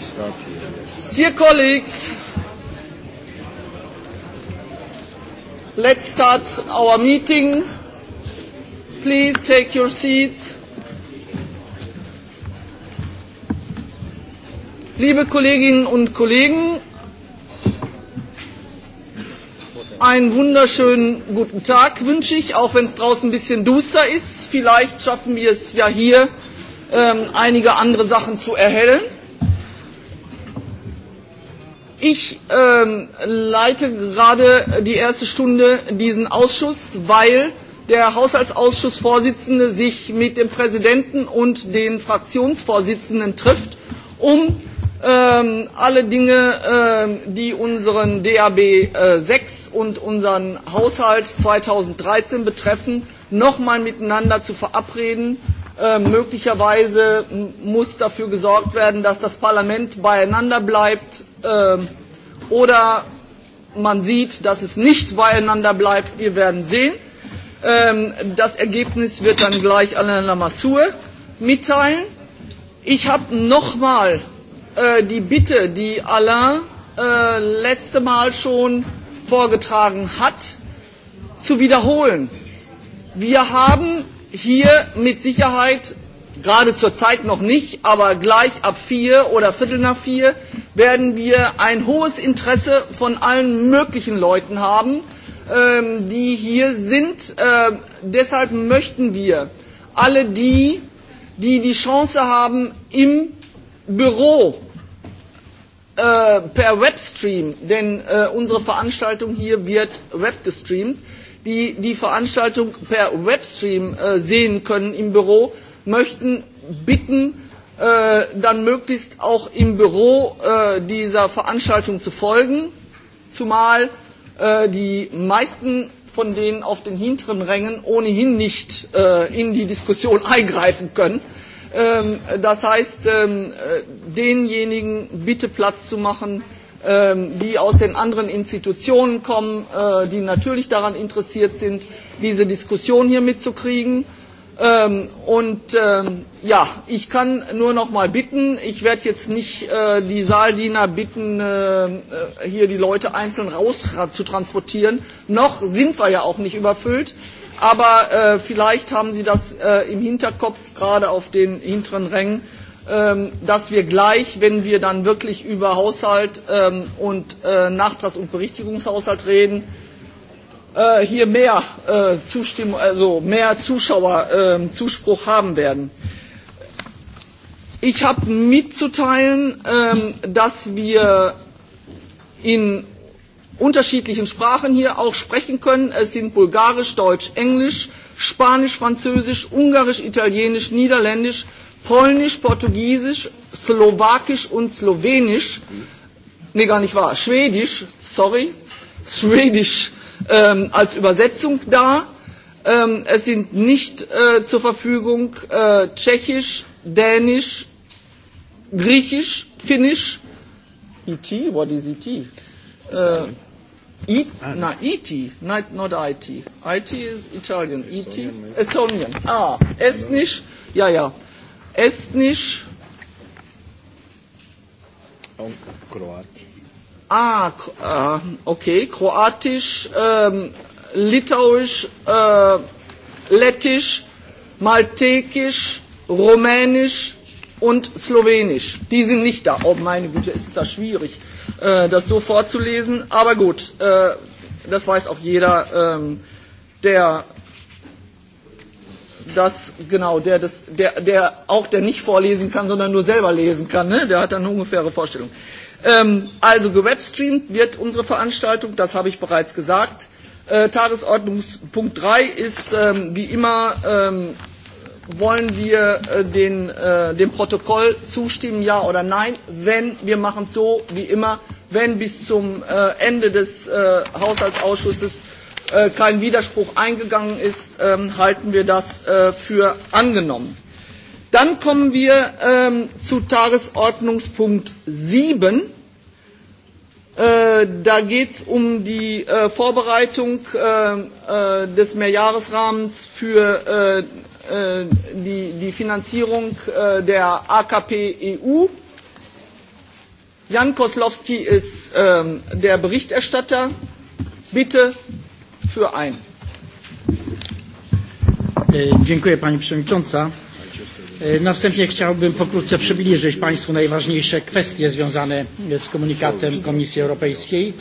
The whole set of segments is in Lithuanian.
we start here, yes. Dear colleagues, let's start our meeting. Please take your seats. Liebe Kolleginnen und Kollegen, einen wunderschönen guten Tag wünsche ich, auch wenn es draußen ein bisschen duster ist. Vielleicht schaffen wir es ja hier, ähm, einige andere Sachen zu erhellen. Ich ähm, leite gerade die erste Stunde diesen Ausschuss, weil der Haushaltsausschussvorsitzende sich mit dem Präsidenten und den Fraktionsvorsitzenden trifft, um ähm, alle Dinge, ähm, die unseren DAB äh, 6 und unseren Haushalt 2013 betreffen, nochmal miteinander zu verabreden Äh, möglicherweise muss dafür gesorgt werden, dass das Parlament beieinander bleibt äh, oder man sieht, dass es nicht beieinander bleibt. Wir werden sehen. Ähm, das Ergebnis wird dann gleich Alain Lamassoure mitteilen. Ich habe nochmal äh, die Bitte, die Alain äh, letzte Mal schon vorgetragen hat, zu wiederholen. Wir haben hier mit Sicherheit gerade zur Zeit noch nicht, aber gleich ab vier oder Viertel nach vier werden wir ein hohes Interesse von allen möglichen Leuten haben, ähm, die hier sind. Ähm, deshalb möchten wir alle die, die die Chance haben, im Büro äh, per Webstream, denn äh, unsere Veranstaltung hier wird webgestreamt, äh, die die Veranstaltung per Webstream äh, sehen können im Büro, möchten bitten, äh, dann möglichst auch im Büro äh, dieser Veranstaltung zu folgen, zumal äh, die meisten von denen auf den hinteren Rängen ohnehin nicht äh, in die Diskussion eingreifen können. Ähm, das heißt, ähm, äh, denjenigen bitte Platz zu machen, äh, Ähm, die aus den anderen Institutionen kommen, äh, die natürlich daran interessiert sind, diese Diskussion hier mitzukriegen. Ähm, und ähm, ja, ich kann nur noch mal bitten, ich werde jetzt nicht äh, die Saaldiener bitten, äh, äh hier die Leute einzeln raus zu transportieren. Noch sind wir ja auch nicht überfüllt, aber äh, vielleicht haben Sie das äh, im Hinterkopf, gerade auf den hinteren Rängen, ähm, dass wir gleich, wenn wir dann wirklich über Haushalt ähm, und äh, Nachtrags- und Berichtigungshaushalt reden, äh, hier mehr äh, Zustimmung, also mehr Zuschauer, äh, Zuspruch haben werden. Ich habe mitzuteilen, ähm, dass wir in unterschiedlichen Sprachen hier auch sprechen können. Es sind Bulgarisch, Deutsch, Englisch, Spanisch, Französisch, Ungarisch, Italienisch, Niederländisch, Polnisch, Portugiesisch, Slowakisch und Slowenisch, nee, gar nicht wahr, Schwedisch, sorry, Schwedisch ähm, als Übersetzung da. Ähm, es sind nicht äh, zur Verfügung äh, Tschechisch, Dänisch, Griechisch, Finnisch. IT? E what is IT? E äh, I, na, IT, e not, not IT. IT is Italian. Estonian. IT, Estonian. Ah, Estnisch, ja, ja. Estnisch. Und Kroatisch. Ah, äh, okay. Kroatisch, ähm, Litauisch, äh, Lettisch, Maltekisch, Rumänisch und Slowenisch. Die sind nicht da. Oh meine Güte, ist das schwierig, äh, das so vorzulesen. Aber gut, äh, das weiß auch jeder, ähm, der dass, genau, der, das, der, der auch der nicht vorlesen kann, sondern nur selber lesen kann, ne? der hat dann eine ungefähre Vorstellung. Ähm, also gewebstreamt wird unsere Veranstaltung, das habe ich bereits gesagt. Äh, Tagesordnungspunkt 3 ist, ähm, wie immer, ähm, wollen wir äh, den, äh, dem Protokoll zustimmen, ja oder nein? Wenn, wir machen es so, wie immer, wenn bis zum äh, Ende des äh, Haushaltsausschusses äh, kein Widerspruch eingegangen ist, ähm, halten wir das äh, für angenommen. Dann kommen wir ähm, zu Tagesordnungspunkt 7. Äh, da geht es um die äh, Vorbereitung äh, äh, des Mehrjahresrahmens für äh, äh, die, die Finanzierung äh, der AKP EU. Jan Koslowski ist äh, der Berichterstatter. Bitte für ein. E, dziękuję Pani Przewodnicząca. E, na wstępie chciałbym pokrótce przybliżyć Państwu najważniejsze kwestie związane z komunikatem Komisji Europejskiej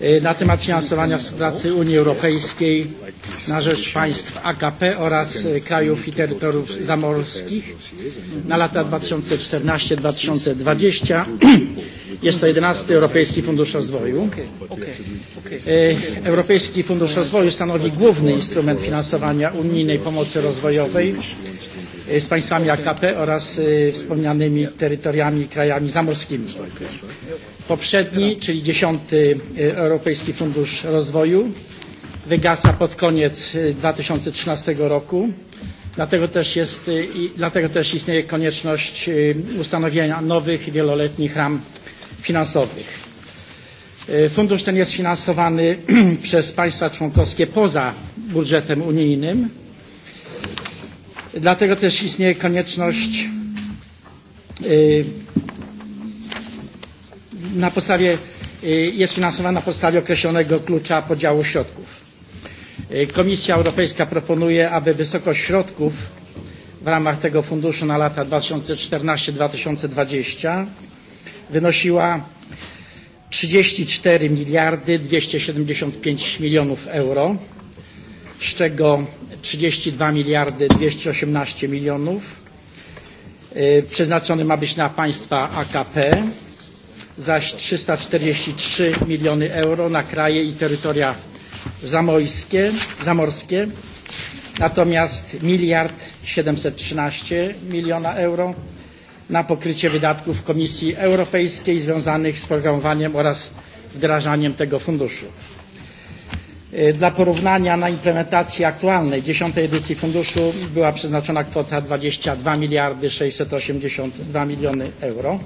e, na temat finansowania współpracy Unii Europejskiej na rzecz państw AKP oraz krajów i terytoriów zamorskich na lata 2014-2020 Jest to jedenasty Europejski Fundusz Rozwoju. E, europejski Fundusz Rozwoju stanowi główny instrument finansowania unijnej pomocy rozwojowej e, z państwami AKP oraz e, wspomnianymi terytoriami i krajami zamorskimi. Poprzedni, czyli dziesiąty Europejski Fundusz Rozwoju wygasa pod koniec 2013 roku. Dlatego też, jest, i, dlatego też istnieje konieczność ustanowienia nowych wieloletnich ram finansowych. E, fundusz ten jest finansowany przez państwa członkowskie poza budżetem unijnym. Dlatego też istnieje konieczność e, na podstawie, e, jest finansowana na podstawie określonego klucza podziału środków. Komisja Europejska proponuje, aby wysokość środków w ramach tego funduszu na lata 2014-2020 wynosiła 34 miliardy 275 milionów euro, z czego 32 miliardy 218 milionów przeznaczony ma być na państwa AKP, zaś 343 miliony euro na kraje i terytoria zamojskie, zamorskie, natomiast miliard 713 miliona euro na pokrycie wydatków Komisji Europejskiej związanych z programowaniem oraz wdrażaniem tego funduszu. E, dla porównania na implementację aktualnej dziesiątej edycji funduszu była przeznaczona kwota 22 miliardy 682 miliony euro.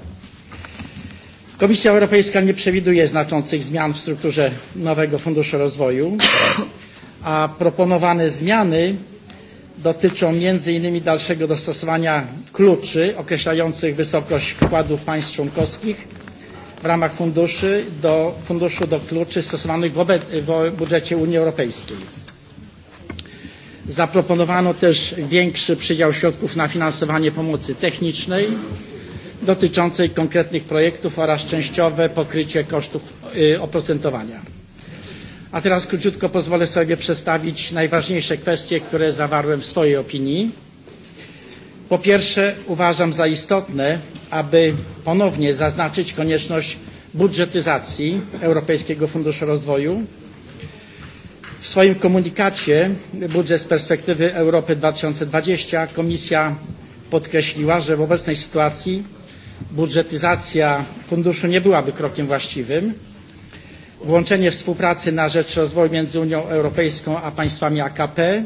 Komisja Europejska nie przewiduje znaczących zmian w strukturze nowego Funduszu Rozwoju, a proponowane zmiany dotyczą m.in. dalszego dostosowania kluczy określających wysokość wkładów państw członkowskich w ramach funduszy do, funduszu do kluczy stosowanych w, obe, w budżecie Unii Europejskiej. Zaproponowano też większy przydział środków na finansowanie pomocy technicznej dotyczącej konkretnych projektów oraz częściowe pokrycie kosztów y, oprocentowania. A teraz króciutko pozwolę sobie przedstawić najważniejsze kwestie, które zawarłem w swojej opinii. Po pierwsze, uważam za istotne, aby ponownie zaznaczyć konieczność budżetyzacji Europejskiego Funduszu Rozwoju. W swoim komunikacie budżet z perspektywy Europy 2020 Komisja podkreśliła, że w obecnej sytuacji budżetyzacja funduszu nie byłaby krokiem właściwym, włączenie współpracy na rzecz rozwoju między Unią Europejską a państwami AKP.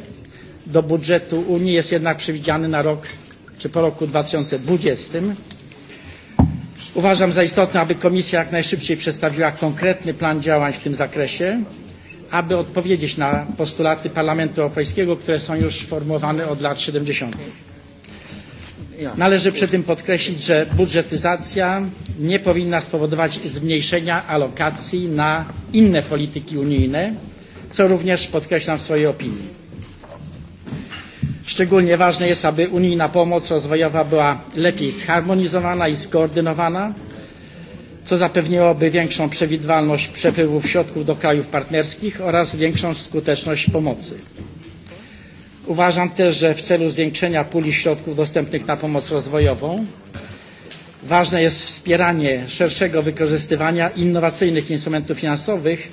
Do budżetu Unii jest jednak przewidziany na rok czy po roku 2020. Uważam za istotne, aby Komisja jak najszybciej przedstawiła konkretny plan działań w tym zakresie, aby odpowiedzieć na postulaty Parlamentu Europejskiego, które są już formułowane od lat 70. Należy przy tym podkreślić, że budżetyzacja nie powinna spowodować zmniejszenia alokacji na inne polityki unijne, co również podkreślam w swojej opinii. Szczególnie ważne jest, aby unijna pomoc rozwojowa była lepiej zharmonizowana i skoordynowana, co zapewniłoby większą przewidywalność przepływów środków do krajów partnerskich oraz większą skuteczność pomocy. Uważam też, że w celu zwiększenia puli środków dostępnych na pomoc rozwojową ważne jest wspieranie szerszego wykorzystywania innowacyjnych instrumentów finansowych,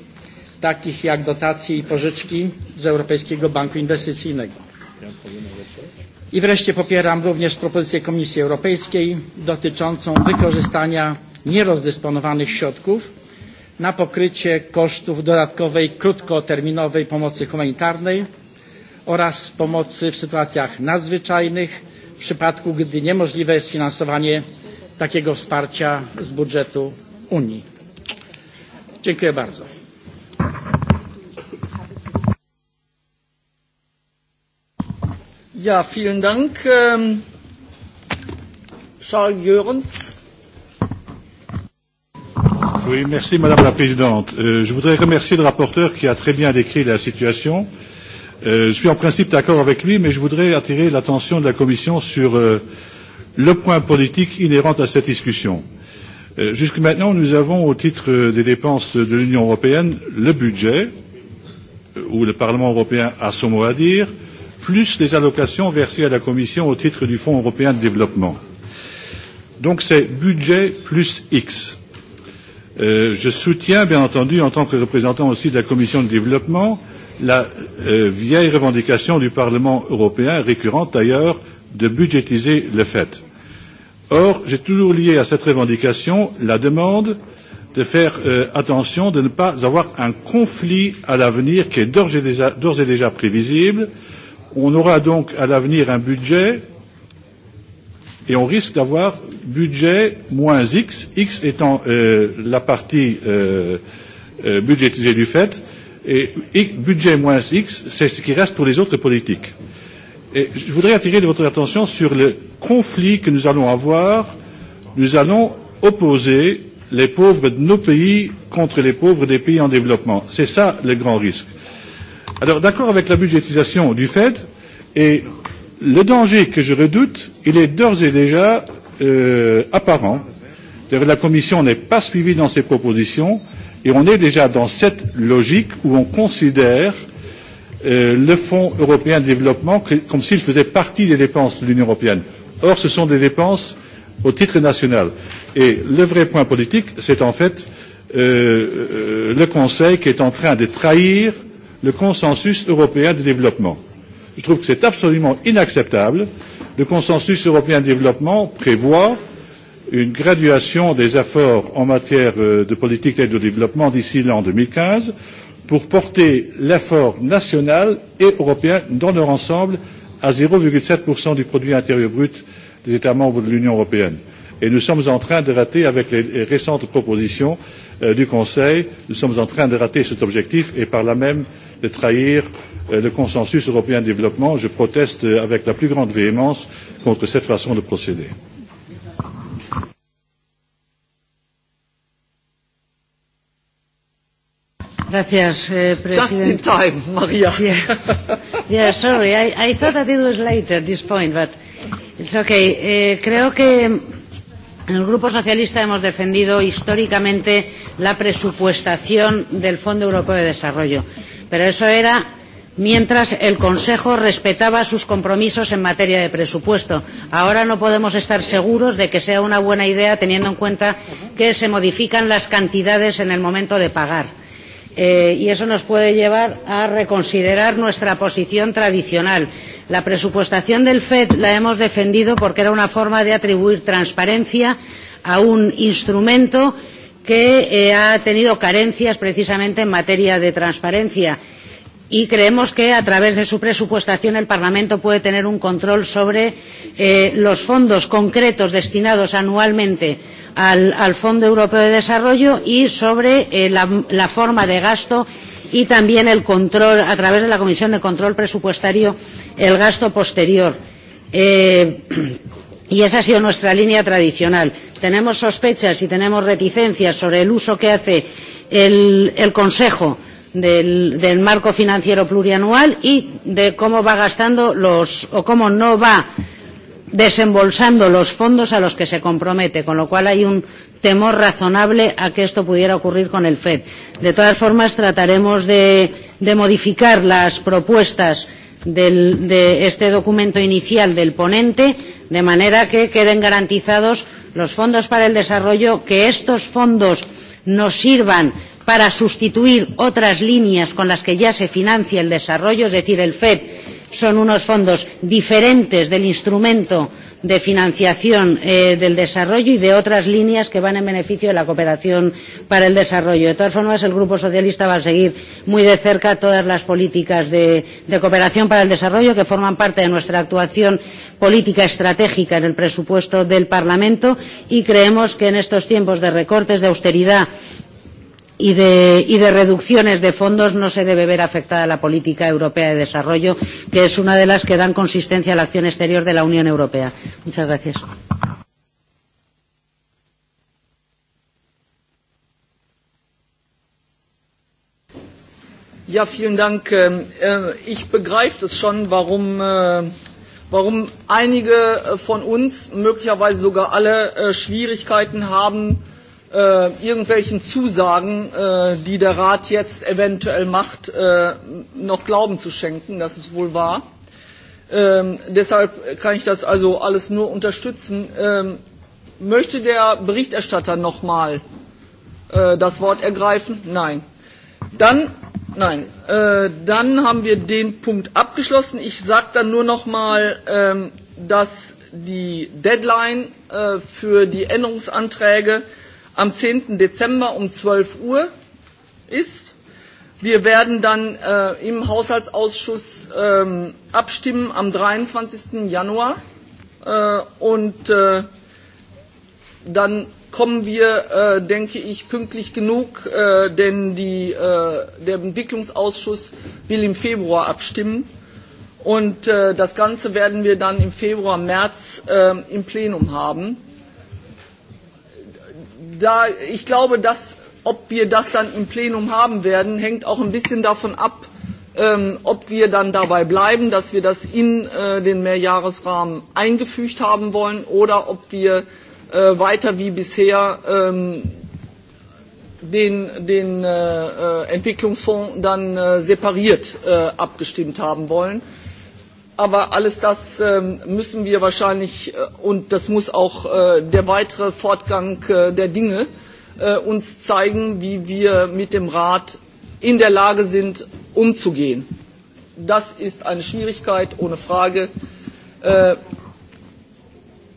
takich jak dotacje i pożyczki z Europejskiego Banku Inwestycyjnego. I wreszcie popieram również propozycję Komisji Europejskiej dotyczącą wykorzystania nierozdysponowanych środków na pokrycie kosztów dodatkowej krótkoterminowej pomocy humanitarnej oraz pomocy w sytuacjach nadzwyczajnych, w przypadku gdy niemożliwe jest finansowanie takiego wsparcia z budżetu Unii. Dziękuję bardzo. Ja, vielen Dank. Ähm, Charles Jörens. Oui, merci Madame la Présidente. Euh, je voudrais remercier le rapporteur qui a très bien décrit la situation. Euh, Euh, je suis en principe d'accord avec lui, mais je voudrais attirer l'attention de la Commission sur euh, le point politique inhérent à cette discussion. Euh, Jusque maintenant, nous avons, au titre euh, des dépenses de l'Union européenne, le budget, euh, où le Parlement européen a son mot à dire, plus les allocations versées à la Commission au titre du Fonds européen de développement. Donc c'est budget plus X. Euh, je soutiens, bien entendu, en tant que représentant aussi de la Commission de développement, la euh, vieille revendication du Parlement européen, récurrente d'ailleurs, de budgétiser le fait. Or, j'ai toujours lié à cette revendication la demande de faire euh, attention de ne pas avoir un conflit à l'avenir qui est d'ores et, déjà, et déjà prévisible. On aura donc à l'avenir un budget et on risque d'avoir budget moins X, X étant euh, la partie euh, euh, budgétisée du fait, Et, et budget moins X, c'est ce qui reste pour les autres politiques. Et je voudrais attirer votre attention sur le conflit que nous allons avoir. Nous allons opposer les pauvres de nos pays contre les pauvres des pays en développement. C'est ça le grand risque. Alors d'accord avec la budgétisation du Fed, et le danger que je redoute, il est d'ores et déjà euh, apparent. La Commission n'est pas suivie dans ses propositions. Euh, Et on est déjà dans cette logique où on considère euh, le Fonds européen de développement que, comme s'il faisait partie des dépenses de l'Union européenne. Or, ce sont des dépenses au titre national. Et le vrai point politique, c'est en fait euh, euh, le Conseil qui est en train de trahir le consensus européen de développement. Je trouve que c'est absolument inacceptable. Le consensus européen de développement prévoit euh, une graduation des efforts en matière euh, de politique d'aide au développement d'ici l'an deux mille quinze pour porter l'effort national et européen dans leur ensemble à zéro sept du produit intérieur brut des états membres de l'union européenne et nous sommes en train de rater avec les récentes propositions euh, du conseil nous sommes en train de rater cet objectif et par là même de trahir euh, le consensus européen de développement. je proteste euh, avec la plus grande véhémence contre cette façon de procéder. Gracias, eh, President. Just in time, Maria. yeah, yeah sorry, I, I thought that it was later, this point, but it's okay. Eh, creo que en el Grupo Socialista hemos defendido históricamente la presupuestación del Fondo Europeo de Desarrollo, pero eso era mientras el Consejo respetaba sus compromisos en materia de presupuesto. Ahora no podemos estar seguros de que sea una buena idea teniendo en cuenta que se modifican las cantidades en el momento de pagar eh, y eso nos puede llevar a reconsiderar nuestra posición tradicional. La presupuestación del FED la hemos defendido porque era una forma de atribuir transparencia a un instrumento que eh, ha tenido carencias precisamente en materia de transparencia y creemos que a través de su presupuestación el Parlamento puede tener un control sobre eh, los fondos concretos destinados anualmente al, al Fondo Europeo de Desarrollo y sobre eh, la, la forma de gasto y también el control a través de la Comisión de Control Presupuestario el gasto posterior. Eh, y esa ha sido nuestra línea tradicional. Tenemos sospechas y tenemos reticencias sobre el uso que hace el, el Consejo eh, del, del marco financiero plurianual y de cómo va gastando los o cómo no va desembolsando los fondos a los que se compromete, con lo cual hay un temor razonable a que esto pudiera ocurrir con el FED. De todas formas, trataremos de, de modificar las propuestas del, de este documento inicial del ponente, de manera que queden garantizados los fondos para el desarrollo, que estos fondos nos sirvan para sustituir otras líneas con las que ya se financia el desarrollo, es decir, el FED son unos fondos diferentes del instrumento de financiación eh, del desarrollo y de otras líneas que van en beneficio de la cooperación para el desarrollo. De todas formas, el Grupo Socialista va a seguir muy de cerca todas las políticas de, de cooperación para el desarrollo que forman parte de nuestra actuación política estratégica en el presupuesto del Parlamento y creemos que en estos tiempos de recortes, de austeridad y de, y de reducciones de fondos no se debe ver afectada la política europea de desarrollo, que es una de las que dan consistencia a la acción exterior de la Unión Europea. Muchas gracias. Ja, vielen Dank. Ähm, äh, ich begreife es schon, warum, äh, warum einige von uns, möglicherweise sogar alle, äh, Schwierigkeiten haben, äh, irgendwelchen Zusagen, äh, die der Rat jetzt eventuell macht, äh, noch Glauben zu schenken. Das ist wohl wahr. Ähm, deshalb kann ich das also alles nur unterstützen. Ähm, möchte der Berichterstatter nochmal äh, das Wort ergreifen? Nein. Dann, nein, äh, dann haben wir den Punkt abgeschlossen. Ich sage dann nur nochmal, ähm, dass die Deadline äh, für die Änderungsanträge äh, am 10. Dezember um 12 Uhr ist. Wir werden dann äh, im Haushaltsausschuss ähm, abstimmen am 23. Januar äh, und äh, dann kommen wir, äh, denke ich, pünktlich genug, äh, denn die, äh, der Entwicklungsausschuss will im Februar abstimmen. Und äh, das Ganze werden wir dann im Februar, März äh, im Plenum haben da, ich glaube, dass, ob wir das dann im Plenum haben werden, hängt auch ein bisschen davon ab, ähm, ob wir dann dabei bleiben, dass wir das in äh, den Mehrjahresrahmen eingefügt haben wollen oder ob wir äh, weiter wie bisher ähm, den, den äh, äh Entwicklungsfonds dann äh, separiert äh, abgestimmt haben wollen. Äh, aber alles das ähm, müssen wir wahrscheinlich äh, und das muss auch äh, der weitere Fortgang äh, der Dinge äh, uns zeigen, wie wir mit dem Rat in der Lage sind, umzugehen. Das ist eine Schwierigkeit, ohne Frage. Äh,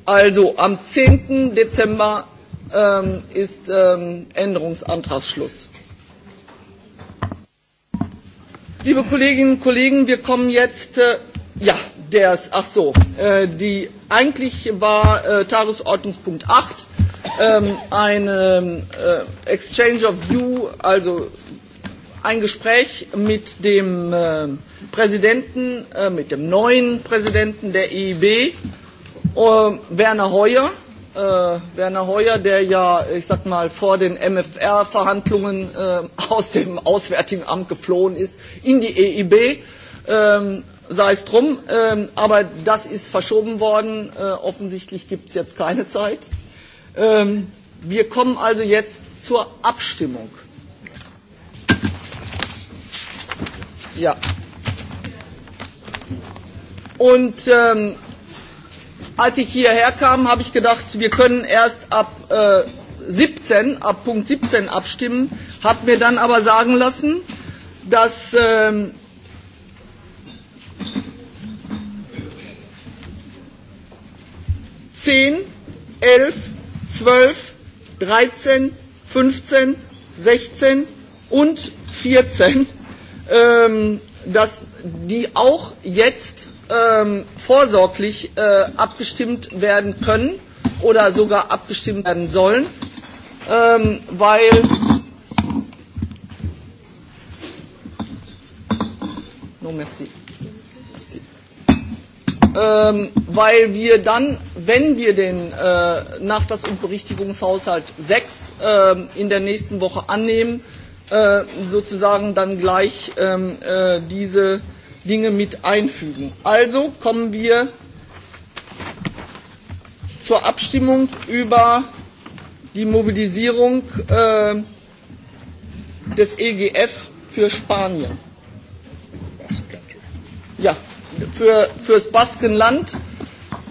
also am 10. Dezember ähm, ist ähm, Änderungsantragsschluss. Liebe Kolleginnen und Kollegen, wir kommen jetzt äh, Ja, der ist, ach so, äh, die, eigentlich war äh, Tagesordnungspunkt 8 ähm, ein äh, Exchange of View, also ein Gespräch mit dem äh, Präsidenten, äh, mit dem neuen Präsidenten der EIB, äh, Werner Heuer. Äh, Werner Heuer, der ja, ich sag mal, vor den MFR-Verhandlungen äh, aus dem Auswärtigen Amt geflohen ist, in die EIB. Ähm, sei es drum, ähm, aber das ist verschoben worden. Äh, offensichtlich gibt es jetzt keine Zeit. Ähm, wir kommen also jetzt zur Abstimmung. Ja. Und ähm, als ich hierher kam, habe ich gedacht, wir können erst ab äh, 17, ab Punkt 17 abstimmen, habe mir dann aber sagen lassen, dass ähm, 10, 11, 12, 13, 15, 16 und 14, ähm, dass die auch jetzt ähm, vorsorglich äh, abgestimmt werden können oder sogar abgestimmt werden sollen, ähm, weil non merci ähm, weil wir dann, wenn wir den äh, Nachlass- und Berichtigungshaushalt 6 äh, in der nächsten Woche annehmen, äh, sozusagen dann gleich ähm, äh, diese Dinge mit einfügen. Also kommen wir zur Abstimmung über die Mobilisierung äh, des EGF für Spanien. Ja, für, fürs Baskenland.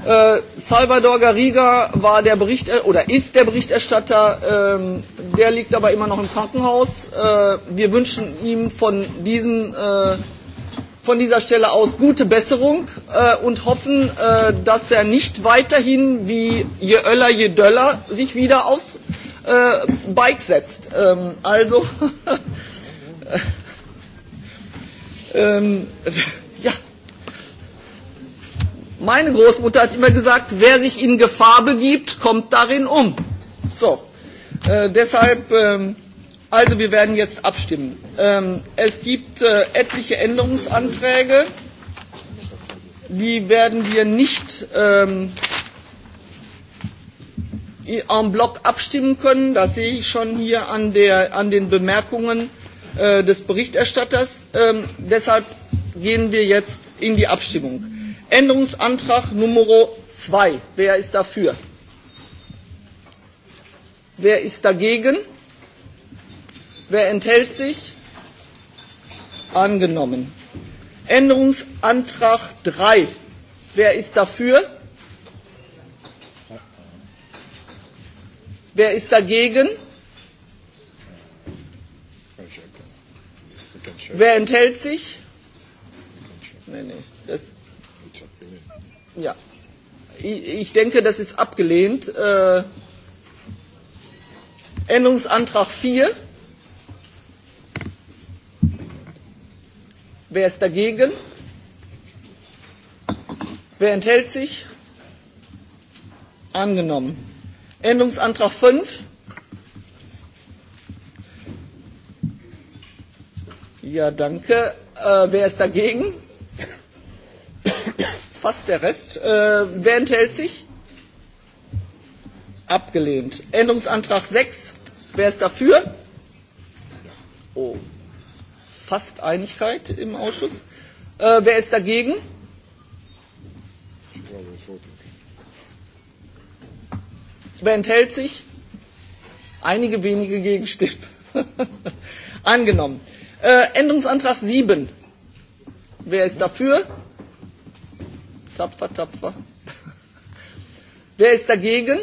Äh, Salvador Garriga war der Bericht, äh, oder ist der Berichterstatter, ähm, der liegt aber immer noch im Krankenhaus. Äh, wir wünschen ihm von, diesen, äh, von dieser Stelle aus gute Besserung äh, und hoffen, äh, dass er nicht weiterhin wie je Öller, je Döller sich wieder aufs äh, Bike setzt. Ähm, also. ähm, Meine Großmutter hat immer gesagt, wer sich in Gefahr begibt, kommt darin um. So, äh, deshalb, ähm, also wir werden jetzt abstimmen. Ähm, es gibt äh, etliche Änderungsanträge, die werden wir nicht ähm, en bloc abstimmen können. Das sehe ich schon hier an, der, an den Bemerkungen äh, des Berichterstatters. Ähm, deshalb gehen wir jetzt in die Abstimmung. Änderungsantrag Nummer 2. Wer ist dafür? Wer ist dagegen? Wer enthält sich? Angenommen. Änderungsantrag 3. Wer ist dafür? Wer ist dagegen? Wer enthält sich? Nee, nee, das Ja. Ich denke, das ist abgelehnt. Äh, Änderungsantrag 4. Wer ist dagegen? Wer enthält sich? Angenommen. Änderungsantrag 5. Ja, danke. Äh, wer ist dagegen? fast der Rest. Äh, wer enthält sich? Abgelehnt. Änderungsantrag 6. Wer ist dafür? Oh, fast Einigkeit im Ausschuss. Äh, wer ist dagegen? Wer enthält sich? Einige wenige Gegenstimmen. Angenommen. Äh, Änderungsantrag 7. Wer ist dafür? Ja. Tapfer, tapfer. Wer ist dagegen?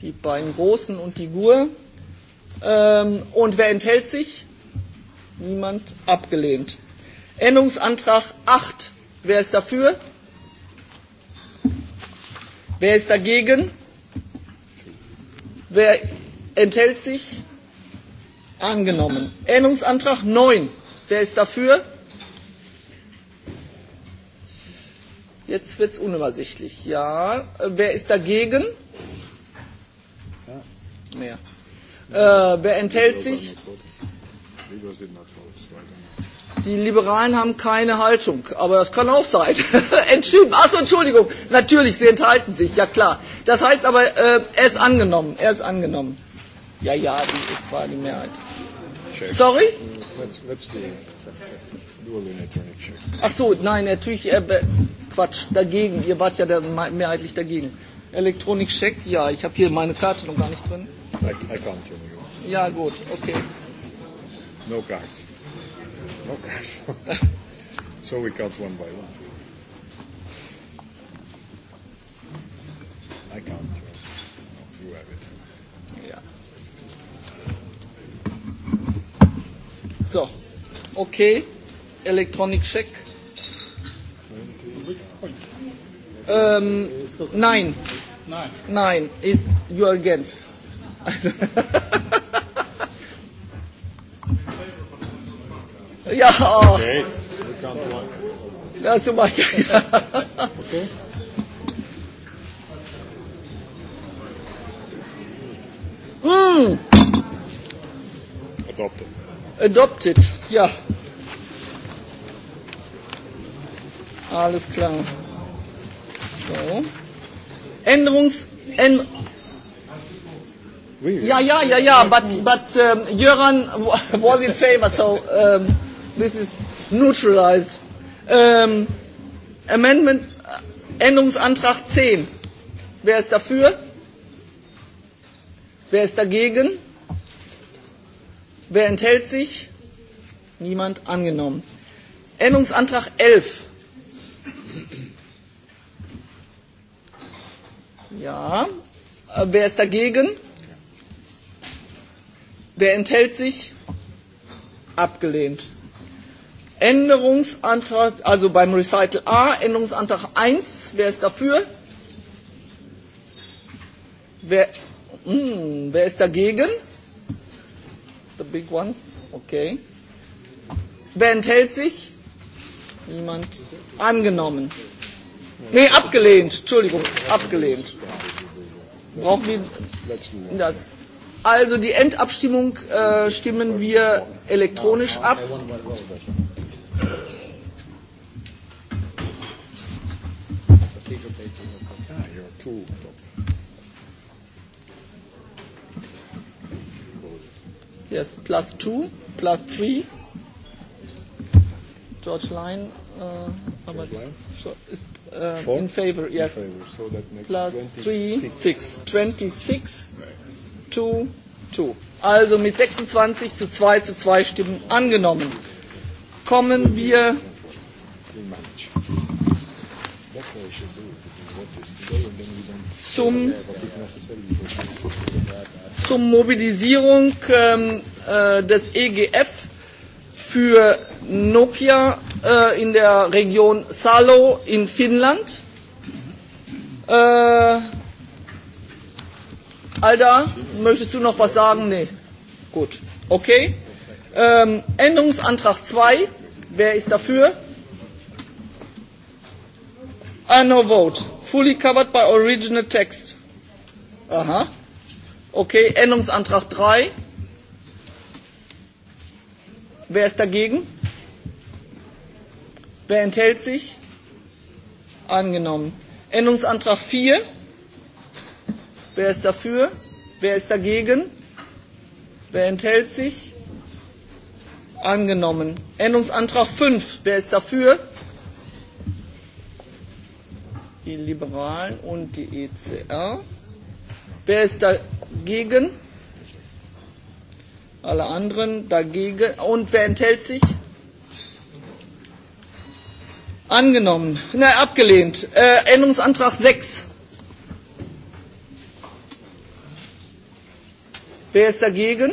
Die beiden Großen und die Gur. Ähm, und wer enthält sich? Niemand abgelehnt. Änderungsantrag 8. Wer ist dafür? Wer ist dagegen? Wer enthält sich? Angenommen. Änderungsantrag 9. Wer ist dafür? Jetzt wird es unübersichtlich. Ja. Wer ist dagegen? Mehr. Äh, wer enthält sich? Die Liberalen haben keine Haltung, aber das kann auch sein. Entschieden. Achso, Entschuldigung. Natürlich, sie enthalten sich, ja klar. Das heißt aber, äh, er ist angenommen. Er ist angenommen. Ja, ja, die, es war die Mehrheit. Check. Sorry? Let's, let's Do an electronic check. Ach so, nein, natürlich, äh, Quatsch, dagegen. Ihr wart ja der, mehrheitlich dagegen. Electronic check, ja, ich habe hier meine Karte noch gar nicht drin. I, I can't hear you. Ja, gut, okay. No cards. No cards. so we count one by one. I count you. You have it. Ja. So, okay electronic check? Um, nine. Nine. Nine. Is, you are against. ja. Okay. Ja, so macht er. okay. Mm. Adopted. Adopted, ja. Yeah. Alles klar. So. Änderungs... Änd oui, oui. Yeah, yeah, yeah, yeah. But, but um, Jöran was in favor, so um, this is neutralized. Um, Amendment, uh, Änderungsantrag 10. Wer ist dafür? Wer ist dagegen? Wer enthält sich? Niemand angenommen. Änderungsantrag 11. Ja. Äh, wer ist dagegen? Wer enthält sich? Abgelehnt. Änderungsantrag, also beim Recital A, Änderungsantrag 1, wer ist dafür? Wer, mh, hm, wer ist dagegen? The big ones, okay. Wer enthält sich? Niemand. Angenommen. Nee, abgelehnt. Entschuldigung, abgelehnt. Brauchen wir das? Also die Endabstimmung äh, stimmen wir elektronisch ab. Yes, plus two, plus three. George Line uh, how much? So, uh, Four? In favor, yes. In favor, so that makes Plus 26. 3, 6. 26 to 2. Also mit 26 zu 2 zu 2 Stimmen angenommen. Kommen wir. Zum, zum Mobilisierung ähm, äh, des EGF für Nokia äh, in der Region Salo in Finnland. Äh, Alda, möchtest du noch was sagen? Nee. Gut. Okay. Ähm, Änderungsantrag 2. Wer ist dafür? Ah, no vote. Fully covered by original text. Aha. Okay, Änderungsantrag 3. Wer ist dagegen? Wer enthält sich? Angenommen. Änderungsantrag 4. Wer ist dafür? Wer ist dagegen? Wer enthält sich? Angenommen. Änderungsantrag 5. Wer ist dafür? Die Liberalen und die ECR. Wer ist dagegen? Alle anderen dagegen. Und wer enthält sich? Angenommen. Na, abgelehnt. Äh, Änderungsantrag 6. Wer ist dagegen?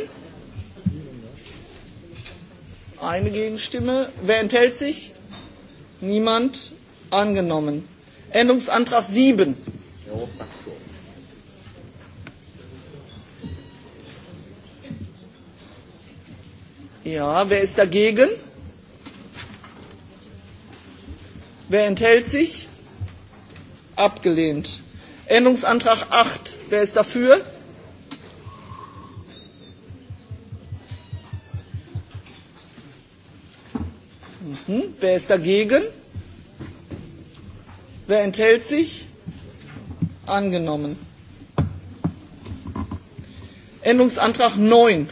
Eine Gegenstimme. Wer enthält sich? Niemand. Angenommen. Änderungsantrag 7. Ja, wer ist dagegen? Wer enthält sich? Abgelehnt. Änderungsantrag 8. Wer ist dafür? Mhm. Wer ist dagegen? Wer enthält sich? Angenommen. Änderungsantrag 9.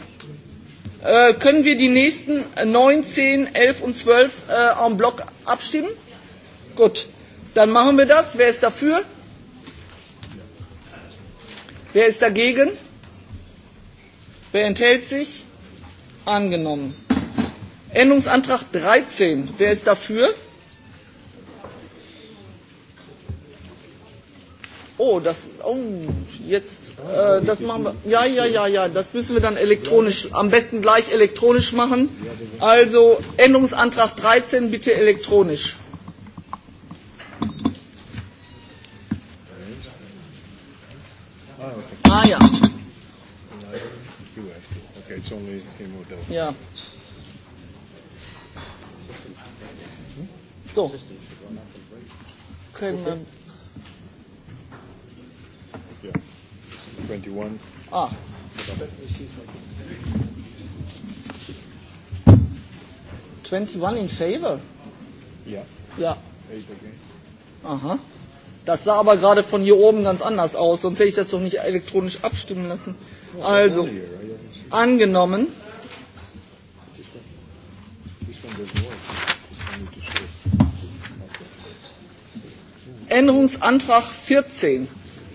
Äh, können wir die nächsten 9, 10, 11 und 12 äh, en bloc abstimmen? Gut, dann machen wir das. Wer ist dafür? Wer ist dagegen? Wer enthält sich? Angenommen. Änderungsantrag 13. Wer ist dafür? Oh, das, oh, jetzt, äh, das machen wir, ja, ja, ja, ja, das müssen wir dann elektronisch, am besten gleich elektronisch machen. Also, Änderungsantrag 13 bitte elektronisch. Ah ja. No, you have to. Okay, it's only him or them. Yeah. So. Können okay. Yeah. 21. Ah. Twenty-one in favor. Yeah. Yeah. Eight again. Uh huh. Das sah aber gerade von hier oben ganz anders aus, sonst hätte ich das doch nicht elektronisch abstimmen lassen. Also, angenommen. Änderungsantrag 14.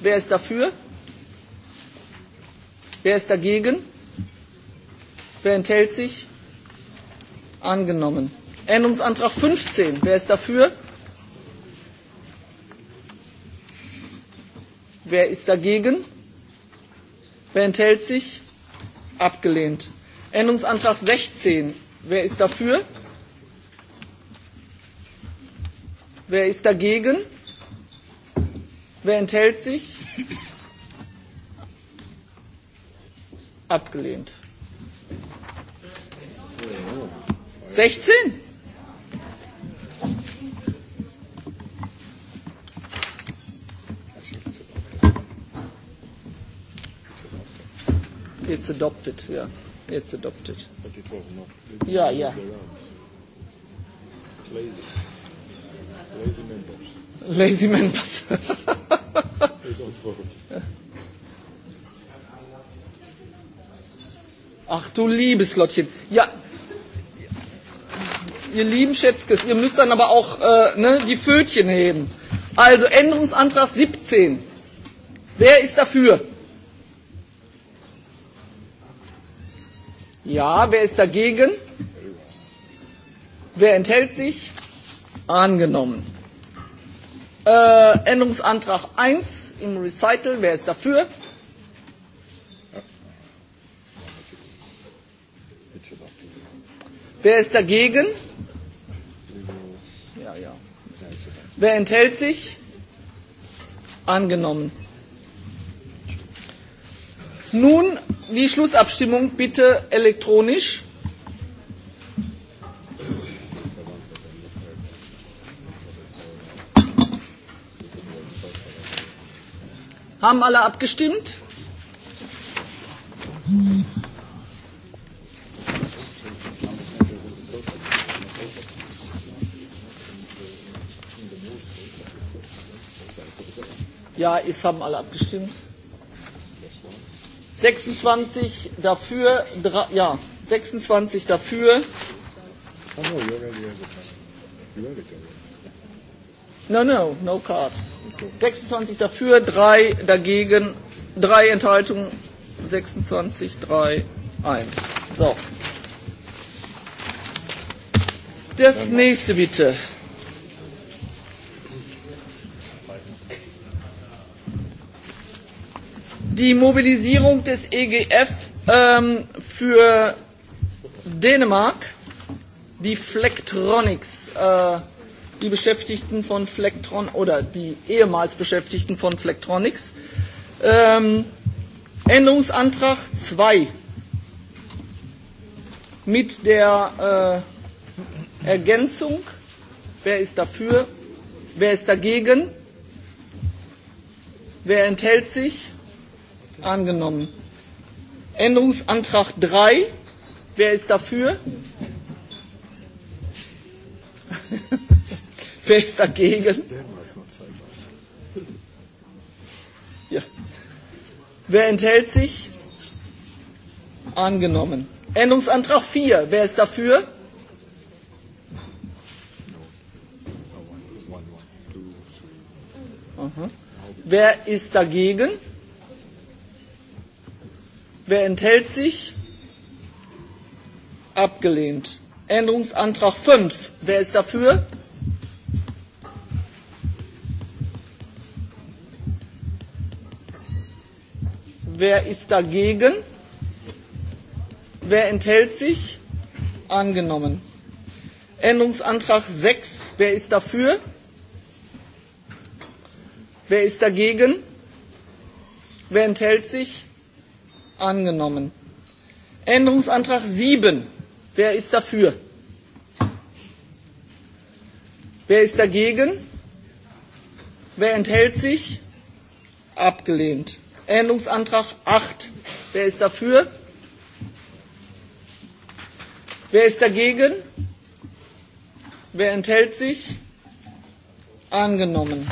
Wer ist dafür? Wer ist dagegen? Wer enthält sich? Angenommen. Änderungsantrag 15. Wer ist dafür? Wer Wer ist dagegen? Wer enthält sich? Abgelehnt. Änderungsantrag 16. Wer ist dafür? Wer ist dagegen? Wer enthält sich? Abgelehnt. 16? It's adopted, yeah. It's adopted. But it was not. It yeah, yeah. Around. Lazy. Lazy members. Lazy members. they don't vote. Yeah. Ach du liebes Lottchen. Ja, ihr lieben Schätzkes, ihr müsst dann aber auch äh, ne, die Fötchen heben. Also Änderungsantrag 17. Wer ist dafür? Ja, wer ist dagegen? Wer enthält sich? Angenommen. Äh, Änderungsantrag 1 im Recital. Wer ist dafür? Wer ist dagegen? Ja, ja. Wer enthält sich? Angenommen. Nun die Schlussabstimmung bitte elektronisch. Haben alle abgestimmt? Ja, es haben alle abgestimmt. 26 dafür, dra, ja, 26 dafür. Oh, no, you already have a card. You have it already. No, no, no card. 26 dafür, 3 dagegen, 3 Enthaltungen, 26, 3, 1. So. Das nächste bitte. die Mobilisierung des EGF ähm, für Dänemark, die Flectronics, äh, die Beschäftigten von Flectron oder die ehemals Beschäftigten von Flectronics. Ähm, Änderungsantrag 2 mit der äh, Ergänzung, wer ist dafür, wer ist dagegen, wer enthält sich, Angenommen. Änderungsantrag 3. Wer ist dafür? Wer ist dagegen? Ja. Wer enthält sich? Angenommen. Änderungsantrag 4. Wer ist dafür? Aha. Wer ist dagegen? Wer enthält sich? Abgelehnt. Änderungsantrag 5. Wer ist dafür? Wer ist dagegen? Wer enthält sich? Angenommen. Änderungsantrag 6. Wer ist dafür? Wer ist dagegen? Wer enthält sich? angenommen. Änderungsantrag 7. Wer ist dafür? Wer ist dagegen? Wer enthält sich? Abgelehnt. Änderungsantrag 8. Wer ist dafür? Wer ist dagegen? Wer enthält sich? Angenommen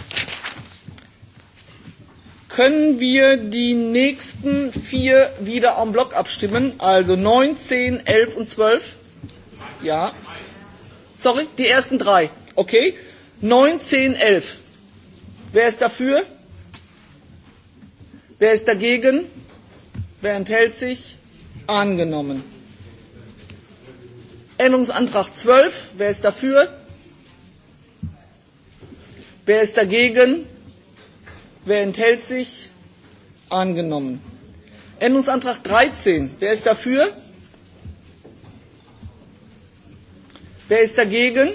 können wir die nächsten vier wieder am Block abstimmen. Also 9, 10, 11 und 12. Ja. Sorry, die ersten drei. Okay. 9, 10, 11. Wer ist dafür? Wer ist dagegen? Wer enthält sich? Angenommen. Änderungsantrag 12. Wer ist dafür? Wer ist dagegen? Wer enthält sich? Angenommen. Änderungsantrag 13. Wer ist dafür? Wer ist dagegen?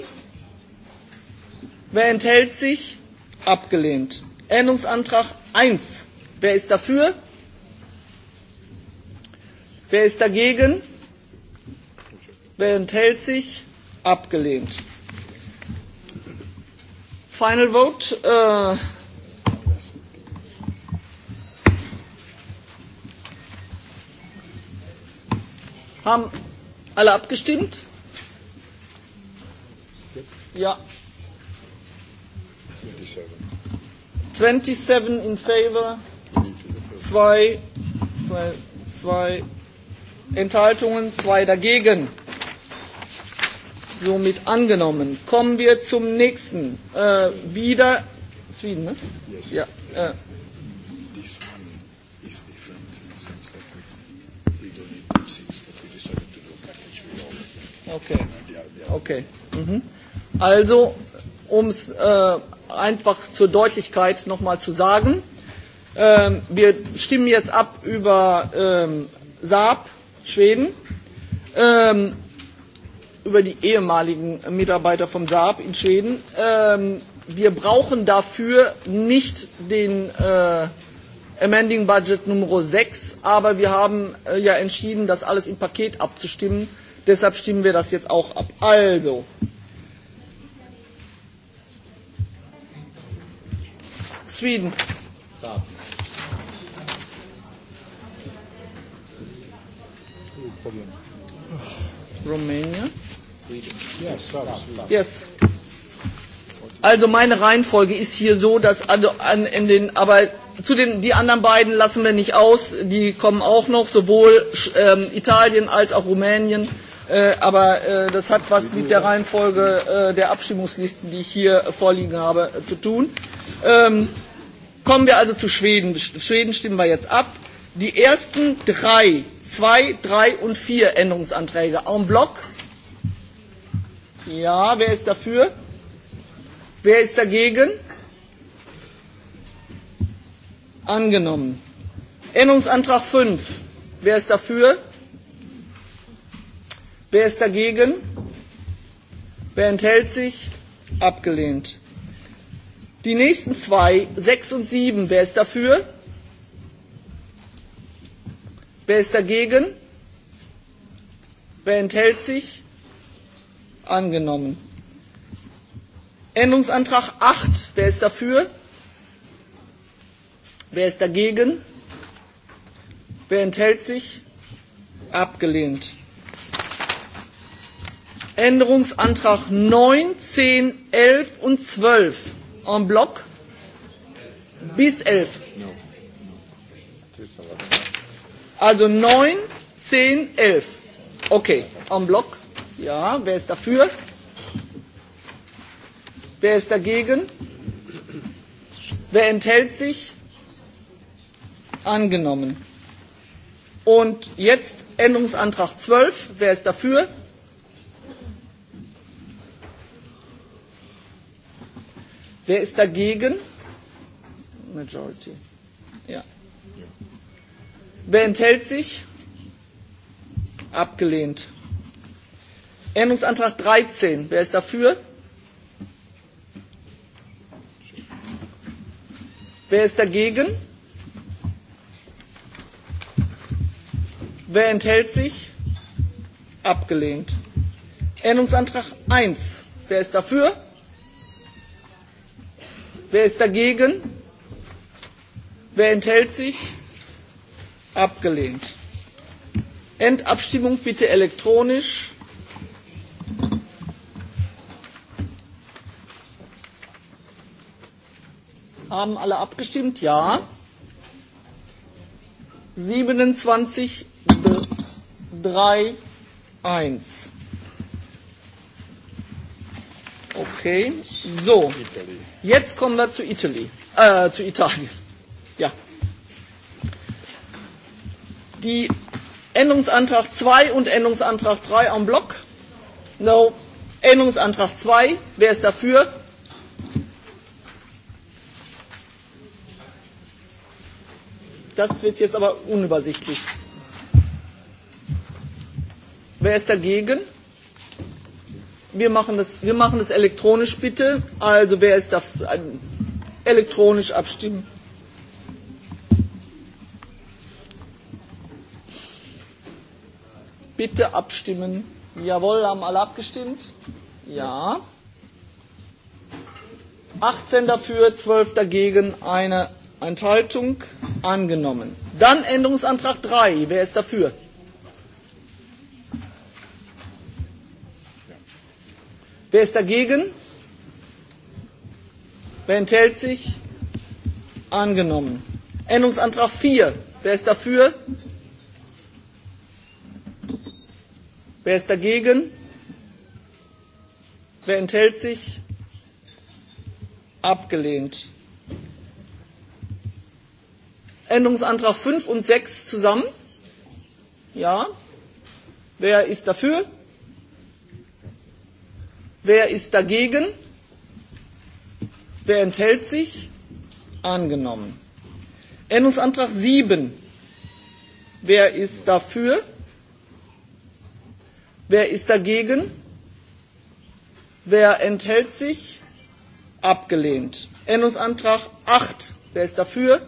Wer enthält sich? Abgelehnt. Änderungsantrag 1. Wer ist dafür? Wer ist dagegen? Wer enthält sich? Abgelehnt. Final vote. Äh, Haben alle abgestimmt? Ja. 27 in favor, zwei, zwei, zwei Enthaltungen, zwei dagegen. Somit angenommen. Kommen wir zum nächsten. Äh, wieder Sweden, ne? Yes. Ja. Äh, Okay. Okay. Mhm. Also, um es äh, einfach zur Deutlichkeit nochmal zu sagen, ähm, wir stimmen jetzt ab über ähm, Saab, Schweden, ähm, über die ehemaligen Mitarbeiter vom Saab in Schweden. Ähm, wir brauchen dafür nicht den äh, Amending Budget Nummer 6, aber wir haben äh, ja entschieden, das alles im Paket abzustimmen Deshalb stimmen wir das jetzt auch ab. Also. Sweden. Romania. Yes. Also meine Reihenfolge ist hier so, dass an, an, in den, aber zu den, die anderen beiden lassen wir nicht aus, die kommen auch noch, sowohl ähm, Italien als auch Rumänien. Äh, aber äh, das hat was mit der Reihenfolge äh, der Abstimmungslisten, die ich hier vorliegen habe, äh, zu tun. Ähm, kommen wir also zu Schweden. Schweden stimmen wir jetzt ab. Die ersten drei, zwei, drei und vier Änderungsanträge en bloc. Ja, wer ist dafür? Wer ist dagegen? Angenommen. Änderungsantrag 5. Wer ist dafür? Wer ist dagegen? Wer enthält sich? Abgelehnt. Die nächsten zwei, sechs und sieben, wer ist dafür? Wer ist dagegen? Wer enthält sich? Angenommen. Änderungsantrag 8. Wer ist dafür? Wer ist dagegen? Wer enthält sich? Abgelehnt. Änderungsantrag 9, 10, 11 und 12 en bloc bis 11. Also 9, 10, 11. Okay, en bloc. Ja, wer ist dafür? Wer ist dagegen? Wer enthält sich? Angenommen. Und jetzt Änderungsantrag 12. Wer ist dafür? Wer ist dagegen? Majority. Ja. Wer enthält sich? Abgelehnt. Änderungsantrag 13. Wer ist dafür? Wer ist dagegen? Wer enthält sich? Abgelehnt. Änderungsantrag 1. Wer ist dafür? Wer ist dagegen? Wer enthält sich? Abgelehnt. Endabstimmung bitte elektronisch. Haben alle abgestimmt? Ja. 27, 3, 1. Okay, so. Italy. Jetzt kommen wir zu Italy, äh, zu Italien. Ja. Die Änderungsantrag 2 und Änderungsantrag 3 am Block. No. Änderungsantrag 2. Wer ist dafür? Das wird jetzt aber unübersichtlich. Wer ist dagegen? wir machen das, wir machen das elektronisch bitte. Also wer ist da äh, elektronisch abstimmen? Bitte abstimmen. Jawohl, haben alle abgestimmt? Ja. 18 dafür, 12 dagegen, eine Enthaltung angenommen. Dann Änderungsantrag 3. Wer ist dafür? Wer ist dagegen? Wer enthält sich? Angenommen. Änderungsantrag 4. Wer ist dafür? Wer ist dagegen? Wer enthält sich? Abgelehnt. Änderungsantrag 5 und 6 zusammen? Ja. Wer ist dafür? Wer ist dagegen? Wer enthält sich? Angenommen. Änderungsantrag 7. Wer ist dafür? Wer ist dagegen? Wer enthält sich? Abgelehnt. Änderungsantrag 8. Wer ist dafür?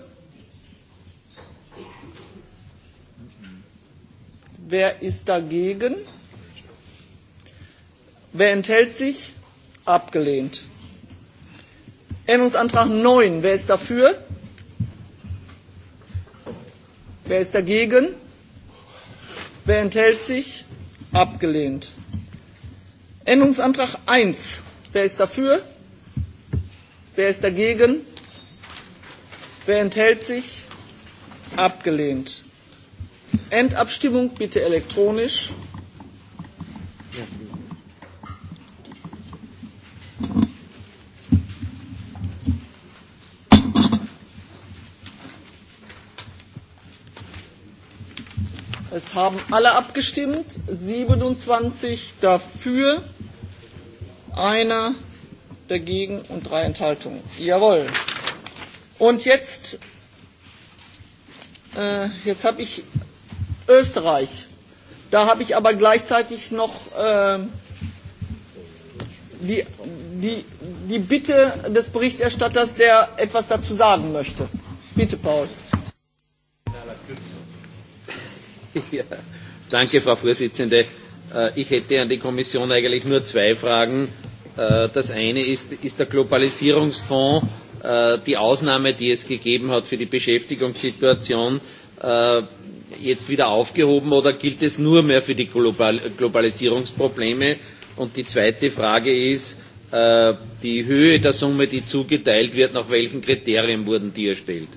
Wer ist dagegen? Wer enthält sich? Abgelehnt. Änderungsantrag 9. Wer ist dafür? Wer ist dagegen? Wer enthält sich? Abgelehnt. Änderungsantrag 1. Wer ist dafür? Wer ist dagegen? Wer enthält sich? Abgelehnt. Endabstimmung bitte elektronisch. haben alle abgestimmt. 27 dafür, einer dagegen und drei Enthaltungen. Jawohl. Und jetzt, äh, jetzt habe ich Österreich. Da habe ich aber gleichzeitig noch äh, die, die, die Bitte des Berichterstatters, der etwas dazu sagen möchte. Bitte, Paul. ja, danke, Frau Vorsitzende. Äh, ich hätte an die Kommission eigentlich nur zwei Fragen. Äh, das eine ist, ist der Globalisierungsfonds äh, die Ausnahme, die es gegeben hat für die Beschäftigungssituation, äh, jetzt wieder aufgehoben oder gilt es nur mehr für die Global Globalisierungsprobleme? Und die zweite Frage ist, äh, die Höhe der Summe, die zugeteilt wird, nach welchen Kriterien wurden die erstellt?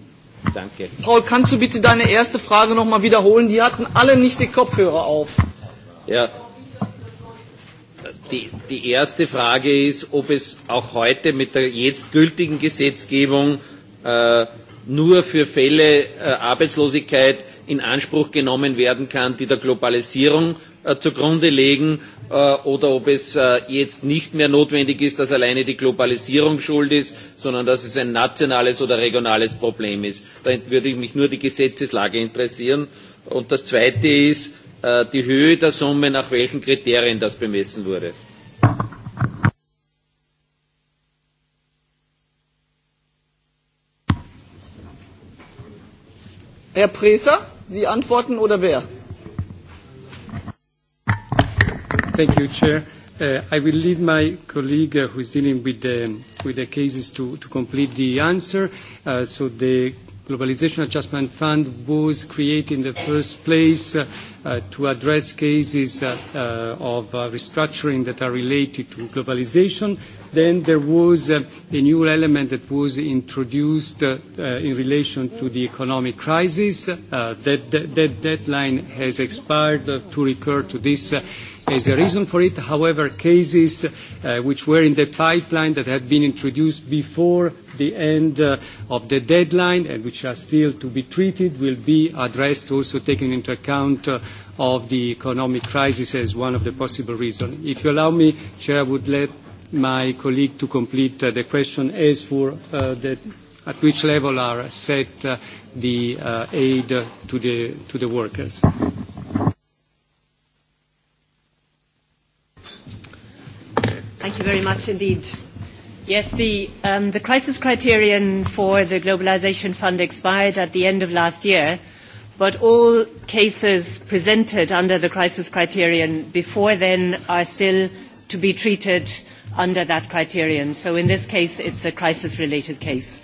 Danke. Paul, kannst du bitte deine erste Frage nochmal wiederholen? Die hatten alle nicht die Kopfhörer auf. Ja. Die, die erste Frage ist, ob es auch heute mit der jetzt gültigen Gesetzgebung äh, nur für Fälle äh, Arbeitslosigkeit in Anspruch genommen werden kann, die der Globalisierung äh, zugrunde legen, äh, oder ob es äh, jetzt nicht mehr notwendig ist, dass alleine die Globalisierung schuld ist, sondern dass es ein nationales oder regionales Problem ist. Da würde mich nur die Gesetzeslage interessieren. Und das Zweite ist äh, die Höhe der Summe, nach welchen Kriterien das bemessen wurde. Herr Preser? Sie antworten oder wer? Thank you, Chair. Uh, I will leave my colleague uh, who is dealing with the, um, with the cases to, to complete the answer. Uh, so the Globalization Adjustment Fund was created in the first place uh, uh, to address cases uh, uh, of uh, restructuring that are related to globalization. Then there was uh, a new element that was introduced uh, uh, in relation to the economic crisis. Uh, that, that, that deadline has expired uh, to recur to this. Uh, as a reason for it. However, cases uh, which were in the pipeline that had been introduced before the end uh, of the deadline and which are still to be treated will be addressed, also taking into account uh, of the economic crisis as one of the possible reasons. If you allow me, Chair, I would let my colleague to complete uh, the question as for uh, the at which level are set uh, the uh, aid to the, to the workers. you very much indeed. Yes, the, um, the crisis criterion for the Globalization Fund expired at the end of last year, but all cases presented under the crisis criterion before then are still to be treated under that criterion. So in this case, it's a crisis-related case.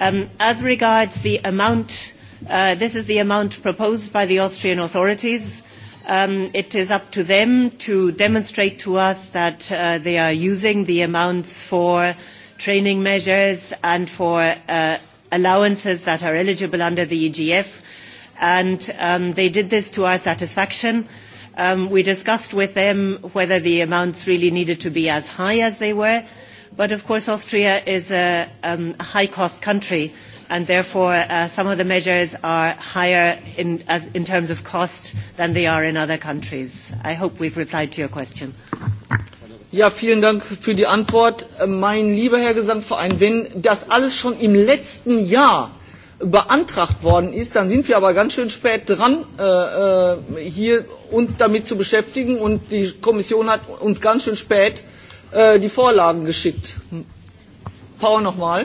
Um, as regards the amount, uh, this is the amount proposed by the Austrian authorities um, it is up to them to demonstrate to us that uh, they are using the amounts for training measures and for uh, allowances that are eligible under the EGF. And um, they did this to our satisfaction. Um, we discussed with them whether the amounts really needed to be as high as they were. But of course, Austria is a um, high-cost country. Uh, and therefore uh, some of the measures are higher in, as, in terms of cost than they are in other countries. I hope we've replied to your question. Ja, vielen Dank für die Antwort. Äh, mein lieber Herr Gesamtverein, wenn das alles schon im letzten Jahr beantragt worden ist, dann sind wir aber ganz schön spät dran, äh, äh hier uns damit zu beschäftigen. Und die Kommission hat uns ganz schön spät äh, die Vorlagen geschickt. Hm. Paul nochmal.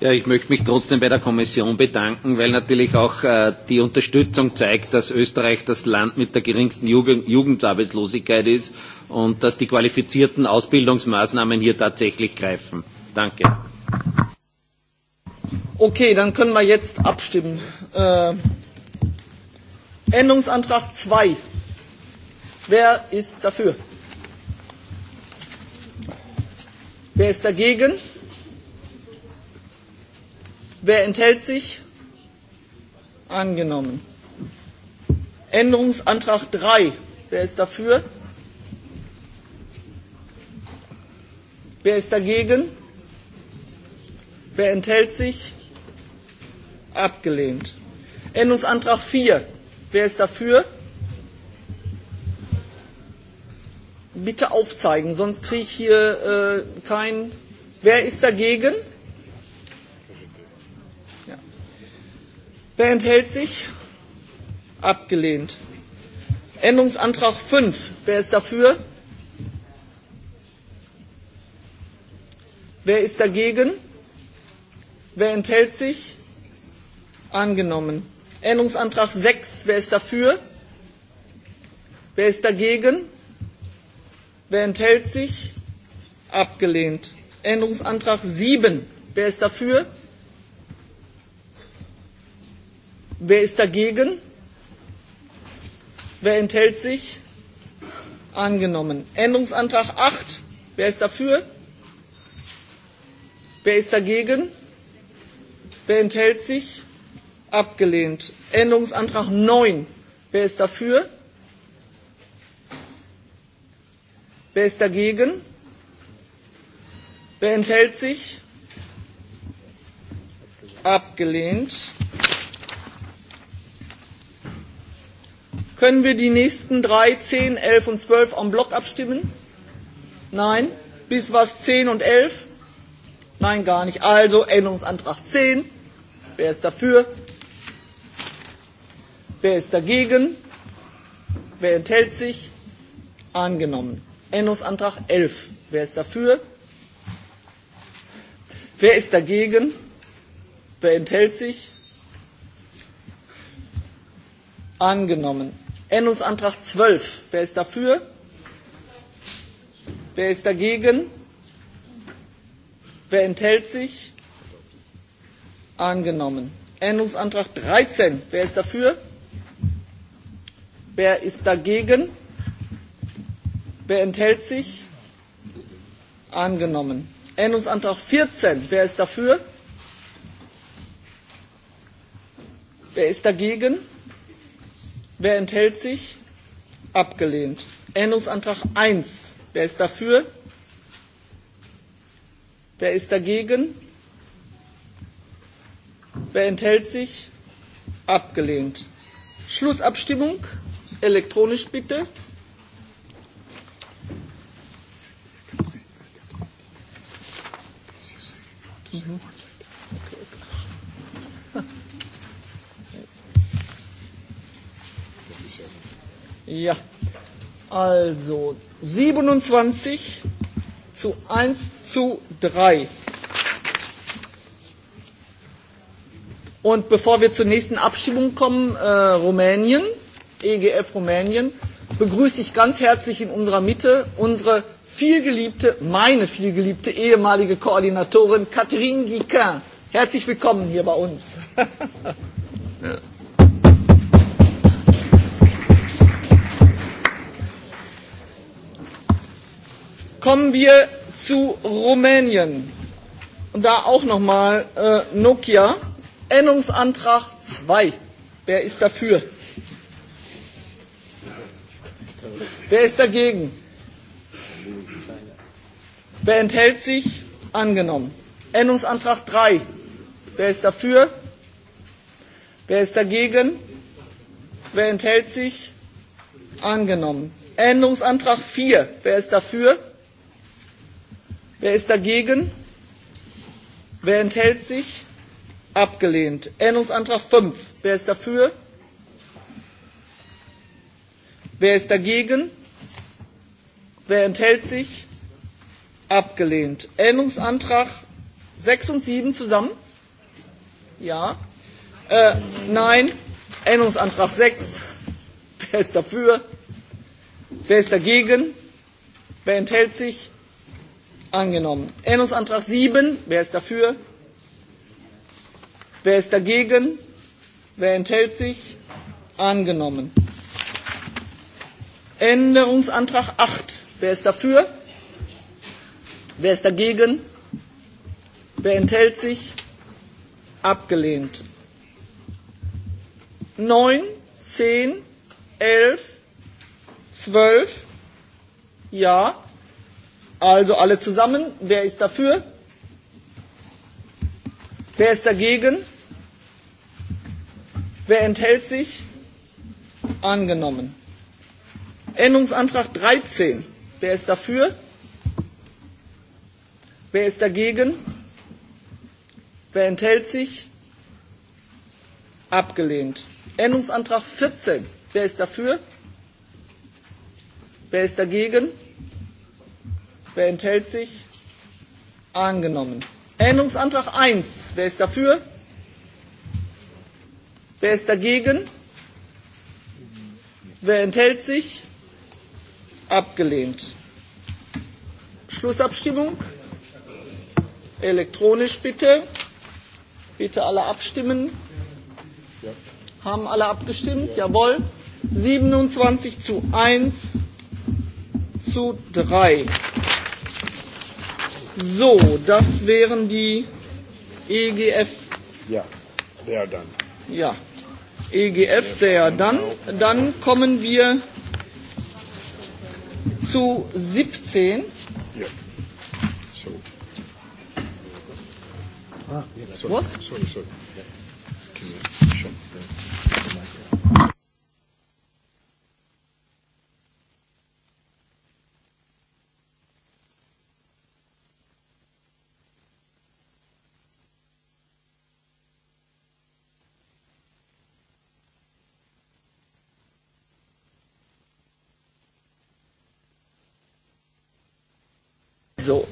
Ja, ich möchte mich trotzdem bei der Kommission bedanken, weil natürlich auch äh, die Unterstützung zeigt, dass Österreich das Land mit der geringsten Jugend Jugendarbeitslosigkeit ist und dass die qualifizierten Ausbildungsmaßnahmen hier tatsächlich greifen. Danke. Okay, dann können wir jetzt abstimmen. Äh, Änderungsantrag 2. Wer ist dafür? Wer ist dagegen? Wer enthält sich? Angenommen. Änderungsantrag 3. Wer ist dafür? Wer ist dagegen? Wer enthält sich? Abgelehnt. Änderungsantrag 4. Wer ist dafür? Bitte aufzeigen, sonst kriege ich hier äh, kein. Wer ist dagegen? Wer enthält sich? Abgelehnt. Änderungsantrag 5. Wer ist dafür? Wer ist dagegen? Wer enthält sich? Angenommen. Änderungsantrag 6. Wer ist dafür? Wer ist dagegen? Wer enthält sich? Abgelehnt. Änderungsantrag 7. Wer ist dafür? Wer Wer ist dagegen? Wer enthält sich? Angenommen. Änderungsantrag 8. Wer ist dafür? Wer ist dagegen? Wer enthält sich? Abgelehnt. Änderungsantrag 9. Wer ist dafür? Wer ist dagegen? Wer enthält sich? Abgelehnt. Können wir die nächsten drei, zehn, elf und zwölf am Block abstimmen? Nein? Bis was zehn und elf? Nein, gar nicht. Also Änderungsantrag 10. Wer ist dafür? Wer ist dagegen? Wer enthält sich? Angenommen. Änderungsantrag 11. Wer ist dafür? Wer ist dagegen? Wer enthält sich? Angenommen. Änderungsantrag 12. Wer ist dafür? Wer ist dagegen? Wer enthält sich? Angenommen. Änderungsantrag 13. Wer ist dafür? Wer ist dagegen? Wer enthält sich? Angenommen. Änderungsantrag 14. Wer ist dafür? Wer ist dagegen? Wer enthält sich? Abgelehnt. Änderungsantrag 1. Wer ist dafür? Wer ist dagegen? Wer enthält sich? Abgelehnt. Schlussabstimmung. Elektronisch bitte. Mhm. Ja, also 27 zu 1 zu 3. Und bevor wir zur nächsten Abstimmung kommen, äh, Rumänien, EGF Rumänien, begrüße ich ganz herzlich in unserer Mitte unsere vielgeliebte, meine vielgeliebte ehemalige Koordinatorin Catherine Guiquin. Herzlich willkommen hier bei uns. ja. Kommen wir zu Rumänien. Da auch nochmal äh, Nokia. Änderungsantrag 2. Wer ist dafür? Wer ist dagegen? Wer enthält sich? Angenommen. Änderungsantrag 3. Wer ist dafür? Wer ist dagegen? Wer enthält sich? Angenommen. Änderungsantrag 4. Wer ist dafür? Wer ist dagegen? Wer enthält sich? Abgelehnt. Änderungsantrag 5. Wer ist dafür? Wer ist dagegen? Wer enthält sich? Abgelehnt. Änderungsantrag 6 und 7 zusammen? Ja. Äh, nein. Änderungsantrag 6. Wer ist dafür? Wer ist dagegen? Wer enthält sich? Angenommen. Änderungsantrag 7. Wer ist dafür? Wer ist dagegen? Wer enthält sich? Angenommen. Änderungsantrag 8. Wer ist dafür? Wer ist dagegen? Wer enthält sich? Abgelehnt. 9, 10, 11, 12. Ja. Also alle zusammen. Wer ist dafür? Wer ist dagegen? Wer enthält sich? Angenommen. Änderungsantrag 13. Wer ist dafür? Wer ist dagegen? Wer enthält sich? Abgelehnt. Änderungsantrag 14. Wer ist dafür? Wer ist dagegen? Wer enthält sich? Angenommen. Änderungsantrag 1. Wer ist dafür? Wer ist dagegen? Wer enthält sich? Abgelehnt. Schlussabstimmung. Elektronisch bitte. Bitte alle abstimmen. Ja. Haben alle abgestimmt? Ja. Jawohl. 27 zu 1 zu 3. So, das wären die EGF. Ja, der dann. Ja, EGF, der dann. Dann kommen wir zu 17. Ja. So. Ah, yeah, sorry, Was? Sorry, sorry. So,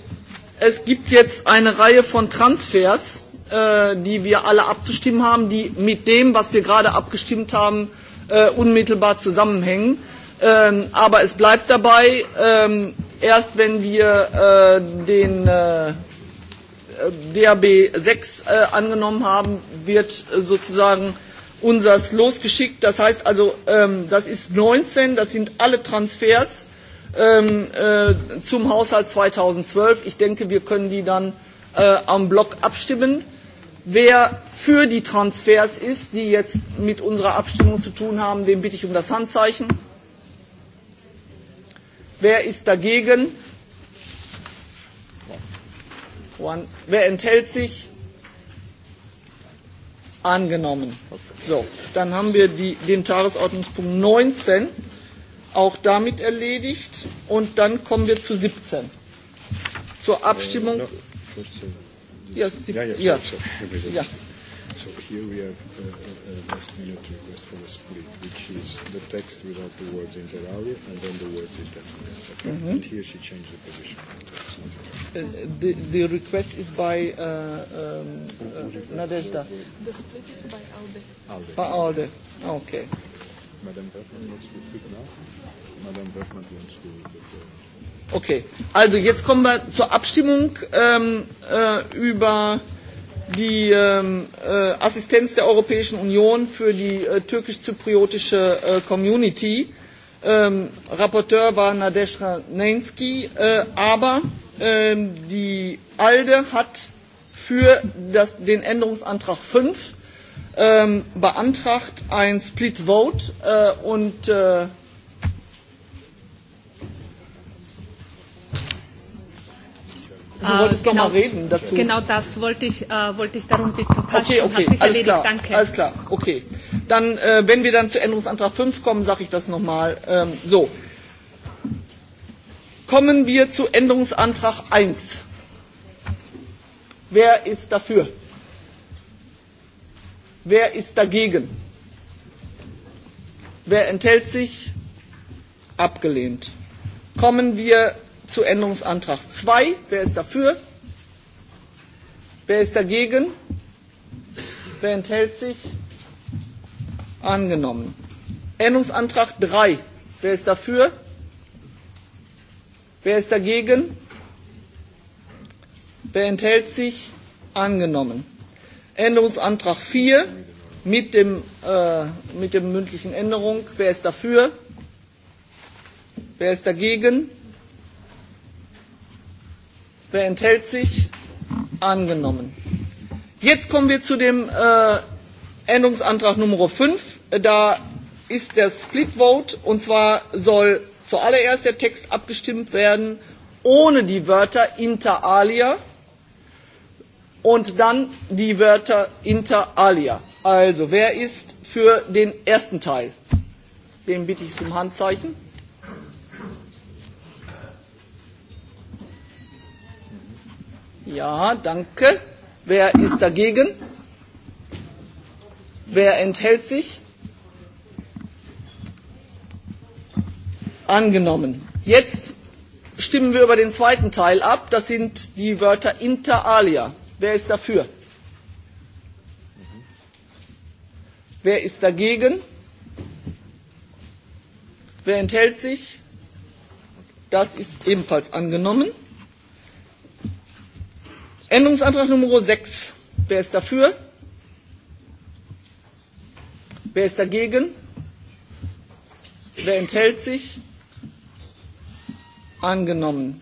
es gibt jetzt eine Reihe von Transfers, äh, die wir alle abzustimmen haben, die mit dem, was wir gerade abgestimmt haben, äh, unmittelbar zusammenhängen. Ähm, aber es bleibt dabei, ähm, erst wenn wir äh, den äh, DAB 6 äh, angenommen haben, wird äh, sozusagen unseres losgeschickt. Das heißt also, ähm, das ist 19, das sind alle Transfers, ähm, äh, zum Haushalt 2012. Ich denke, wir können die dann äh, am Block abstimmen. Wer für die Transfers ist, die jetzt mit unserer Abstimmung zu tun haben, den bitte ich um das Handzeichen. Wer ist dagegen? One. Wer enthält sich? Angenommen. So, dann haben wir die, den Tagesordnungspunkt 19 auch damit erledigt. Und dann kommen wir zu 17. Zur Abstimmung. Äh, no, 14. Ja, 17. Ja, ja, 14. ja. ja. So here we have a, a, a last minute request for a split, which is the text without the words inter alia and then the words inter alia. Mm-hmm. And here she changed the position. Uh, the, the request is by uh, um, uh, Nadezhda. The split is by Alde. Alde. By Alde. Okay. Madame Wertmann wants to speak now. Madame Wertmann wants to the floor. Okay, also jetzt kommen wir zur Abstimmung ähm, äh, über die ähm, äh, Assistenz der Europäischen Union für die äh, türkisch-zypriotische äh, Community. Ähm, Rapporteur war Nadeshra Nensky, äh, aber äh, die ALDE hat für das, den Änderungsantrag 5 ähm, beantragt ein Split Vote äh, und äh, Du äh, wolltest genau, noch mal reden dazu. Genau das wollte ich, äh, wollte ich darum bitten. Passt okay, okay, alles erledigt. klar, Danke. alles klar, okay. Dann, äh, wenn wir dann zu Änderungsantrag 5 kommen, sage ich das nochmal. Ähm, so. Kommen wir zu Änderungsantrag 1. Wer ist dafür? Wer ist dagegen? Wer enthält sich? Abgelehnt. Kommen wir zu Änderungsantrag 2. Wer ist dafür? Wer ist dagegen? Wer enthält sich? Angenommen. Änderungsantrag 3. Wer ist dafür? Wer ist dagegen? Wer enthält sich? Angenommen. Änderungsantrag 4 mit, dem, äh, mit dem mündlichen Änderung. Wer ist dafür? Wer ist dagegen? Wer enthält sich? Angenommen. Jetzt kommen wir zu dem äh, Änderungsantrag Nummer 5. Da ist der Split Vote und zwar soll zuallererst der Text abgestimmt werden ohne die Wörter inter alia und dann die Wörter inter alia. Also, wer ist für den ersten Teil? Den bitte ich um Handzeichen. Ja, danke. Wer ist dagegen? Wer enthält sich? Angenommen. Jetzt stimmen wir über den zweiten Teil ab. Das sind die Wörter inter alia. Wer ist dafür? Wer ist dagegen? Wer enthält sich? Das ist ebenfalls angenommen. Änderungsantrag Nummer 6. Wer ist dafür? Wer ist dagegen? Wer enthält sich? Angenommen.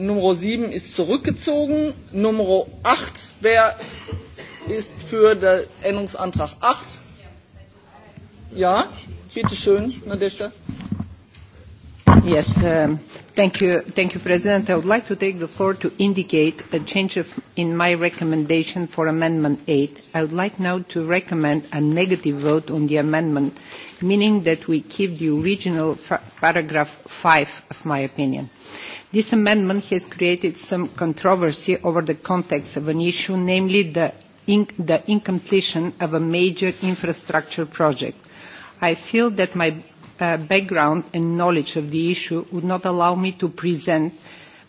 Nummer 7 ist zurückgezogen. Nummer 8, wer ist für den Änderungsantrag 8? Ja, bitteschön, Nadeshda. Yes, um, thank you, thank you, President. I would like to take the floor to indicate a change of, in my recommendation for Amendment 8. I would like now to recommend a negative vote on the amendment, meaning that we keep the original paragraph 5 of my opinion. Uh, This amendment has created some controversy over the context of an issue, namely the, in the incompletion of a major infrastructure project. I feel that my uh, background and knowledge of the issue would not allow me to present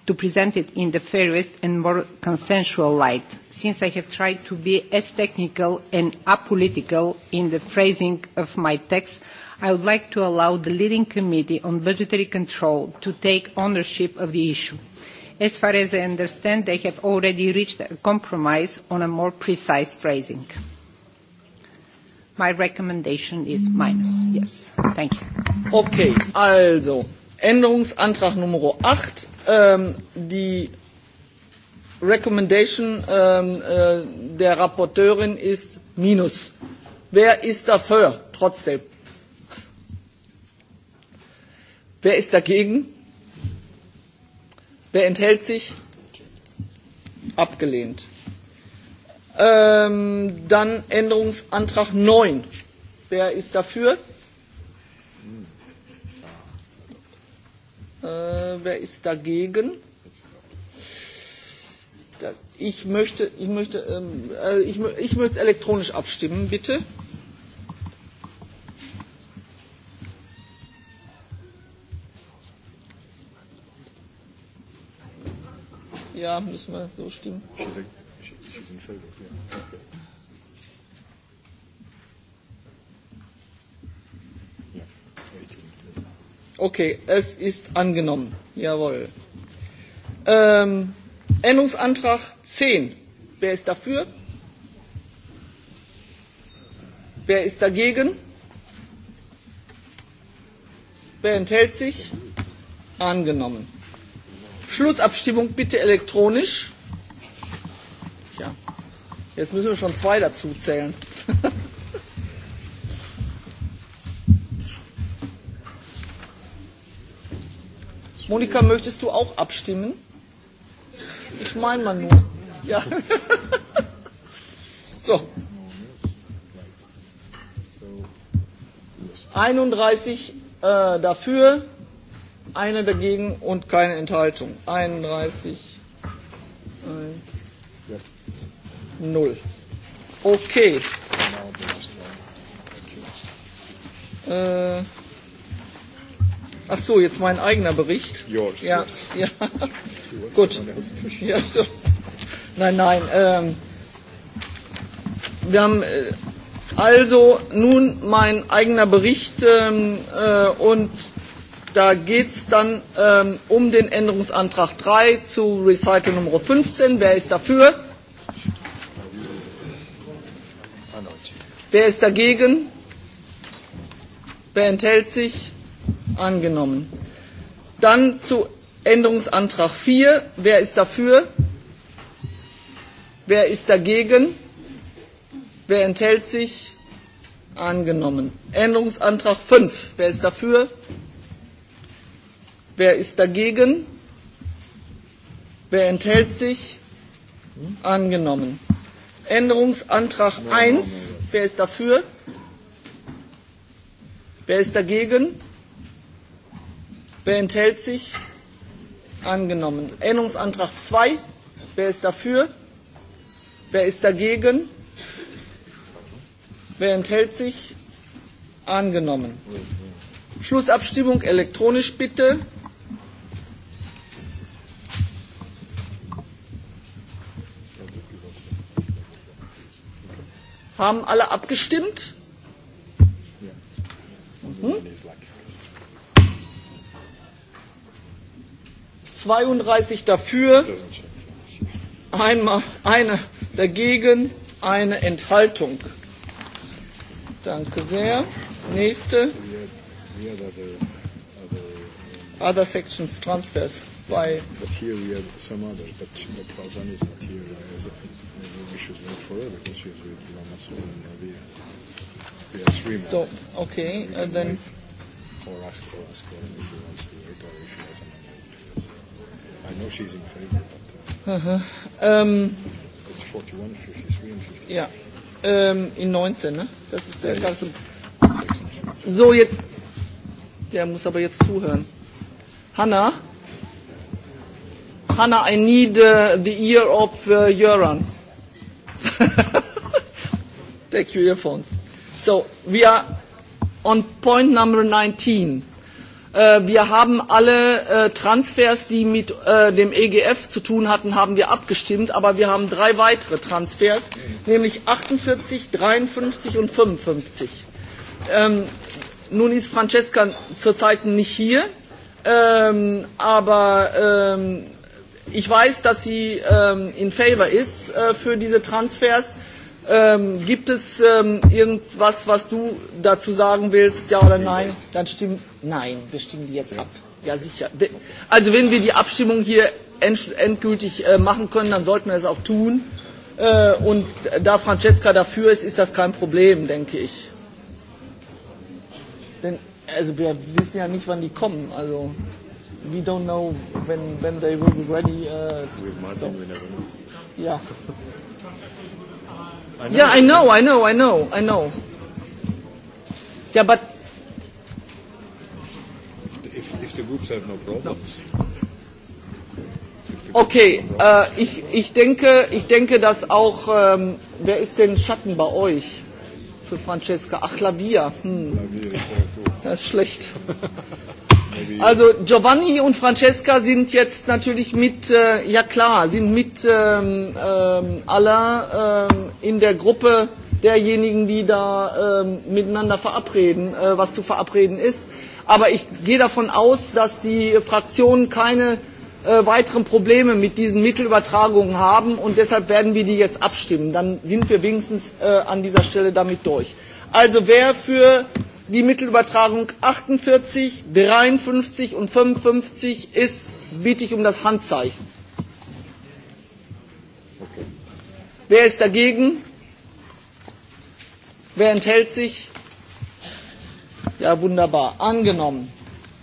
to present it in the fairest and more consensual light, since I have tried to be as technical and apolitical in the phrasing of my text I would like to allow the leading committee on budgetary control to take ownership of the issue. As far as I understand, they have already reached a compromise on a more precise phrasing. My recommendation is minus. Yes. Thank you. Okay, also Änderungsantrag Nummer 8. Ähm, die Recommendation ähm, äh, der Rapporteurin ist minus. Wer ist dafür trotzdem? Wer ist dagegen? Wer enthält sich? Abgelehnt. Ähm, dann Änderungsantrag 9. Wer ist dafür? Äh, wer ist dagegen? Das, ich möchte, ich möchte, ähm, äh, ich, ich möchte elektronisch abstimmen, bitte. Äh, Ja, müssen wir so stimmen. She's a, she, she's in favor, yeah. okay. Okay, es ist angenommen. Jawohl. Ähm, Änderungsantrag 10. Wer ist dafür? Wer ist dagegen? Wer enthält sich? Angenommen. Schlussabstimmung bitte elektronisch. Tja, jetzt müssen wir schon zwei dazu zählen. Monika, möchtest du auch abstimmen? Ich meine mal nur. Ja. so. 31 äh, dafür, eine dagegen und keine Enthaltung. 31, 1, 0. Okay. Äh, ach so, jetzt mein eigener Bericht. Yours, ja, yours. ja. Gut. Ja, so. Nein, nein. Ähm, wir haben äh, also nun mein eigener Bericht ähm, äh, und Da geht es dann ähm, um den Änderungsantrag 3 zu Recycle Nummer 15. Wer ist dafür? Wer ist dagegen? Wer enthält sich? Angenommen. Dann zu Änderungsantrag 4. Wer ist dafür? Wer ist dagegen? Wer enthält sich? Angenommen. Änderungsantrag 5. Wer ist dafür? Wer Wer ist dagegen? Wer enthält sich? Angenommen. Änderungsantrag 1. Wer ist dafür? Wer ist dagegen? Wer enthält sich? Angenommen. Änderungsantrag 2. Wer ist dafür? Wer ist dagegen? Wer enthält sich? Angenommen. Schlussabstimmung elektronisch bitte. Haben alle abgestimmt? Mhm. 32 dafür, einmal, eine dagegen, eine Enthaltung. Danke sehr. Nächste. Other sections transfers by. But here we have some others, but Barzani is not here we should wait for her because she's with Lama Sol and Navia. We have three more. So, okay, we and then. Or ask, or ask her if she wants to wait or if she has an amendment. I know she's in favor, but. Uh, uh-huh. um, it's 41, 53, and 53. Yeah. Ähm, in 19, ne? Das ist der ja, Carsten. Ja. So, jetzt. Der muss aber jetzt zuhören. Hannah? Hannah, I need uh, the ear of uh, Göran. Take your earphones. So, we are on point number 19. Äh, wir haben alle äh, Transfers, die mit äh, dem EGF zu tun hatten, haben wir abgestimmt, aber wir haben drei weitere Transfers, nämlich 48, 53 und 55. Ähm, nun ist Francesca zurzeit nicht hier, ähm, aber ähm, Ich weiß, dass sie ähm, in favor ist äh, für diese Transfers. Ähm, gibt es ähm, irgendwas, was du dazu sagen willst, ja oder nein? Dann stimmen, nein, wir stimmen die jetzt ab. Ja, sicher. Also wenn wir die Abstimmung hier end, endgültig äh, machen können, dann sollten wir es auch tun. Äh, und da Francesca dafür ist, ist das kein Problem, denke ich. Denn, also wir wissen ja nicht, wann die kommen. Also we don't know when when they will be ready. Uh, With Martin, so. we never know. Yeah. I know yeah, I know, I know, I know, I know. Yeah, but if, if the groups have no problems. No. Okay, äh, ich, ich, denke, ich denke, dass auch, ähm, wer ist denn Schatten bei euch für Francesca? Ach, Lavia. Hm. Das ist schlecht. Also Giovanni und Francesca sind jetzt natürlich mit, äh, ja klar, sind mit ähm, ähm, aller ähm, in der Gruppe derjenigen, die da ähm, miteinander verabreden, äh, was zu verabreden ist. Aber ich gehe davon aus, dass die Fraktionen keine äh, weiteren Probleme mit diesen Mittelübertragungen haben und deshalb werden wir die jetzt abstimmen. Dann sind wir wenigstens äh, an dieser Stelle damit durch. Also wer für die Mittelübertragung 48, 53 und 55 ist, biete ich um das Handzeichen. Okay. Wer ist dagegen? Wer enthält sich? Ja, wunderbar. Angenommen.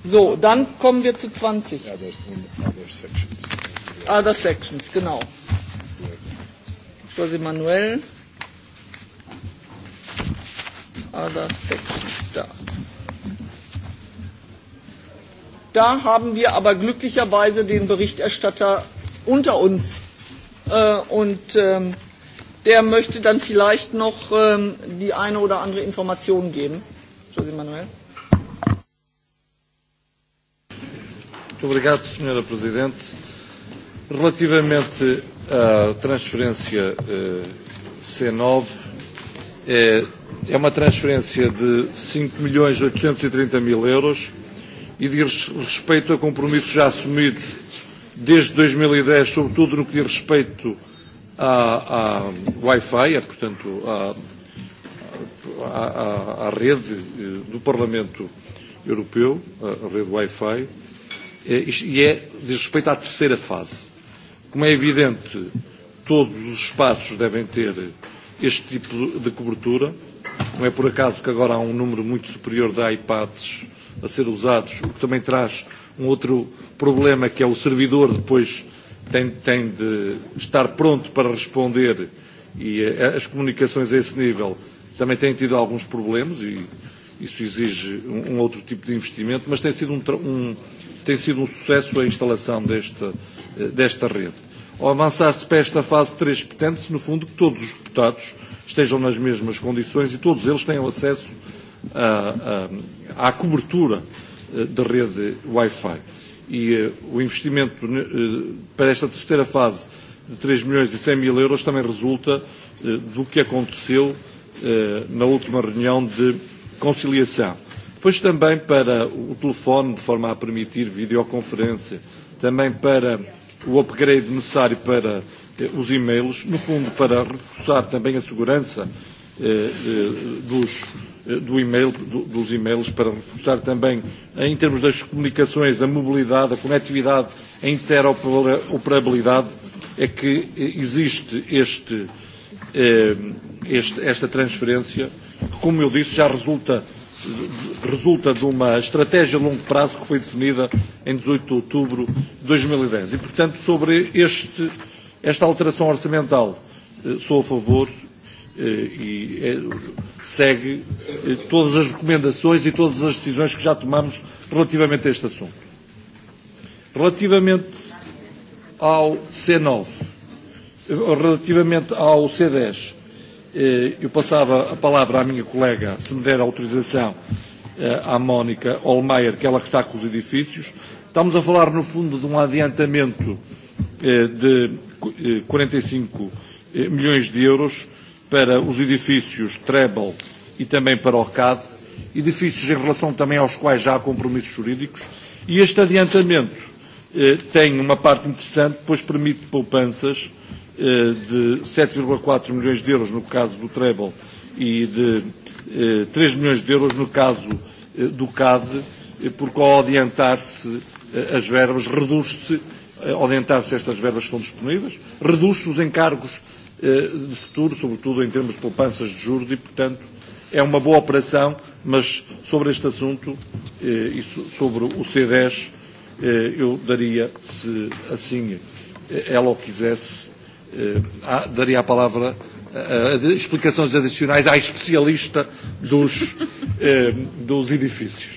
So, dann kommen wir zu 20. Other, other sections. Other sections, genau. José Manuel other second star. Da haben wir aber glücklicherweise den Berichterstatter unter uns. Äh, und ähm, der möchte dann vielleicht noch ähm, die eine oder andere Information geben. José Manuel. Muito obrigado, Sra. Presidente. Relativamente à transferência eh, C9, É, é uma transferência de 5 milhões 830 e mil euros e diz respeito a compromissos já assumidos desde 2010, e sobretudo no que diz respeito à, à Wi-Fi, é, portanto, à, à, à rede eh, do Parlamento Europeu, a rede Wi-Fi, e é, diz respeito à terceira fase. Como é evidente, todos os espaços devem ter este tipo de cobertura. Não é por acaso que agora há um número muito superior de iPads a ser usados, o que também traz um outro problema que é o servidor depois tem, tem de estar pronto para responder e eh, as comunicações a esse nível também têm tido alguns problemas e isso exige um, um outro tipo de investimento, mas tem sido um, um, tem sido um sucesso a instalação desta, eh, desta rede ao avançar-se para esta fase 3, pretende-se, no fundo, que todos os deputados estejam nas mesmas condições e todos eles tenham acesso à, à, à cobertura eh, da rede Wi-Fi. E uh, o investimento uh, para esta terceira fase de 3 milhões e 100 mil euros também resulta uh, do que aconteceu na última reunião de conciliação. Depois também para o telefone, de forma a permitir videoconferência, também para o upgrade necessário para eh, os e-mails, no fundo para reforçar também a segurança eh, eh, dos, eh, do email, do, dos e-mails, para reforçar também, em termos das comunicações, a mobilidade, a conectividade, a interoperabilidade, é que eh, existe este, eh, este, esta transferência, que, como eu disse, já resulta resulta de uma estratégia a longo prazo que foi definida em 18 de outubro de 2010. E, e, portanto, sobre este, esta alteração orçamental, eh, sou a favor eh, e eh, segue todas as recomendações e todas as decisões que já tomamos relativamente a este assunto. Relativamente ao C9, relativamente ao C10, Eh, eu passava a palavra à minha colega, se me der autorização, eh, à Mónica Olmeyer, que ela que está com os edifícios. Estamos a falar, no fundo, de um adiantamento eh, de 45 e milhões de euros para os edifícios Treble e também para o CAD, edifícios em relação também aos quais já há compromissos jurídicos, e este adiantamento eh, tem uma parte interessante, pois permite poupanças Eh, de 7,4 milhões de euros no caso do Treble e de 3 eh, milhões de euros no caso eh, do CAD, porque ao adiantar-se as verbas, reduz-se, ao adiantar-se estas verbas que estão disponíveis, reduz-se os encargos de futuro, sobretudo em termos de poupanças de juros, e, portanto, é uma boa operação, mas sobre este assunto e sobre o C10, eu daria, se assim ela o quisesse, Uh, daria a palavra uh, uh, explicações adicionais à especialista dos, dos edifícios.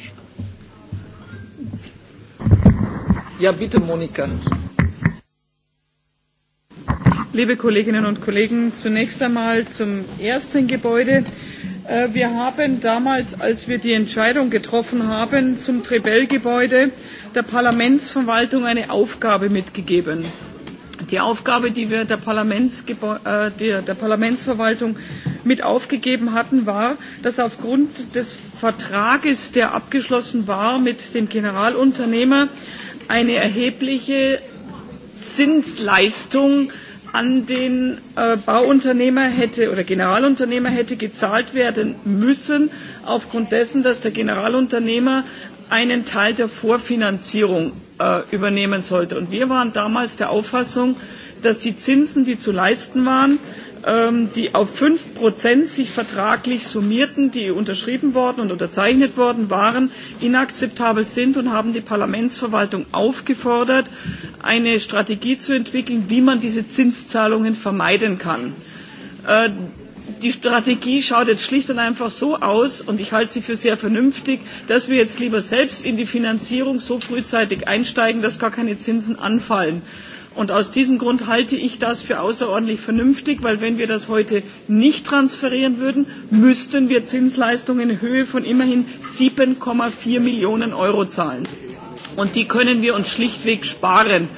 Ja, bitte, Monika. Liebe Kolleginnen und Kollegen, zunächst einmal zum ersten Gebäude. Äh, wir haben damals, als wir die Entscheidung getroffen haben, zum Trebell-Gebäude der Parlamentsverwaltung eine Aufgabe mitgegeben. Äh, die Aufgabe, die wir der, Parlamentsgebo äh, der, der Parlamentsverwaltung mit aufgegeben hatten, war, dass aufgrund des Vertrages, der abgeschlossen war mit dem Generalunternehmer, eine erhebliche Zinsleistung an den äh, Bauunternehmer hätte oder Generalunternehmer hätte gezahlt werden müssen, aufgrund dessen, dass der Generalunternehmer einen Teil der Vorfinanzierung äh, übernehmen sollte. Und wir waren damals der Auffassung, dass die Zinsen, die zu leisten waren, ähm, die auf 5 Prozent sich vertraglich summierten, die unterschrieben worden und unterzeichnet worden waren, inakzeptabel sind und haben die Parlamentsverwaltung aufgefordert, eine Strategie zu entwickeln, wie man diese Zinszahlungen vermeiden kann. Äh, die Strategie schaut jetzt schlicht und einfach so aus, und ich halte sie für sehr vernünftig, dass wir jetzt lieber selbst in die Finanzierung so frühzeitig einsteigen, dass gar keine Zinsen anfallen. Und aus diesem Grund halte ich das für außerordentlich vernünftig, weil wenn wir das heute nicht transferieren würden, müssten wir Zinsleistungen in Höhe von immerhin 7,4 Millionen Euro zahlen. Und die können wir uns schlichtweg sparen.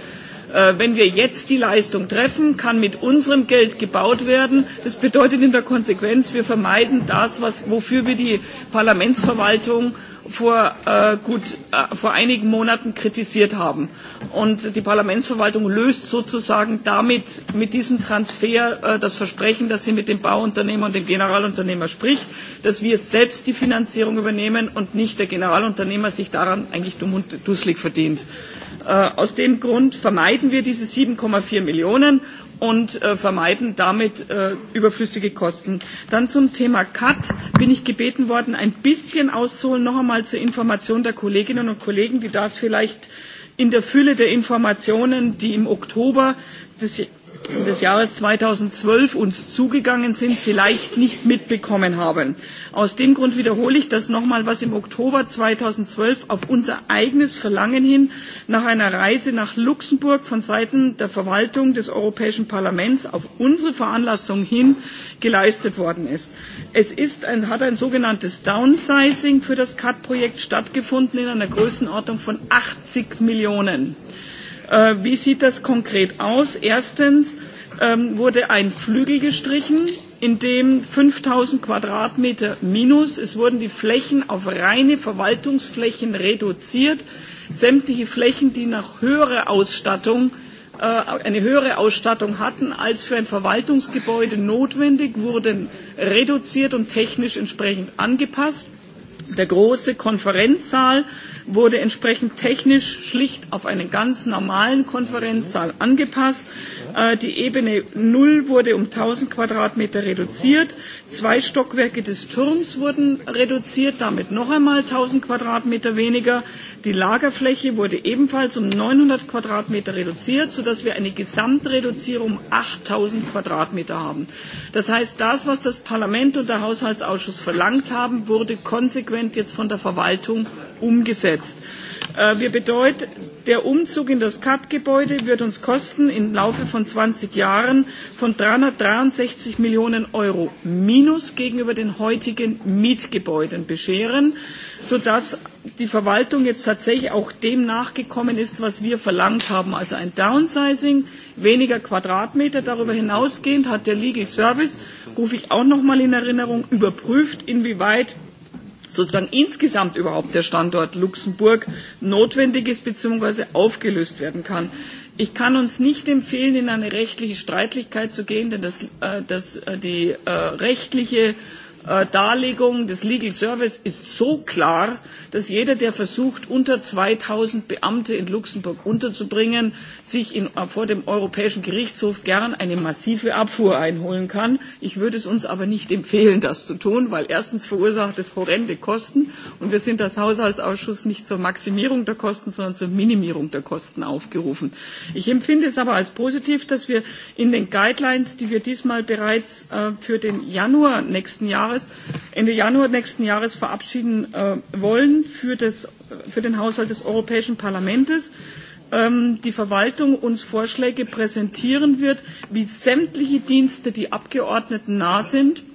Äh, wenn wir jetzt die Leistung treffen, kann mit unserem Geld gebaut werden. Das bedeutet in der Konsequenz, wir vermeiden das, was, wofür wir die Parlamentsverwaltung vor, äh, gut, äh, vor einigen Monaten kritisiert haben. Und die Parlamentsverwaltung löst sozusagen damit mit diesem Transfer äh, das Versprechen, dass sie mit dem Bauunternehmer und dem Generalunternehmer spricht, dass wir selbst die Finanzierung übernehmen und nicht der Generalunternehmer sich daran eigentlich dumm und dusselig verdient. Äh, Äh, aus dem Grund vermeiden wir diese 7,4 Millionen und äh, vermeiden damit äh, überflüssige Kosten. Dann zum Thema CAT bin ich gebeten worden, ein bisschen auszuholen, noch einmal zur Information der Kolleginnen und Kollegen, die das vielleicht in der Fülle der Informationen, die im Oktober des des Jahres 2012 uns zugegangen sind, vielleicht nicht mitbekommen haben. Aus dem Grund wiederhole ich das nochmal, was im Oktober 2012 auf unser eigenes Verlangen hin nach einer Reise nach Luxemburg von Seiten der Verwaltung des Europäischen Parlaments auf unsere Veranlassung hin geleistet worden ist. Es ist ein, hat ein sogenanntes Downsizing für das CAD-Projekt stattgefunden in einer Größenordnung von 80 Millionen Euro. Äh, wie sieht das konkret aus? Erstens ähm, wurde ein Flügel gestrichen, in dem 5000 Quadratmeter minus, es wurden die Flächen auf reine Verwaltungsflächen reduziert, sämtliche Flächen, die nach höherer Ausstattung äh, eine höhere Ausstattung hatten als für ein Verwaltungsgebäude notwendig, wurden reduziert und technisch entsprechend angepasst. Der große Konferenzsaal äh, wurde entsprechend technisch schlicht auf einen ganz normalen Konferenzsaal angepasst. Äh, die Ebene 0 wurde um 1000 Quadratmeter reduziert. Zwei Stockwerke des Turms wurden reduziert, damit noch einmal 1000 Quadratmeter weniger. Die Lagerfläche wurde ebenfalls um 900 Quadratmeter reduziert, sodass wir eine Gesamtreduzierung um 8000 Quadratmeter haben. Das heißt, das, was das Parlament und der Haushaltsausschuss verlangt haben, wurde konsequent jetzt von der Verwaltung umgesetzt. Äh, Äh, wir bedeuten, der Umzug in das CAT-Gebäude wird uns kosten im Laufe von 20 Jahren von 363 Millionen Euro minus gegenüber den heutigen Mietgebäuden bescheren, sodass die Verwaltung jetzt tatsächlich auch dem nachgekommen ist, was wir verlangt haben. Also ein Downsizing, weniger Quadratmeter. Darüber hinausgehend hat der Legal Service, rufe ich auch nochmal in Erinnerung, überprüft, inwieweit sozusagen insgesamt überhaupt der Standort Luxemburg notwendig ist bzw. aufgelöst werden kann. Ich kann uns nicht empfehlen, in eine rechtliche Streitigkeit zu gehen, denn das, äh, das, äh, die äh, rechtliche Äh, Darlegung des Legal Service ist so klar, dass jeder, der versucht, unter 2000 Beamte in Luxemburg unterzubringen, sich in, äh, vor dem Europäischen Gerichtshof gern eine massive Abfuhr einholen kann. Ich würde es uns aber nicht empfehlen, das zu tun, weil erstens verursacht es horrende Kosten und wir sind als Haushaltsausschuss nicht zur Maximierung der Kosten, sondern zur Minimierung der Kosten aufgerufen. Ich empfinde es aber als positiv, dass wir in den Guidelines, die wir diesmal bereits äh, für den Januar nächsten Jahres Jahres, Ende Januar nächsten Jahres verabschieden äh, wollen für, das, für den Haushalt des Europäischen Parlaments ähm, die Verwaltung uns Vorschläge präsentieren wird, wie sämtliche Dienste, die Abgeordneten nah sind,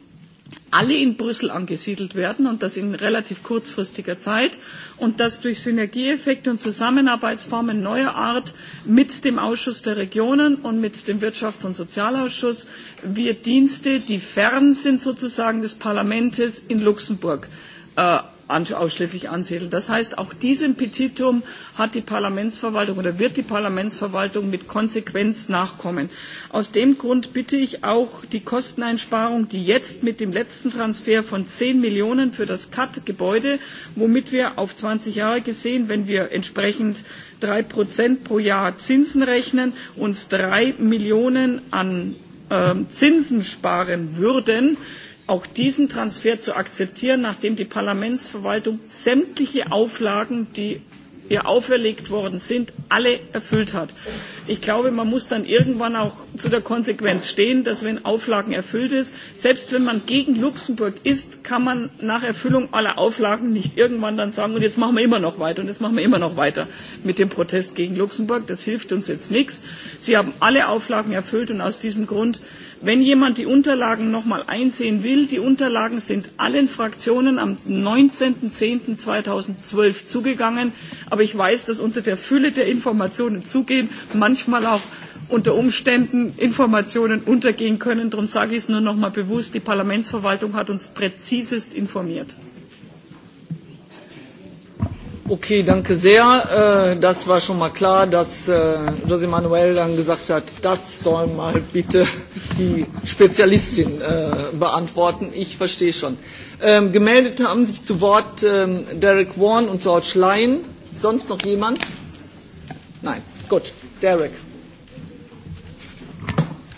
alle in Brüssel angesiedelt werden und das in relativ kurzfristiger Zeit und dass durch Synergieeffekte und Zusammenarbeitsformen neuer Art mit dem Ausschuss der Regionen und mit dem Wirtschafts- und Sozialausschuss wir Dienste, die fern sind sozusagen des Parlaments in Luxemburg, äh, ausschließlich ansiedeln. Das heißt, auch diesem Petitum hat die Parlamentsverwaltung oder wird die Parlamentsverwaltung mit Konsequenz nachkommen. Aus dem Grund bitte ich auch die Kosteneinsparung, die jetzt mit dem letzten Transfer von 10 Millionen für das CAT-Gebäude, womit wir auf 20 Jahre gesehen, wenn wir entsprechend 3 Prozent pro Jahr Zinsen rechnen, uns 3 Millionen an äh, Zinsen sparen würden, äh, auch diesen Transfer zu akzeptieren, nachdem die Parlamentsverwaltung sämtliche Auflagen, die ihr auferlegt worden sind, alle erfüllt hat. Ich glaube, man muss dann irgendwann auch zu der Konsequenz stehen, dass wenn Auflagen erfüllt ist, selbst wenn man gegen Luxemburg ist, kann man nach Erfüllung aller Auflagen nicht irgendwann dann sagen, und jetzt machen wir immer noch weiter, und jetzt machen wir immer noch weiter mit dem Protest gegen Luxemburg. Das hilft uns jetzt nichts. Sie haben alle Auflagen erfüllt und aus diesem Grund äh, Wenn jemand die Unterlagen noch mal einsehen will, die Unterlagen sind allen Fraktionen am 19.10.2012 zugegangen. Aber ich weiß, dass unter der Fülle der Informationen zugehen, manchmal auch unter Umständen Informationen untergehen können. Darum sage ich es nur noch mal bewusst. Die Parlamentsverwaltung hat uns präzisest informiert. Okay, danke sehr. Äh, das war schon mal klar, dass äh, José Manuel dann gesagt hat, das soll mal bitte die Spezialistin äh, beantworten. Ich verstehe schon. Ähm, gemeldet haben sich zu Wort ähm, Derek Warren und George Lyon. Sonst noch jemand? Nein. Gut. Derek.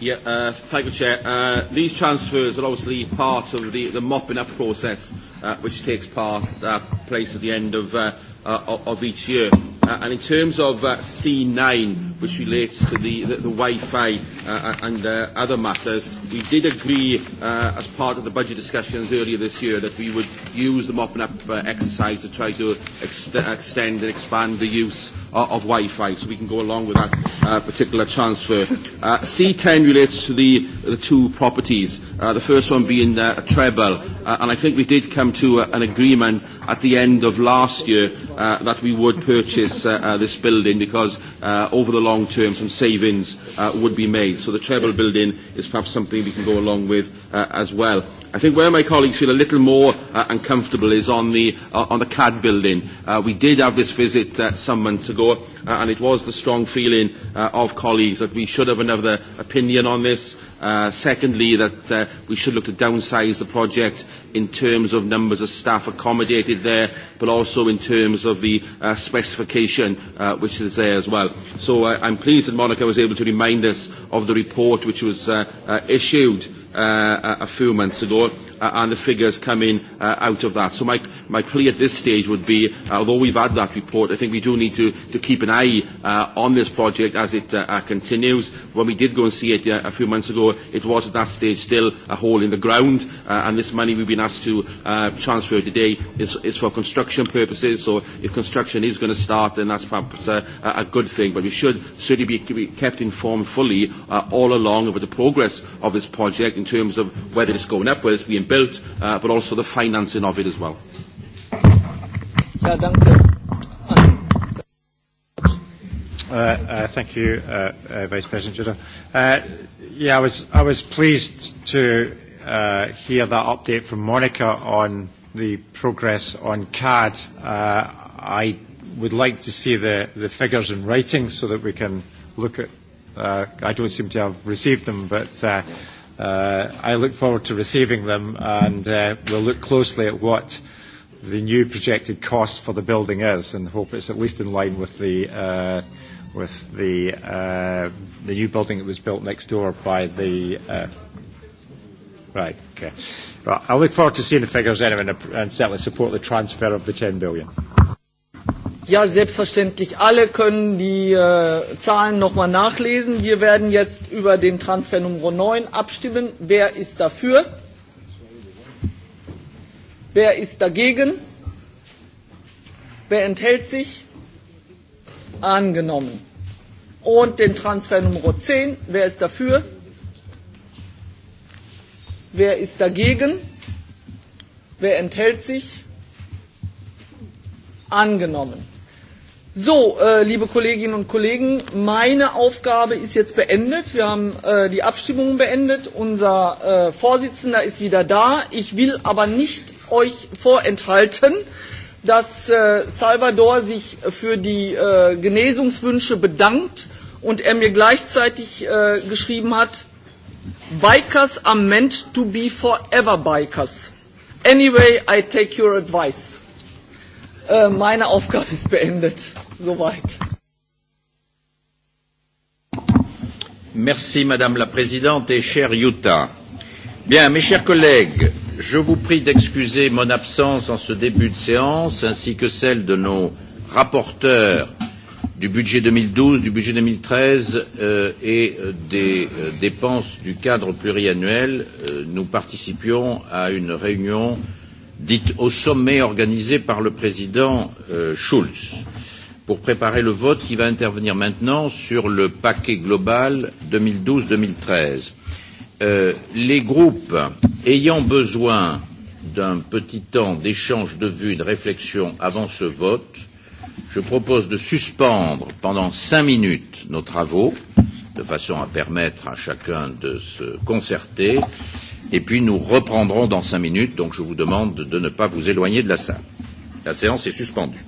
Yeah, uh, thank you, Chair. Uh, these transfers are obviously part of the, the mopping up process, uh, which takes part, uh, place at the end of uh, uh, of each year. Uh, and in terms of uh, C9, which relates to the, the, the Wi-Fi uh, and uh, other matters, we did agree uh, as part of the budget discussions earlier this year that we would use the mopping up uh, exercise to try to ex- extend and expand the use uh, of Wi-Fi, so we can go along with that uh, particular transfer. Uh, C10 relates to the, the two properties, uh, the first one being uh, Treble, uh, and I think we did come to uh, an agreement at the end of last year uh, that we would purchase uh, uh, this building because uh, over the long term some savings uh, would be made. So the treble building is perhaps something we can go along with uh, as well. I think where my colleagues feel a little more uh, uncomfortable is on the, uh, on the CAD building. Uh, we did have this visit uh, some months ago uh, and it was the strong feeling uh, of colleagues that we should have another opinion on this Uh, secondly, that uh, we should look to downsize the project in terms of numbers of staff accommodated there, but also in terms of the uh, specification uh, which is there as well. So uh, I'm pleased that Monica was able to remind us of the report which was uh, uh, issued uh, a few months ago uh, and the figures come in uh, out of that. So my, my plea at this stage would be, uh, although we've had that report, I think we do need to, to keep an eye uh, on this project as it uh, uh, continues. When we did go and see it uh, a few months ago, it was at that stage still a hole in the ground, uh, and this money we've been asked to uh, transfer today is, is for construction purposes, so if construction is going to start, then that's perhaps a, a good thing, but we should certainly be, be kept informed fully uh, all along about the progress of this project in terms of whether it's going up, whether it's being built, uh, but also the financing of it as well. Ja, danke. Uh, uh, thank you, uh, uh, Vice President Judah. Uh, yeah, I was, I was pleased to uh, hear that update from Monica on the progress on CAD. Uh, I would like to see the, the figures in writing so that we can look at. Uh, I don't seem to have received them, but uh, Uh, I look forward to receiving them, and uh, we'll look closely at what the new projected cost for the building is, and hope it's at least in line with the uh, with the uh, the new building that was built next door by the. Uh, right. Okay. Well, I look forward to seeing the figures anyway, and, and certainly support the transfer of the 10 billion. Ja, selbstverständlich. Alle können die äh, Zahlen nochmal nachlesen. Wir werden jetzt über den Transfer Nummer 9 abstimmen. Wer ist dafür? Wer ist dagegen? Wer enthält sich? Angenommen. Und den Transfer Nummer 10. Wer ist dafür? Wer ist dagegen? Wer enthält sich? Angenommen. So, äh, liebe Kolleginnen und Kollegen, meine Aufgabe ist jetzt beendet. Wir haben äh, die Abstimmung beendet. Unser äh, Vorsitzender ist wieder da. Ich will aber nicht euch vorenthalten, dass äh, Salvador sich für die äh, Genesungswünsche bedankt und er mir gleichzeitig äh, geschrieben hat, Bikers are meant to be forever bikers. Anyway, I take your advice. Äh, meine Aufgabe ist beendet. Soweit. Merci, Madame la Présidente et cher Utah. Bien, mes chers collègues, je vous prie d'excuser mon absence en ce début de séance, ainsi que celle de nos rapporteurs du budget 2012, du budget 2013 euh, et euh, des euh, dépenses du cadre pluriannuel. Euh, nous participions à une réunion euh, dite au sommet organisé par le président euh, Schulz pour préparer le vote qui va intervenir maintenant sur le paquet global 2012-2013. Euh, les groupes ayant besoin d'un petit temps d'échange de vues, de réflexion avant ce vote, je propose de suspendre pendant cinq minutes nos travaux, de façon à permettre à chacun de se concerter, et puis nous reprendrons dans cinq minutes, donc je vous demande de ne pas vous éloigner de la salle. La séance est suspendue.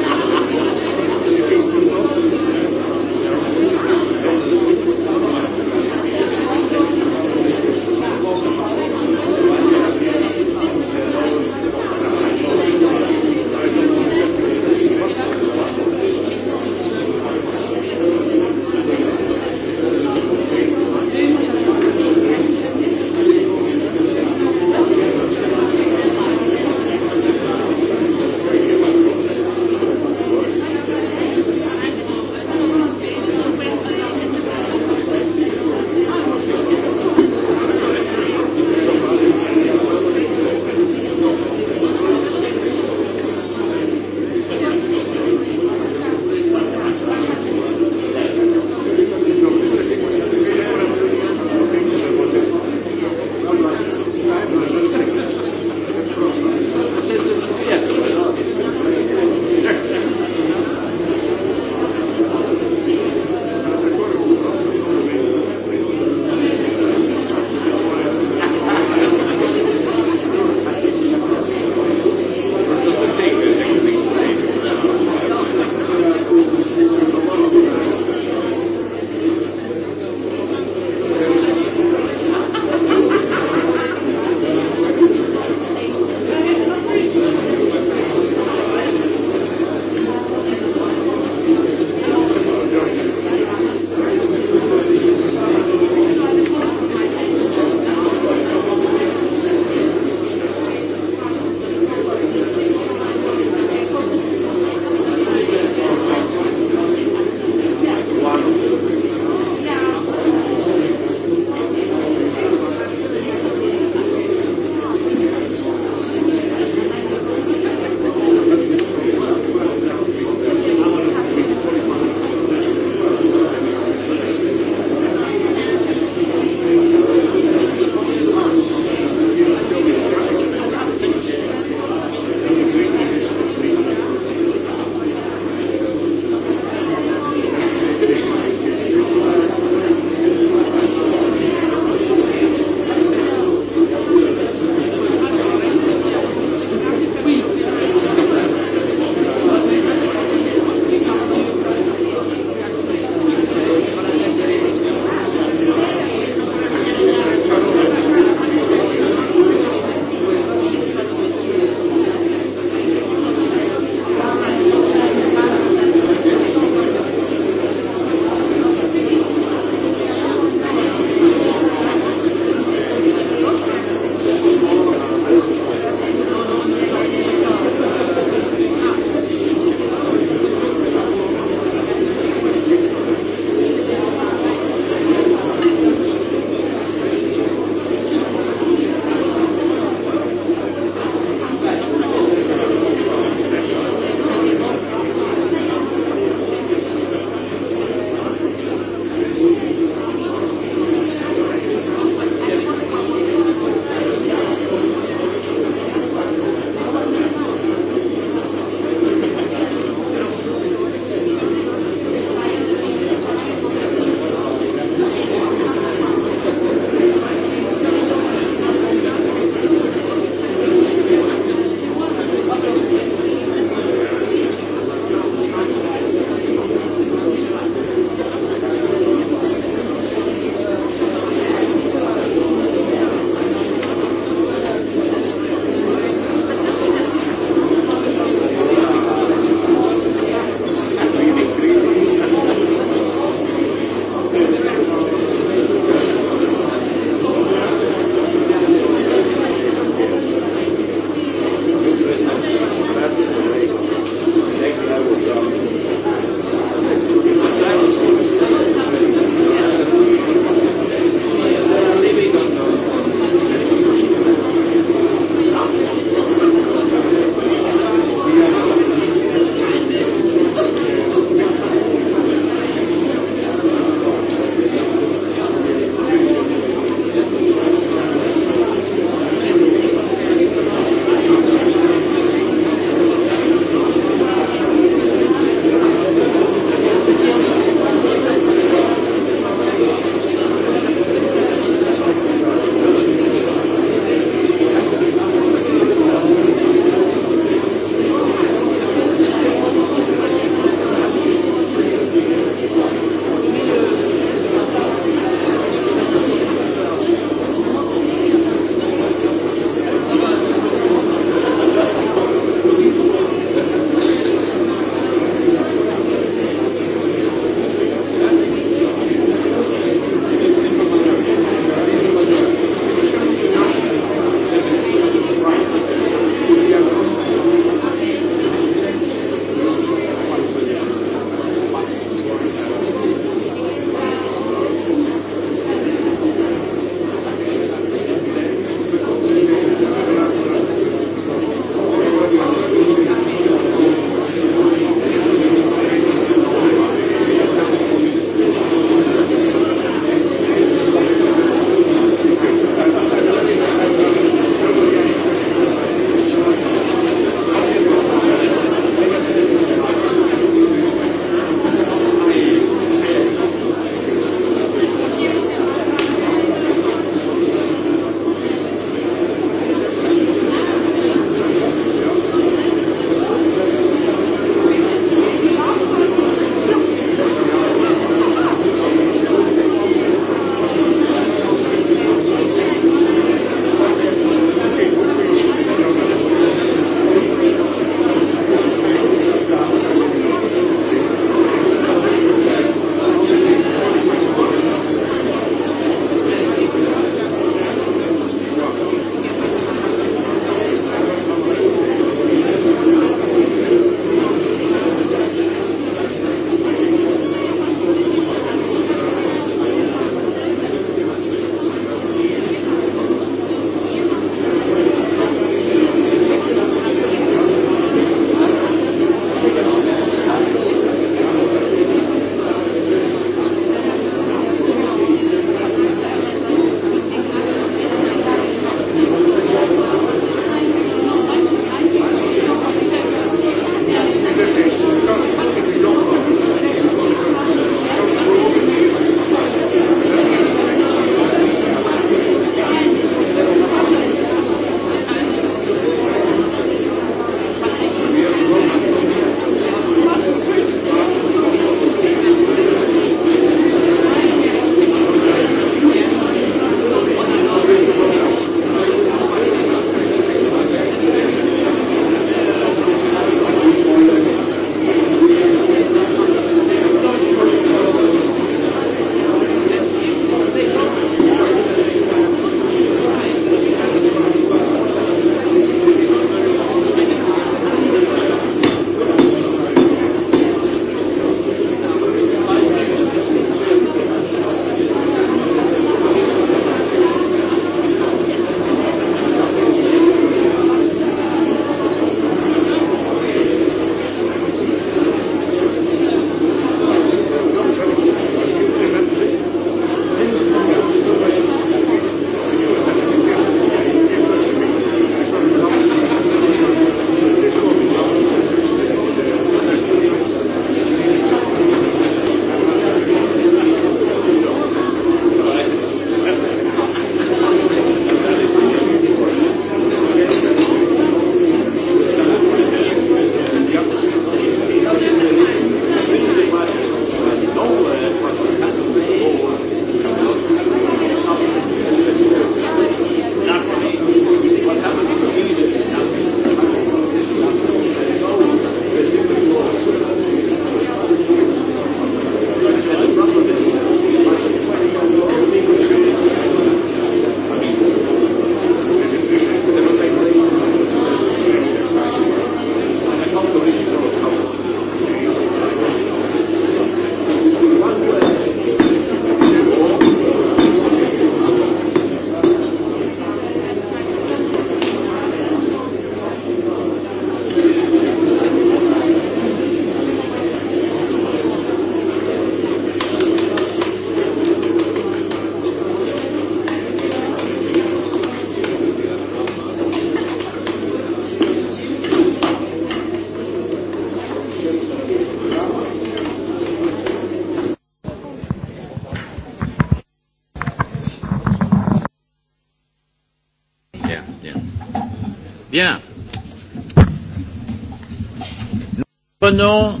Prenons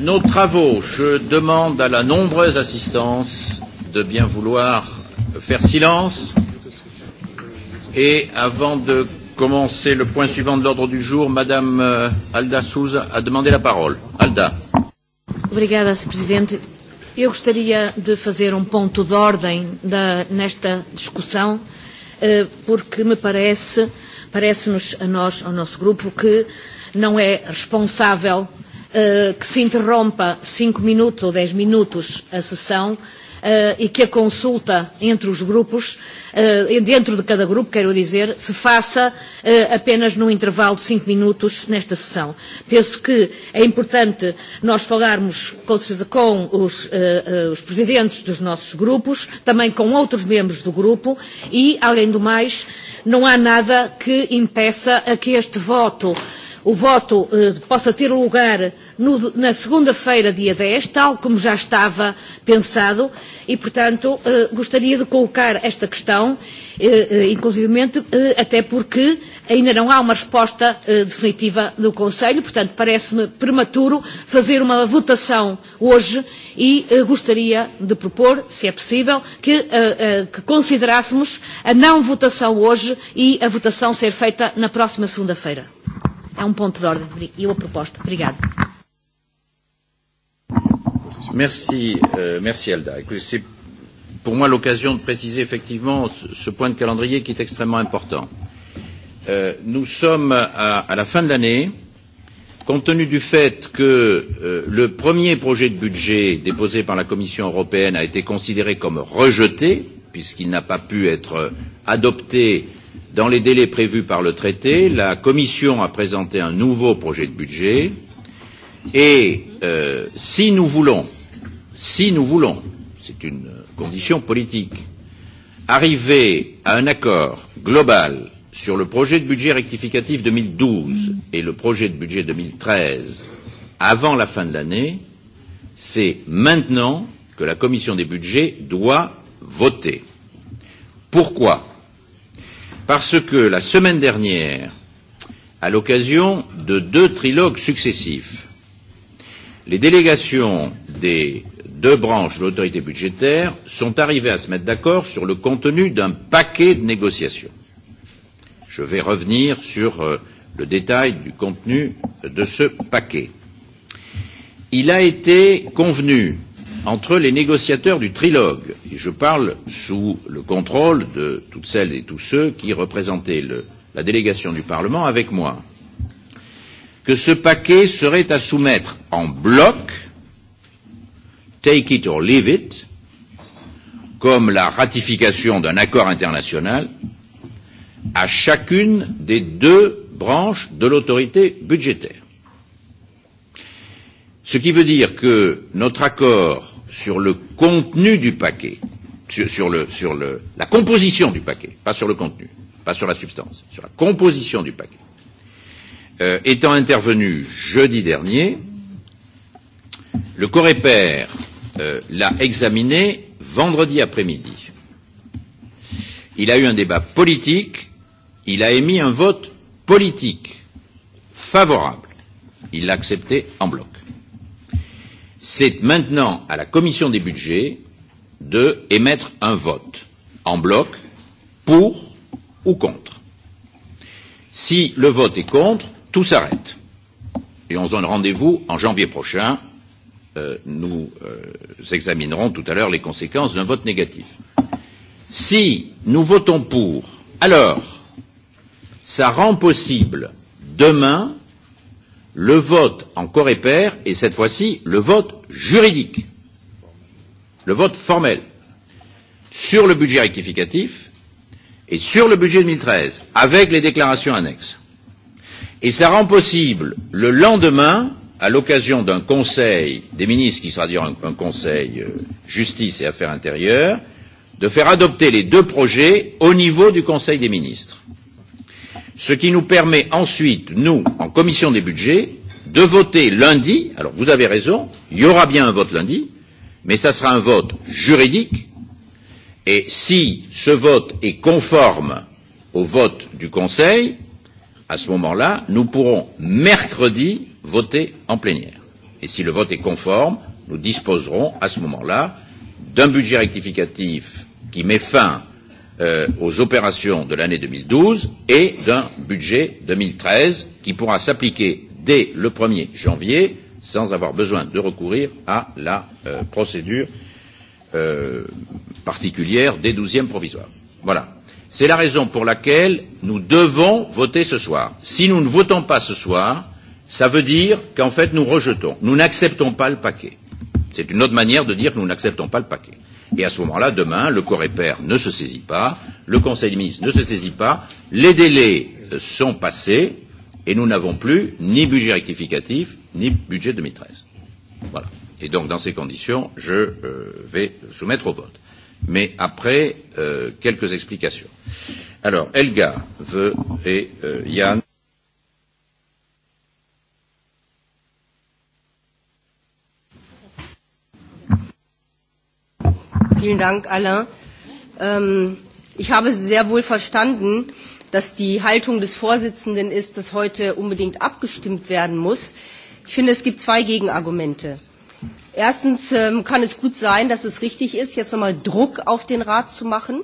nos travaux. Je demande à la nombreuse assistance de bien vouloir faire silence. Et avant de commencer le point suivant de l'ordre du jour, Madame euh, Alda Souza a demandé la parole. Alda. Obrigada, Sr. Presidente. Eu gostaria de fazer um ponto de ordem da, nesta discussão, eh, porque me parece, parece-nos a nós, ao nosso grupo, que não é responsável uh, que se interrompa 5 minutos ou 10 minutos a sessão, uh, e que a consulta entre os grupos, uh, dentro de cada grupo, quero dizer, se faça uh, apenas num intervalo de cinco minutos nesta sessão. Penso que é importante nós falarmos com, certeza, com os, uh, uh, os presidentes dos nossos grupos, também com outros membros do grupo e, além do mais, não há nada que impeça a que este voto, o voto uh, possa ter lugar no, na segunda-feira, dia 10, tal como já estava pensado, e, portanto, eh, gostaria de colocar esta questão, eh, eh, inclusivamente, eh, até porque ainda não há uma resposta eh, definitiva do Conselho, portanto, parece-me prematuro fazer uma votação hoje e eh, gostaria de propor, se é possível, que, eh, eh, que considerássemos a não votação hoje e a votação ser feita na próxima segunda-feira. É um ponto de ordem e uma proposta. Obrigada. Merci, euh, merci Alda. C'est pour moi l'occasion de préciser effectivement ce point de calendrier qui est extrêmement important. Euh, nous sommes à, à la fin de l'année. Compte tenu du fait que euh, le premier projet de budget déposé par la Commission européenne a été considéré comme rejeté, puisqu'il n'a pas pu être adopté dans les délais prévus par le traité, la Commission a présenté un nouveau projet de budget Et euh, si nous voulons, si nous voulons, c'est une condition politique, arriver à un accord global sur le projet de budget rectificatif 2012 et le projet de budget 2013 avant la fin de l'année, c'est maintenant que la commission des budgets doit voter. Pourquoi Parce que la semaine dernière, à l'occasion de deux trilogues successifs, les délégations des deux branches de l'autorité budgétaire sont arrivées à se mettre d'accord sur le contenu d'un paquet de négociations. Je vais revenir sur euh, le détail du contenu de ce paquet. Il a été convenu entre les négociateurs du trilogue, et je parle sous le contrôle de toutes celles et tous ceux qui représentaient le, la délégation du Parlement avec moi, que ce paquet serait à soumettre en bloc, take it or leave it, comme la ratification d'un accord international, à chacune des deux branches de l'autorité budgétaire. Ce qui veut dire que notre accord sur le contenu du paquet, sur, sur, le, sur le, la composition du paquet, pas sur le contenu, pas sur la substance, sur la composition du paquet, euh, étant intervenu jeudi dernier, le Corépère euh, l'a examiné vendredi après-midi. Il a eu un débat politique, il a émis un vote politique favorable. Il l'a accepté en bloc. C'est maintenant à la commission des budgets de émettre un vote en bloc pour ou contre. Si le vote est contre, tout s'arrête et on se donne rendez-vous en janvier prochain. Euh, nous euh, examinerons tout à l'heure les conséquences d'un vote négatif. Si nous votons pour, alors ça rend possible demain le vote en Corépère et cette fois-ci le vote juridique, le vote formel sur le budget rectificatif et sur le budget 2013 avec les déclarations annexes et ça rend possible le lendemain, à l'occasion d'un conseil des ministres qui sera d'ailleurs un, un conseil euh, justice et affaires intérieures, de faire adopter les deux projets au niveau du Conseil des ministres. Ce qui nous permet ensuite, nous, en commission des budgets, de voter lundi, alors vous avez raison, il y aura bien un vote lundi, mais ça sera un vote juridique, et si ce vote est conforme au vote du Conseil, à ce moment-là, nous pourrons mercredi voter en plénière. Et si le vote est conforme, nous disposerons à ce moment-là d'un budget rectificatif qui met fin euh, aux opérations de l'année 2012 et d'un budget 2013 qui pourra s'appliquer dès le 1er janvier sans avoir besoin de recourir à la euh, procédure euh, particulière des douzièmes provisoires. Voilà. C'est la raison pour laquelle nous devons voter ce soir. Si nous ne votons pas ce soir, ça veut dire qu'en fait nous rejetons, nous n'acceptons pas le paquet. C'est une autre manière de dire que nous n'acceptons pas le paquet. Et à ce moment-là, demain, le Corépère ne se saisit pas, le Conseil des ministres ne se saisit pas, les délais euh, sont passés et nous n'avons plus ni budget rectificatif ni budget 2013. Voilà. Et donc, dans ces conditions, je euh, vais soumettre au vote mais après euh, quelques explications. Alors, Elga veut et euh, Yann. Vielen Dank, Alain. Ähm, ich habe sehr wohl verstanden, dass die Haltung des Vorsitzenden ist, dass heute unbedingt abgestimmt werden muss. Ich finde, es gibt zwei Gegenargumente. Äh, Erstens ähm, kann es gut sein, dass es richtig ist, jetzt nochmal Druck auf den Rat zu machen,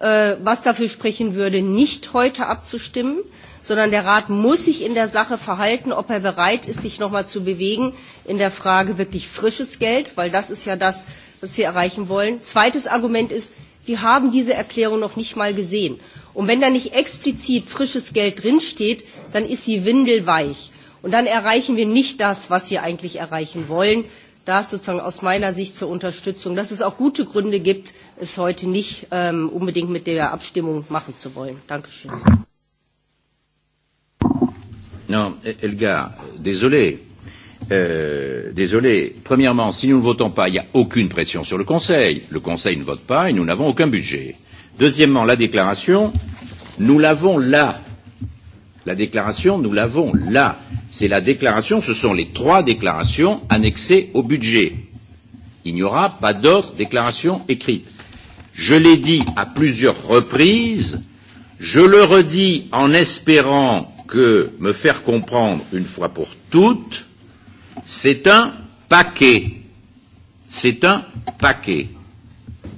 äh, was dafür sprechen würde, nicht heute abzustimmen, sondern der Rat muss sich in der Sache verhalten, ob er bereit ist, sich nochmal zu bewegen in der Frage wirklich frisches Geld, weil das ist ja das, was wir erreichen wollen. Zweites Argument ist, wir haben diese Erklärung noch nicht mal gesehen. Und wenn da nicht explizit frisches Geld drinsteht, dann ist sie windelweich. Und dann erreichen wir nicht das, was wir eigentlich erreichen wollen, das sozusagen aus meiner Sicht zur Unterstützung, dass es auch gute Gründe gibt, es heute nicht ähm, unbedingt mit der Abstimmung machen zu wollen. Dankeschön. Non, e-, Elga, désolé. Euh, désolé. Premièrement, si nous ne votons pas, il n'y a aucune pression sur le Conseil. Le Conseil ne vote pas et nous n'avons aucun budget. Deuxièmement, la déclaration, nous l'avons là La déclaration, nous l'avons là. C'est la déclaration, ce sont les trois déclarations annexées au budget. Il n'y aura pas d'autres déclarations écrites. Je l'ai dit à plusieurs reprises, je le redis en espérant que me faire comprendre une fois pour toutes, c'est un paquet. C'est un paquet.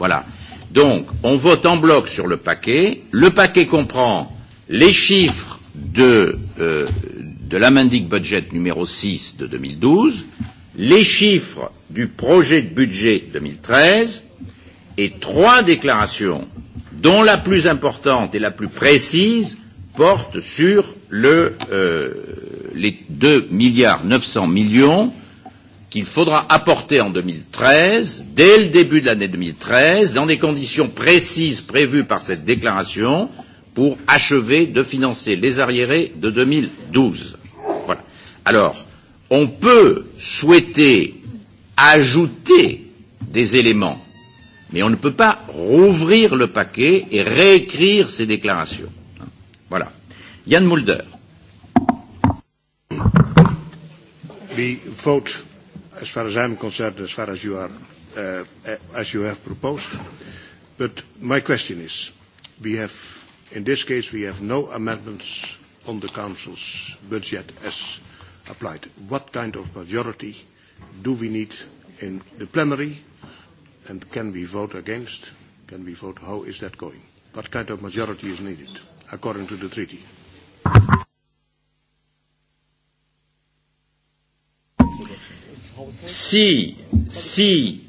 Voilà. Donc, on vote en bloc sur le paquet. Le paquet comprend les chiffres de, euh, de l'amendic budget numéro 6 de 2012, les chiffres du projet de budget 2013 et trois déclarations, dont la plus importante et la plus précise porte sur le, euh, les 2 milliards 900 millions qu'il faudra apporter en 2013, dès le début de l'année 2013, dans des conditions précises prévues par cette déclaration, pour achever de financer les arriérés de 2012. Voilà. Alors, on peut souhaiter ajouter des éléments, mais on ne peut pas rouvrir le paquet et réécrire ces déclarations. Voilà. Jan Mulder. The vote, as far as I'm concerned, as far as you are, uh, as you have proposed. But my question is, we have In this case, we have no amendments on the council's budget as applied. What kind of majority do we need in the plenary? And can we vote against? Can we vote? How is that going? What kind of majority is needed according to the treaty? Si, si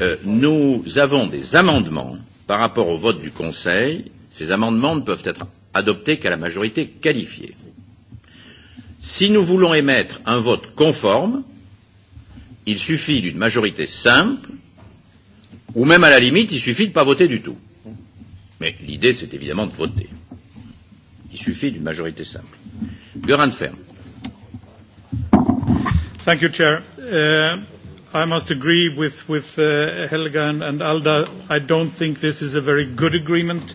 euh, nous avons des amendements par rapport au vote du Conseil, Ces amendements ne peuvent être adoptés qu'à la majorité qualifiée. Si nous voulons émettre un vote conforme, il suffit d'une majorité simple, ou même à la limite, il suffit de ne pas voter du tout. Mais l'idée, c'est évidemment de voter. Il suffit d'une majorité simple. Göran Ferm. Thank you, Chair. Uh, I must agree with, with uh, Helga and, and Alda. I don't think this is a very good agreement. Uh,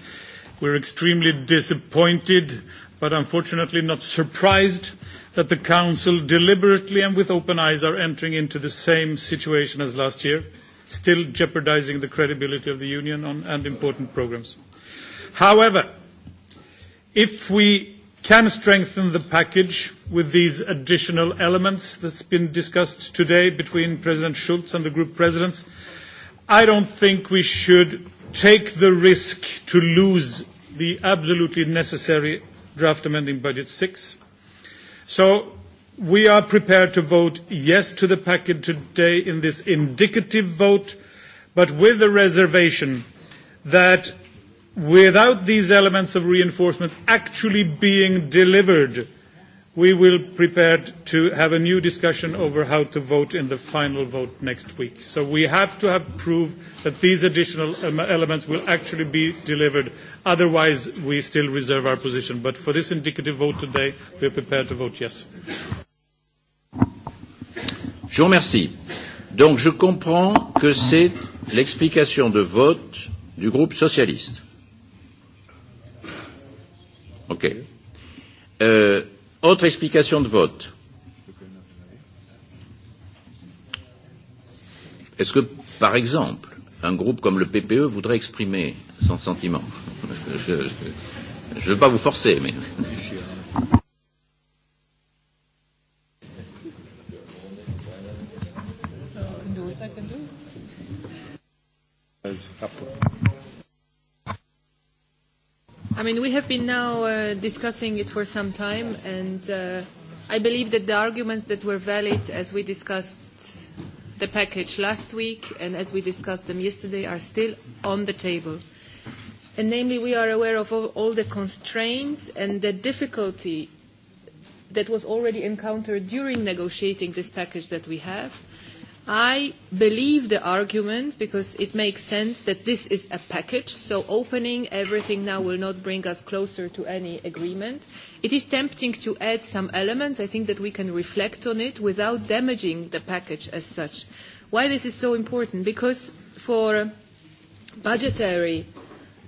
We're extremely disappointed, but unfortunately not surprised, that the Council deliberately and with open eyes are entering into the same situation as last year, still jeopardizing the credibility of the Union on, and important programs. However, if we can strengthen the package with these additional elements that's been discussed today between President Schulz and the group presidents, I don't think we should take the risk to lose the absolutely necessary draft amending budget 6. So we are prepared to vote yes to the package today in this indicative vote, but with the reservation that without these elements of reinforcement actually being delivered, We will prepare to have a new discussion over how to vote in the final vote next week. So we have to have proof that these additional elements will actually be delivered. Otherwise, we still reserve our position. But for this indicative vote today, we are prepared to vote yes. Je vous remercie. Donc je comprends que c'est l'explication de vote du groupe socialiste. OK. Euh, Autre explication de vote. Est-ce que, par exemple, un groupe comme le PPE voudrait exprimer son sentiment Je ne veux pas vous forcer, mais. As up. I mean, we have been now uh, discussing it for some time, and uh, I believe that the arguments that were valid as we discussed the package last week and as we discussed them yesterday are still on the table. And namely, we are aware of all, all the constraints and the difficulty that was already encountered during negotiating this package that we have. Uh, I believe the argument because it makes sense that this is a package, so opening everything now will not bring us closer to any agreement. It is tempting to add some elements. I think that we can reflect on it without damaging the package as such. Why this is so important? Because for budgetary,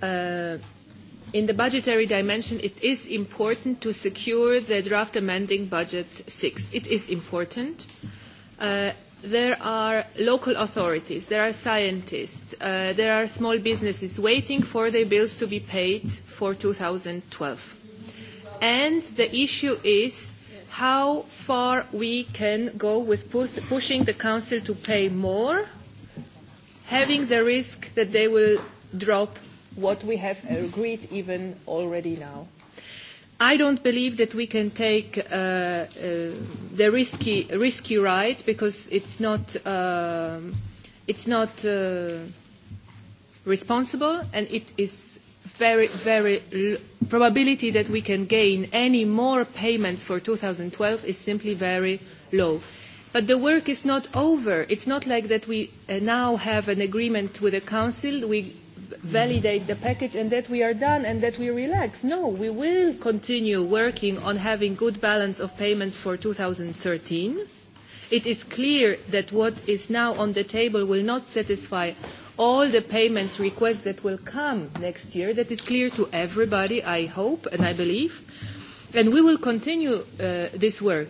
uh, in the budgetary dimension, it is important to secure the draft amending budget 6. It is important. Uh, there are local authorities, there are scientists, uh, there are small businesses waiting for their bills to be paid for 2012. And the issue is how far we can go with push, pushing the Council to pay more, having the risk that they will drop what we have agreed even already now. I don't believe that we can take uh, uh, the risky, risky ride because it's not, uh, it's not uh, responsible and it is very, very l- probability that we can gain any more payments for 2012 is simply very low. But the work is not over. It's not like that we uh, now have an agreement with the Council. We validate the package and that we are done and that we relax. No, we will continue working on having good balance of payments for 2013. It is clear that what is now on the table will not satisfy all the payments requests that will come next year. That is clear to everybody, I hope and I believe. And we will continue uh, this work.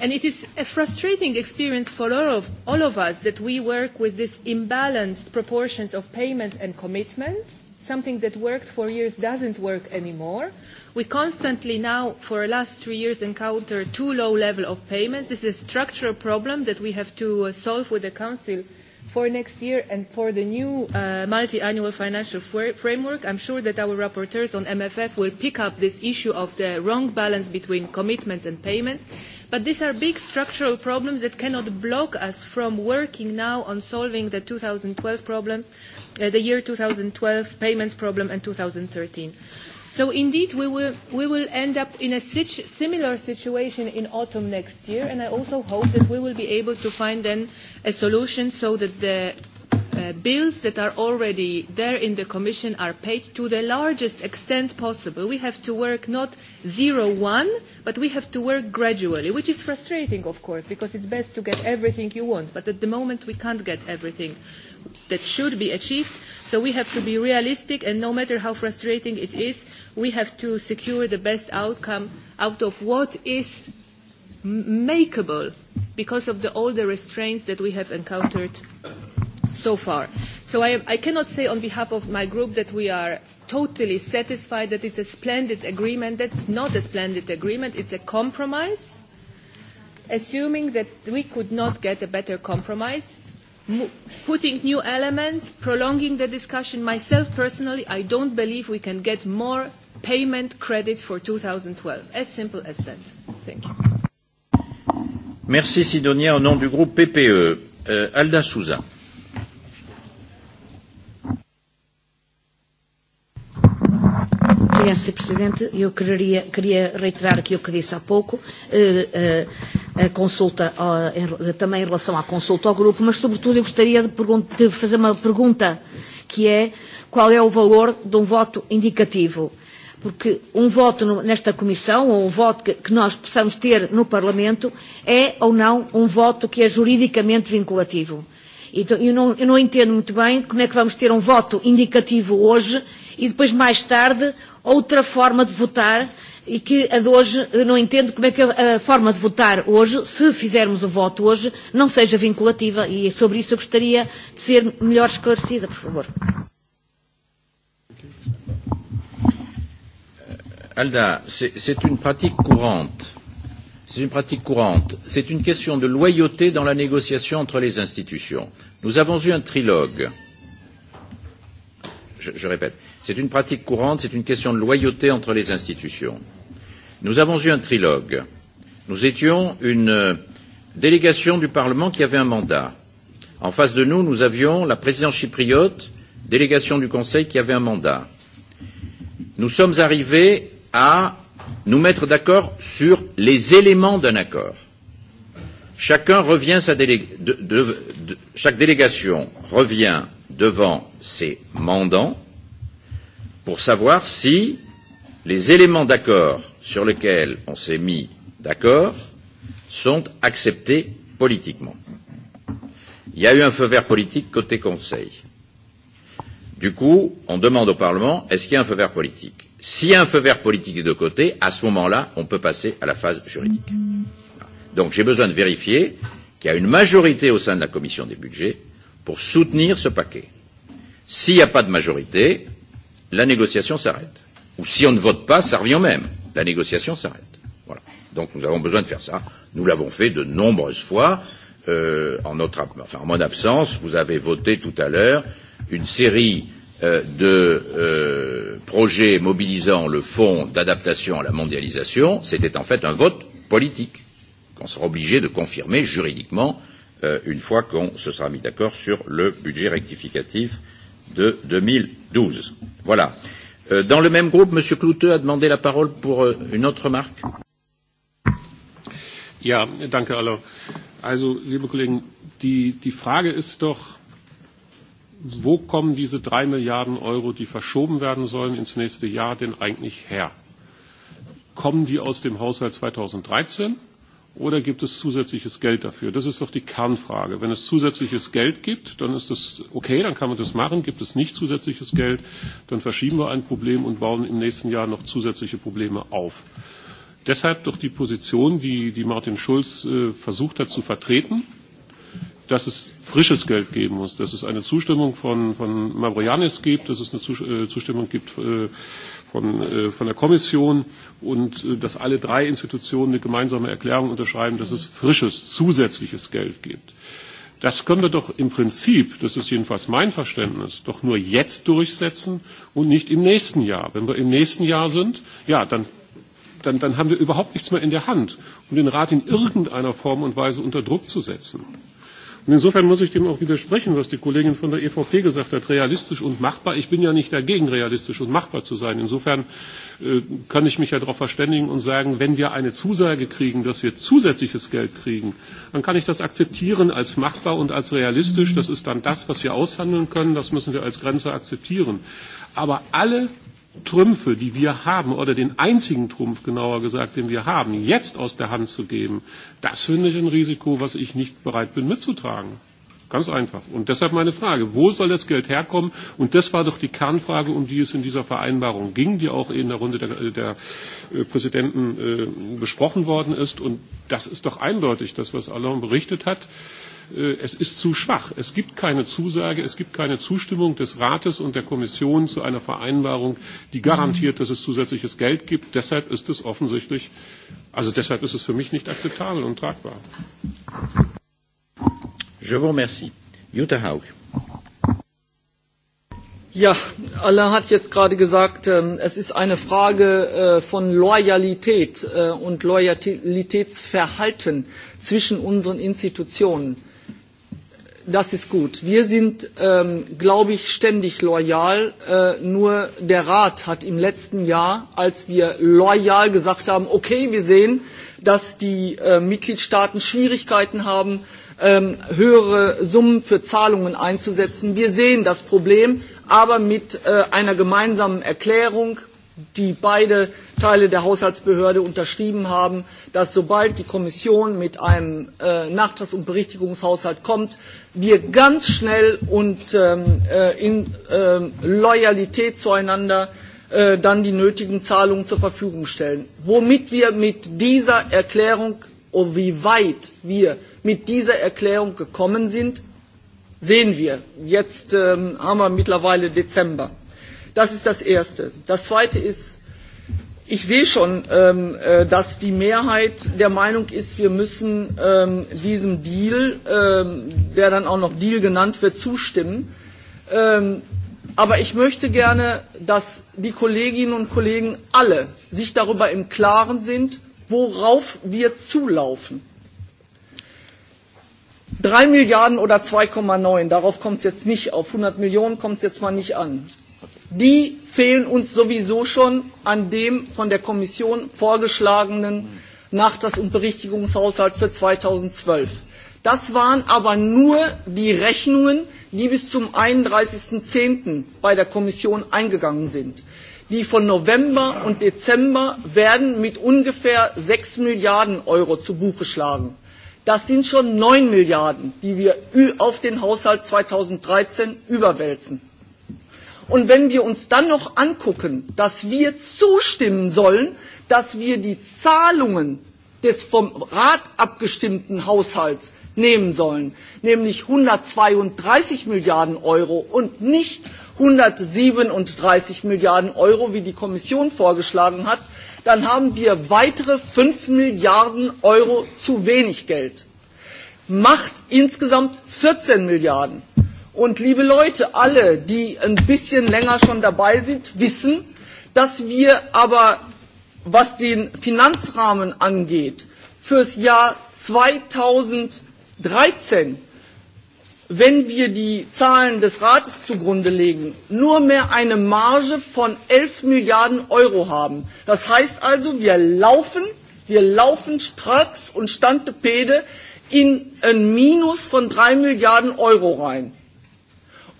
And it is a frustrating experience for all of, all of us that we work with these imbalanced proportions of payments and commitments. Something that worked for years doesn't work anymore. We constantly now, for the last three years, encounter too low level of payments. This is a structural problem that we have to uh, solve with the Council for next year and for the new uh, multi-annual financial fr framework. I'm sure that our rapporteurs on MFF will pick up this issue of the wrong balance between commitments and payments But these are big structural problems that cannot block us from working now on solving the 2012 problems, uh, the year 2012 payments problem and 2013. So indeed, we will, we will end up in a situ- similar situation in autumn next year, and I also hope that we will be able to find then a solution so that the uh, bills that are already there in the Commission are paid to the largest extent possible. We have to work not zero one, but we have to work gradually, which is frustrating, of course, because it's best to get everything you want. But at the moment, we can't get everything that should be achieved. So we have to be realistic, and no matter how frustrating it is, we have to secure the best outcome out of what is makeable because of the, all the restraints that we have encountered so far. So I, I cannot say on behalf of my group that we are totally satisfied that it's a splendid agreement. That's not a splendid agreement. It's a compromise. Assuming that we could not get a better compromise, putting new elements, prolonging the discussion. Myself personally, I don't believe we can get more payment credits for 2012. As simple as that. Thank you. Merci Sidonia au nom du groupe PPE. Euh, Alda Souza. Obrigada, Sr. Presidente. Eu queria, queria reiterar aqui o que disse há pouco, eh, eh, a consulta, ó, em, também em relação à consulta ao grupo, mas sobretudo eu gostaria de, de fazer uma pergunta, que é qual é o valor de um voto indicativo? Porque um voto no, nesta Comissão, ou um voto que, que nós possamos ter no Parlamento, é ou não um voto que é juridicamente vinculativo. Uh, Então, eu, não, eu não entendo muito bem como é que vamos ter um voto indicativo hoje e depois, mais tarde, outra forma de votar e que a de hoje, não entendo como é que a forma de votar hoje, se fizermos o voto hoje, não seja vinculativa e sobre isso eu gostaria de ser melhor esclarecida, por favor. Alda, c'est une pratique courante C'est une pratique courante. C'est une question de loyauté dans la négociation entre les institutions. Nous avons eu un trilogue. Je, je répète, c'est une pratique courante, c'est une question de loyauté entre les institutions. Nous avons eu un trilogue. Nous étions une délégation du Parlement qui avait un mandat. En face de nous, nous avions la présidence chypriote, délégation du Conseil qui avait un mandat. Nous sommes arrivés à nous mettre d'accord sur les éléments d'un accord. Chacun revient sa délé... de, de, de, chaque délégation revient devant ses mandants pour savoir si les éléments d'accord sur lesquels on s'est mis d'accord sont acceptés politiquement. Il y a eu un feu vert politique côté Conseil. Du coup, on demande au Parlement est-ce qu'il y a un feu vert politique Si un feu vert politique est de côté, à ce moment-là, on peut passer à la phase juridique. Donc j'ai besoin de vérifier qu'il y a une majorité au sein de la commission des budgets pour soutenir ce paquet. S'il n'y a pas de majorité, la négociation s'arrête. Ou si on ne vote pas, ça revient au même. La négociation s'arrête. Voilà. Donc nous avons besoin de faire ça. Nous l'avons fait de nombreuses fois. Euh, en, notre, enfin, en mon absence, vous avez voté tout à l'heure une série euh, euh, de euh, projets mobilisant le fonds d'adaptation à la mondialisation, c'était en fait un vote politique qu'on sera obligé de confirmer juridiquement euh, une fois qu'on se sera mis d'accord sur le budget rectificatif de 2012. Voilà. Euh, dans le même groupe, M. Clouteux a demandé la parole pour euh, une autre remarque. Ja, danke, Alain. Also, liebe Kollegen, die, die Frage ist doch, wo kommen diese drei Milliarden Euro, die verschoben werden sollen ins nächste Jahr, denn eigentlich her? Kommen die aus dem Haushalt 2013 oder gibt es zusätzliches Geld dafür? Das ist doch die Kernfrage. Wenn es zusätzliches Geld gibt, dann ist das okay, dann kann man das machen. Gibt es nicht zusätzliches Geld, dann verschieben wir ein Problem und bauen im nächsten Jahr noch zusätzliche Probleme auf. Deshalb doch die Position, die, die Martin Schulz äh, versucht hat zu vertreten, dass es frisches Geld geben muss, dass es eine Zustimmung von, von Mavroyanis gibt, dass es eine äh, Zustimmung gibt äh, von, äh, von der Kommission und dass alle drei Institutionen eine gemeinsame Erklärung unterschreiben, dass es frisches, zusätzliches Geld gibt. Das können wir doch im Prinzip, das ist jedenfalls mein Verständnis, doch nur jetzt durchsetzen und nicht im nächsten Jahr. Wenn wir im nächsten Jahr sind, ja, dann, dann, dann haben wir überhaupt nichts mehr in der Hand, um den Rat in irgendeiner Form und Weise unter Druck zu setzen. Und insofern muss ich dem auch widersprechen, was die Kollegin von der EVP gesagt hat, realistisch und machbar. Ich bin ja nicht dagegen, realistisch und machbar zu sein. Insofern äh, kann ich mich ja darauf verständigen und sagen, wenn wir eine Zusage kriegen, dass wir zusätzliches Geld kriegen, dann kann ich das akzeptieren als machbar und als realistisch. Das ist dann das, was wir aushandeln können. Das müssen wir als Grenze akzeptieren. Aber alle Trümpfe, die wir haben, oder den einzigen Trumpf, genauer gesagt, den wir haben, jetzt aus der Hand zu geben, das finde ich ein Risiko, was ich nicht bereit bin mitzutragen. Ganz einfach. Und deshalb meine Frage, wo soll das Geld herkommen? Und das war doch die Kernfrage, um die es in dieser Vereinbarung ging, die auch in der Runde der, der äh, Präsidenten äh, besprochen worden ist. Und das ist doch eindeutig, das, was Alain berichtet hat. Äh, Äh, es ist zu schwach. Es gibt keine Zusage, es gibt keine Zustimmung des Rates und der Kommission zu einer Vereinbarung, die garantiert, dass es zusätzliches Geld gibt. Deshalb ist es offensichtlich, also deshalb ist es für mich nicht akzeptabel und tragbar. Je vous remercie. Jutta Haug. Ja, Alain hat jetzt gerade gesagt, ähm, es ist eine Frage äh, von Loyalität äh, und Loyalitätsverhalten zwischen unseren Institutionen das ist gut. Wir sind, ähm, glaube ich, ständig loyal. Äh, nur der Rat hat im letzten Jahr, als wir loyal gesagt haben, okay, wir sehen, dass die äh, Mitgliedstaaten Schwierigkeiten haben, ähm, höhere Summen für Zahlungen einzusetzen. Wir sehen das Problem, aber mit äh, einer gemeinsamen Erklärung, die beide Teile der Haushaltsbehörde unterschrieben haben, dass sobald die Kommission mit einem äh, Nachtrags- und Berichtigungshaushalt kommt, wir ganz schnell und ähm, äh, in äh, Loyalität zueinander äh, dann die nötigen Zahlungen zur Verfügung stellen. Womit wir mit dieser Erklärung, oh, wie weit wir mit dieser Erklärung gekommen sind, sehen wir. Jetzt ähm, haben wir mittlerweile Dezember. Das ist das Erste. Das Zweite ist, ich sehe schon, ähm, äh, dass die Mehrheit der Meinung ist, wir müssen ähm, diesem Deal, ähm, der dann auch noch Deal genannt wird, zustimmen. Ähm, aber ich möchte gerne, dass die Kolleginnen und Kollegen alle sich darüber im Klaren sind, worauf wir zulaufen. Drei Milliarden oder 2,9, darauf kommt es jetzt nicht, auf 100 Millionen kommt es jetzt mal nicht an die fehlen uns sowieso schon an dem von der Kommission vorgeschlagenen Nachtrags- und Berichtigungshaushalt für 2012. Das waren aber nur die Rechnungen, die bis zum 31.10. bei der Kommission eingegangen sind. Die von November und Dezember werden mit ungefähr 6 Milliarden Euro zu Buche schlagen. Das sind schon 9 Milliarden, die wir auf den Haushalt 2013 überwälzen. Und wenn wir uns dann noch angucken, dass wir zustimmen sollen, dass wir die Zahlungen des vom Rat abgestimmten Haushalts nehmen sollen, nämlich 132 Milliarden Euro und nicht 137 Milliarden Euro, wie die Kommission vorgeschlagen hat, dann haben wir weitere 5 Milliarden Euro zu wenig Geld. Macht insgesamt 14 Milliarden. Und liebe Leute, alle, die ein bisschen länger schon dabei sind, wissen, dass wir aber, was den Finanzrahmen angeht, fürs Jahr 2013 wenn wir die Zahlen des Rates zugrunde legen, nur mehr eine Marge von 11 Milliarden Euro haben. Das heißt also, wir laufen, wir laufen stracks und stantepede in ein Minus von 3 Milliarden Euro rein.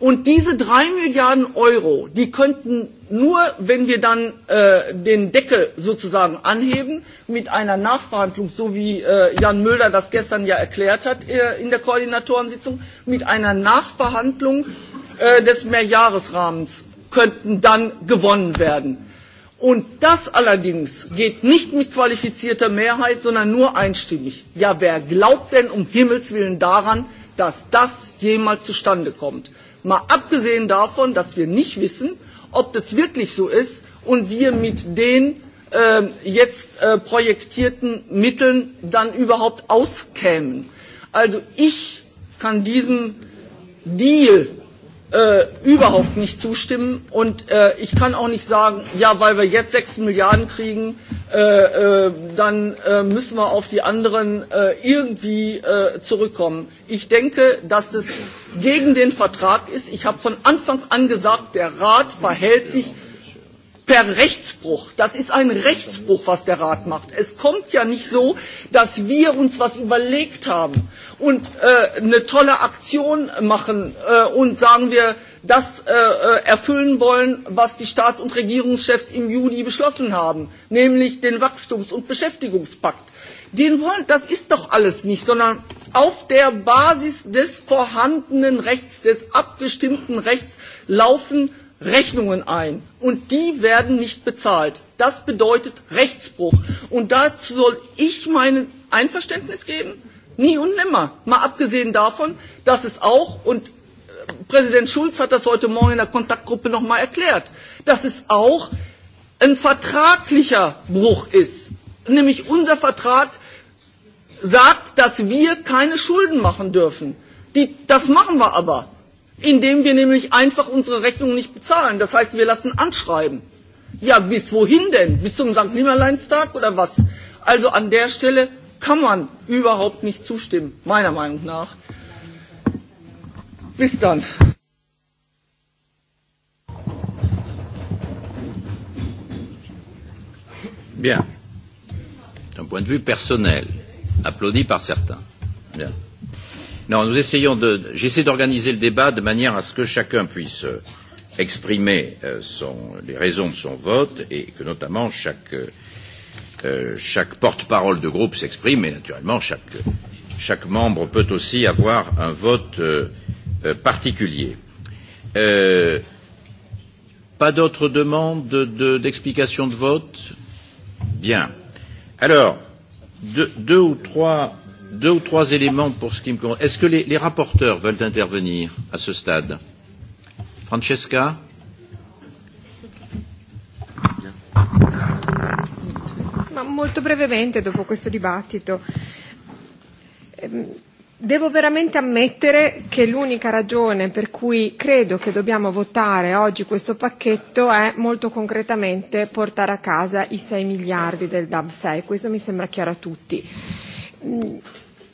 Und diese drei Milliarden Euro, die könnten nur, wenn wir dann äh, den Deckel sozusagen anheben, mit einer Nachverhandlung, so wie äh, Jan Mulder das gestern ja erklärt hat äh, in der Koordinatorensitzung, mit einer Nachverhandlung äh, des Mehrjahresrahmens könnten dann gewonnen werden. Und das allerdings geht nicht mit qualifizierter Mehrheit, sondern nur einstimmig. Ja, wer glaubt denn um Himmels willen daran, dass das jemals zustande kommt? Mal abgesehen davon, dass wir nicht wissen, ob das wirklich so ist und wir mit den äh, jetzt äh, projektierten Mitteln dann überhaupt auskämen. Also ich kann diesem Deal äh, überhaupt nicht zustimmen und äh, ich kann auch nicht sagen, ja, weil wir jetzt 6 Milliarden kriegen, Äh, äh, dann äh, müssen wir auf die anderen äh, irgendwie äh, zurückkommen. Ich denke, dass das gegen den Vertrag ist. Ich habe von Anfang an gesagt, der Rat verhält sich per Rechtsbruch. Das ist ein Rechtsbruch, was der Rat macht. Es kommt ja nicht so, dass wir uns was überlegt haben und äh, eine tolle Aktion machen äh, und sagen wir, das äh, äh, erfüllen wollen, was die Staats- und Regierungschefs im Juli beschlossen haben, nämlich den Wachstums- und Beschäftigungspakt. Den wollen, das ist doch alles nicht, sondern auf der Basis des vorhandenen Rechts, des abgestimmten Rechts laufen Rechnungen ein und die werden nicht bezahlt. Das bedeutet Rechtsbruch. Und dazu soll ich mein Einverständnis geben? Nie und nimmer. Mal abgesehen davon, dass es auch, und äh, Präsident Schulz hat das heute Morgen in der Kontaktgruppe nochmal erklärt, dass es auch ein vertraglicher Bruch ist. Nämlich unser Vertrag sagt, dass wir keine Schulden machen dürfen. Die, das machen wir aber indem wir nämlich einfach unsere Rechnung nicht bezahlen. Das heißt, wir lassen anschreiben. Ja, bis wohin denn? Bis zum St. Nimmerleinstag oder was? Also an der Stelle kann man überhaupt nicht zustimmen, meiner Meinung nach. Bis dann. Bien. D'un point de vue personnel, applaudi par certains. Bien. Non, nous essayons de. J'essaie d'organiser le débat de manière à ce que chacun puisse euh, exprimer euh, son, les raisons de son vote et que notamment chaque, euh, chaque porte-parole de groupe s'exprime et naturellement chaque, chaque membre peut aussi avoir un vote particulier. Euh, pas d'autres demandes d'explication de, de, de vote Bien. Alors, deux, deux ou trois deux ou trois éléments pour ce qui me concerne. Est-ce que les, les rapporteurs veulent intervenir à ce stade Francesca Ma molto brevemente dopo questo dibattito. Ehm, devo veramente ammettere che l'unica ragione per cui credo che dobbiamo votare oggi questo pacchetto è molto concretamente portare a casa i 6 miliardi del DAB 6. Questo mi sembra chiaro a tutti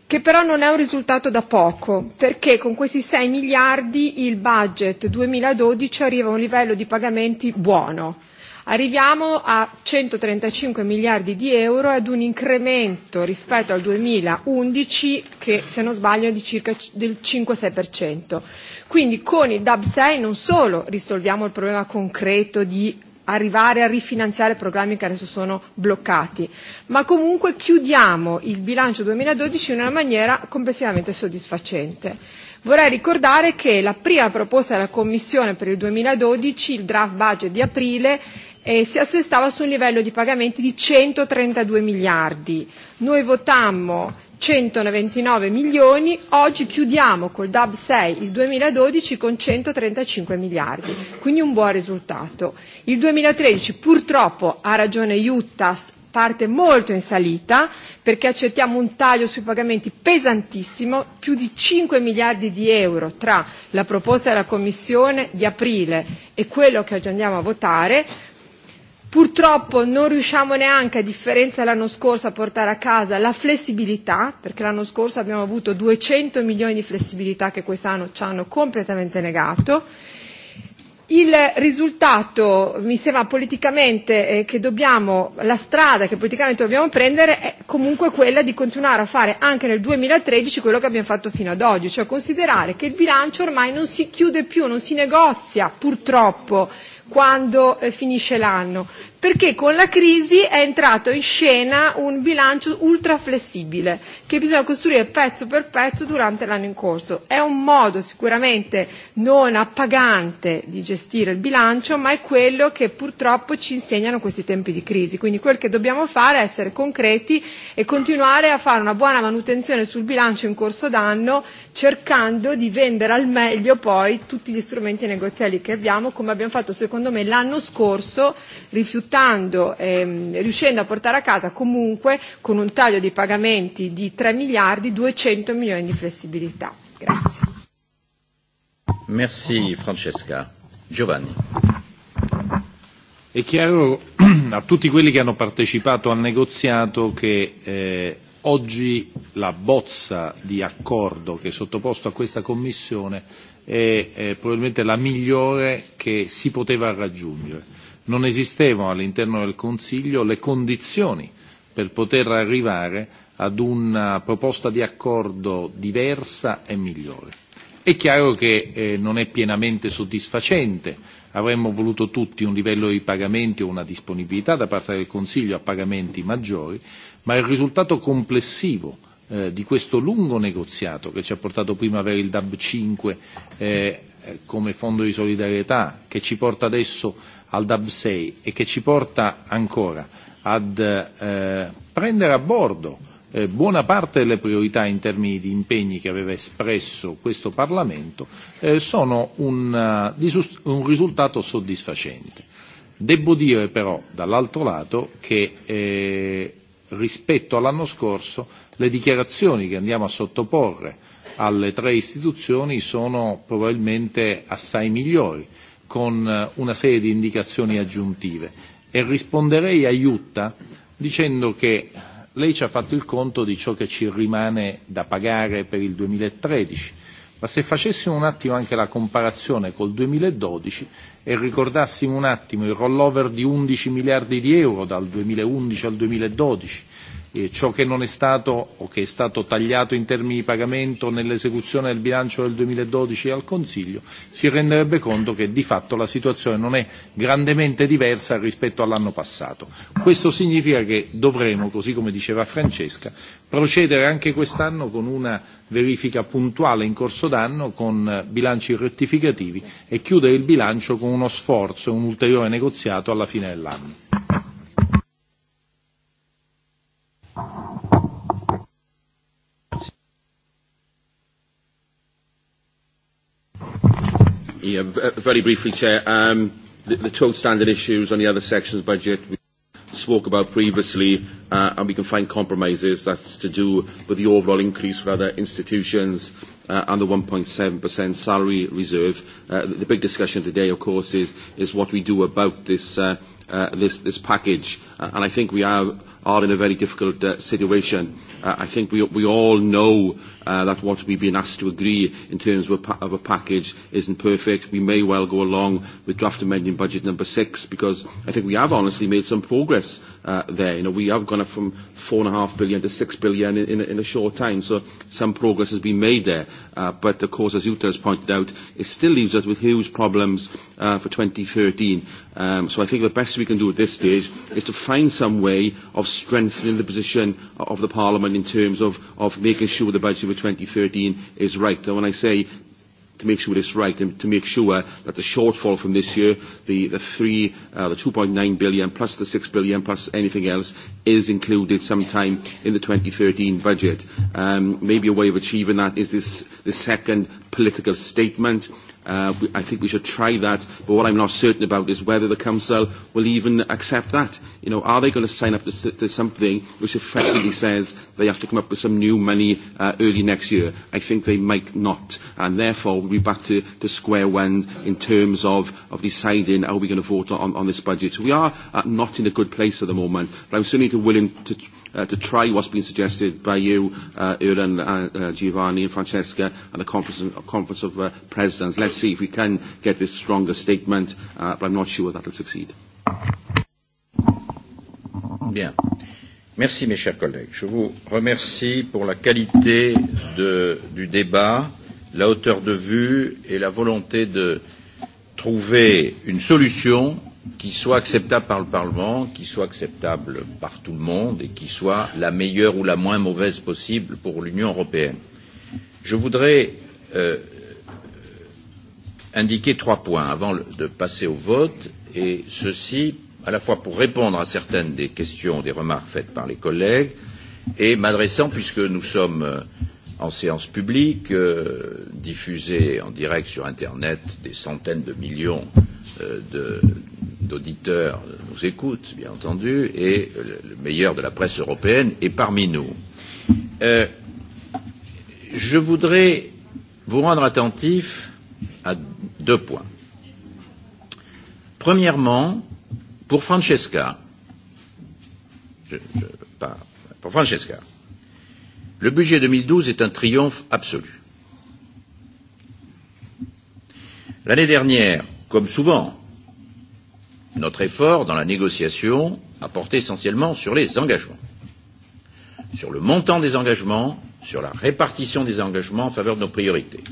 che però non è un risultato da poco, perché con questi 6 miliardi il budget 2012 arriva a un livello di pagamenti buono. Arriviamo a 135 miliardi di euro ad un incremento rispetto al 2011 che, se non sbaglio, è di circa del 5-6%. Quindi con il DAB 6 non solo risolviamo il problema concreto di arrivare a rifinanziare programmi che adesso sono bloccati, ma comunque chiudiamo il bilancio 2012 in una maniera complessivamente soddisfacente. Vorrei ricordare che la prima proposta della Commissione per il 2012, il draft budget di aprile, eh, si assestava su un livello di pagamenti di 132 miliardi. Noi votammo 129 milioni, oggi chiudiamo col DAB 6 il 2012 con 135 miliardi, quindi un buon risultato. Il 2013 purtroppo ha ragione Juttas parte molto in salita perché accettiamo un taglio sui pagamenti pesantissimo, più di 5 miliardi di euro tra la proposta della Commissione di aprile e quello che oggi andiamo a votare, Purtroppo non riusciamo neanche, a differenza dell'anno scorso, a portare a casa la flessibilità, perché l'anno scorso abbiamo avuto 200 milioni di flessibilità che quest'anno ci hanno completamente negato. Il risultato, mi sembra politicamente, eh, che dobbiamo, la strada che politicamente dobbiamo prendere è comunque quella di continuare a fare anche nel 2013 quello che abbiamo fatto fino ad oggi, cioè considerare che il bilancio ormai non si chiude più, non si negozia purtroppo quando eh, finisce l'anno, perché con la crisi è entrato in scena un bilancio ultra flessibile che bisogna costruire pezzo per pezzo durante l'anno in corso. È un modo sicuramente non appagante di gestire il bilancio, ma è quello che purtroppo ci insegnano questi tempi di crisi. Quindi quel che dobbiamo fare è essere concreti e continuare a fare una buona manutenzione sul bilancio in corso d'anno, cercando di vendere al meglio poi tutti gli strumenti negoziali che abbiamo, come abbiamo fatto sui secondo me l'anno scorso rifiutando, ehm, riuscendo a portare a casa comunque con un taglio di pagamenti di 3 miliardi 200 milioni di flessibilità. Grazie. Merci Francesca. Giovanni. È chiaro a tutti quelli che hanno partecipato al negoziato che eh, Oggi la bozza di accordo che è sottoposto a questa Commissione è eh, probabilmente la migliore che si poteva raggiungere. Non esistevano all'interno del Consiglio le condizioni per poter arrivare ad una proposta di accordo diversa e migliore. È chiaro che eh, non è pienamente soddisfacente, avremmo voluto tutti un livello di pagamenti o una disponibilità da parte del Consiglio a pagamenti maggiori, ma il risultato complessivo eh, di questo lungo negoziato che ci ha portato prima a avere il DAB 5 eh, come fondo di solidarietà, che ci porta adesso al DAB 6 e che ci porta ancora ad eh, prendere a bordo eh, buona parte delle priorità in termini di impegni che aveva espresso questo Parlamento, eh, sono un, uh, un risultato soddisfacente. Devo dire però, dall'altro lato, che eh, rispetto all'anno scorso le dichiarazioni che andiamo a sottoporre alle tre istituzioni sono probabilmente assai migliori, con eh, una serie di indicazioni aggiuntive. E risponderei a Iutta dicendo che lei ci ha fatto il conto di ciò che ci rimane da pagare per il 2013, ma se facessimo un attimo anche la comparazione col 2012 e ricordassimo un attimo il rollover di 11 miliardi di euro dal 2011 al 2012 eh, ciò che non è stato o che è stato tagliato in termini di pagamento nell'esecuzione del bilancio del 2012 al Consiglio, si renderebbe conto che di fatto la situazione non è grandemente diversa rispetto all'anno passato. Questo significa che dovremo, così come diceva Francesca, procedere anche quest'anno con una verifica puntuale in corso d'anno con bilanci rettificativi e chiudere il bilancio con uno sforzo e un ulteriore negoziato alla fine dell'anno. Yeah, uh, very briefly, Chair. Um, the, the 12 standard issues on the other sections of the budget we spoke about previously, uh, and we can find compromises. That's to do with the overall increase for other institutions uh, and the 1.7% salary reserve. Uh, the big discussion today, of course, is, is what we do about this, uh, uh, this, this package. Uh, and I think we are are in a very difficult uh, situation. Uh, I think we, we all know uh, that what we've been asked to agree in terms of a, pa- of a package isn't perfect. We may well go along with draft amending budget number six because I think we have honestly made some progress uh, there. You know, we have gone up from four and a half billion to six billion in, in, in a short time, so some progress has been made there. Uh, but of course, as Utah has pointed out, it still leaves us with huge problems uh, for 2013 Um, so I think the best we can do at this stage is to find some way of strengthening the position of the Parliament in terms of, of making sure the budget for 2013 is right. And when I say to make sure it's right and to make sure that the shortfall from this year, the, the three, uh, the 2.9 billion plus the 6 billion plus anything else is included sometime in the 2013 budget. Um, maybe a way of achieving that is this, this second political statement Uh, I think we should try that, but what I'm not certain about is whether the Council will even accept that. You know, are they going to sign up to, to something which effectively says they have to come up with some new money uh, early next year? I think they might not, and therefore we'll be back to, to square one in terms of, of deciding how we're going to vote on, on this budget. So we are uh, not in a good place at the moment, but I'm certainly willing to uh, to try what's been suggested by you, uh, Uran, uh, uh, Giovanni and Francesca and the Conference, uh, conference of uh, Presidents. Let's see if we can get this stronger statement, uh, but I'm not sure that will succeed. Bien. Merci, mes chers collègues. Je vous remercie pour la qualité de, du débat, la hauteur de vue et la volonté de trouver une solution qui soit acceptable par le Parlement, qui soit acceptable par tout le monde et qui soit la meilleure ou la moins mauvaise possible pour l'Union européenne. Je voudrais euh, indiquer trois points avant le, de passer au vote et ceci à la fois pour répondre à certaines des questions, des remarques faites par les collègues et m'adressant, puisque nous sommes euh, en séance publique, euh, diffusée en direct sur Internet des centaines de millions Euh, d'auditeurs nous écoutent, bien entendu, et le meilleur de la presse européenne est parmi nous. Euh, je voudrais vous rendre attentif à deux points. Premièrement, pour Francesca, je, je, pas, pour Francesca, le budget 2012 est un triomphe absolu. L'année dernière, Comme souvent, notre effort dans la négociation a porté essentiellement sur les engagements, sur le montant des engagements, sur la répartition des engagements en faveur de nos priorités.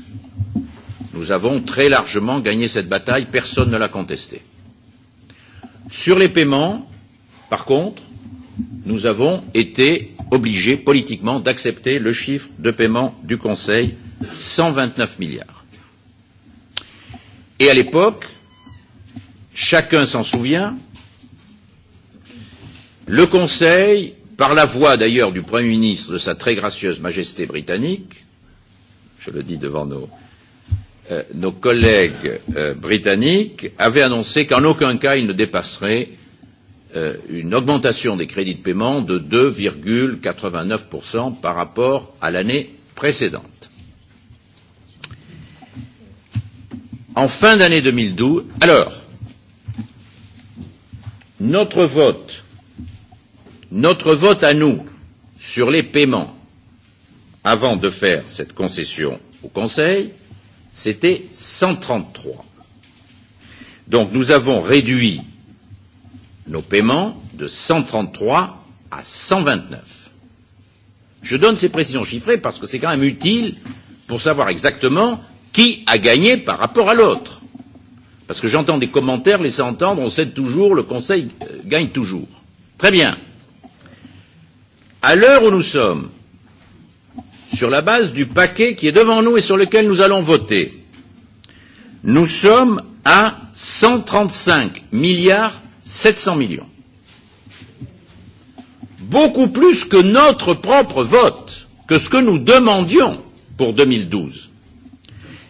Nous avons très largement gagné cette bataille, personne ne l'a contestée. Sur les paiements, par contre, nous avons été obligés politiquement d'accepter le chiffre de paiement du Conseil, 129 milliards. Et à l'époque, chacun s'en souvient, le Conseil, par la voix d'ailleurs du Premier ministre de sa très gracieuse Majesté britannique, je le dis devant nos, euh, nos collègues euh, britanniques, avait annoncé qu'en aucun cas il ne dépasserait euh, une augmentation des crédits de paiement de 2,89% par rapport à l'année précédente. en fin d'année 2012. Alors, notre vote, notre vote à nous sur les paiements, avant de faire cette concession au Conseil, c'était 133. Donc nous avons réduit nos paiements de 133 à 129. Je donne ces précisions chiffrées parce que c'est quand même utile pour savoir exactement Qui a gagné par rapport à l'autre Parce que j'entends des commentaires laissant entendre on cède toujours, le Conseil euh, gagne toujours. Très bien. À l'heure où nous sommes, sur la base du paquet qui est devant nous et sur lequel nous allons voter, nous sommes à 135 milliards 700 millions. Beaucoup plus que notre propre vote, que ce que nous demandions pour 2012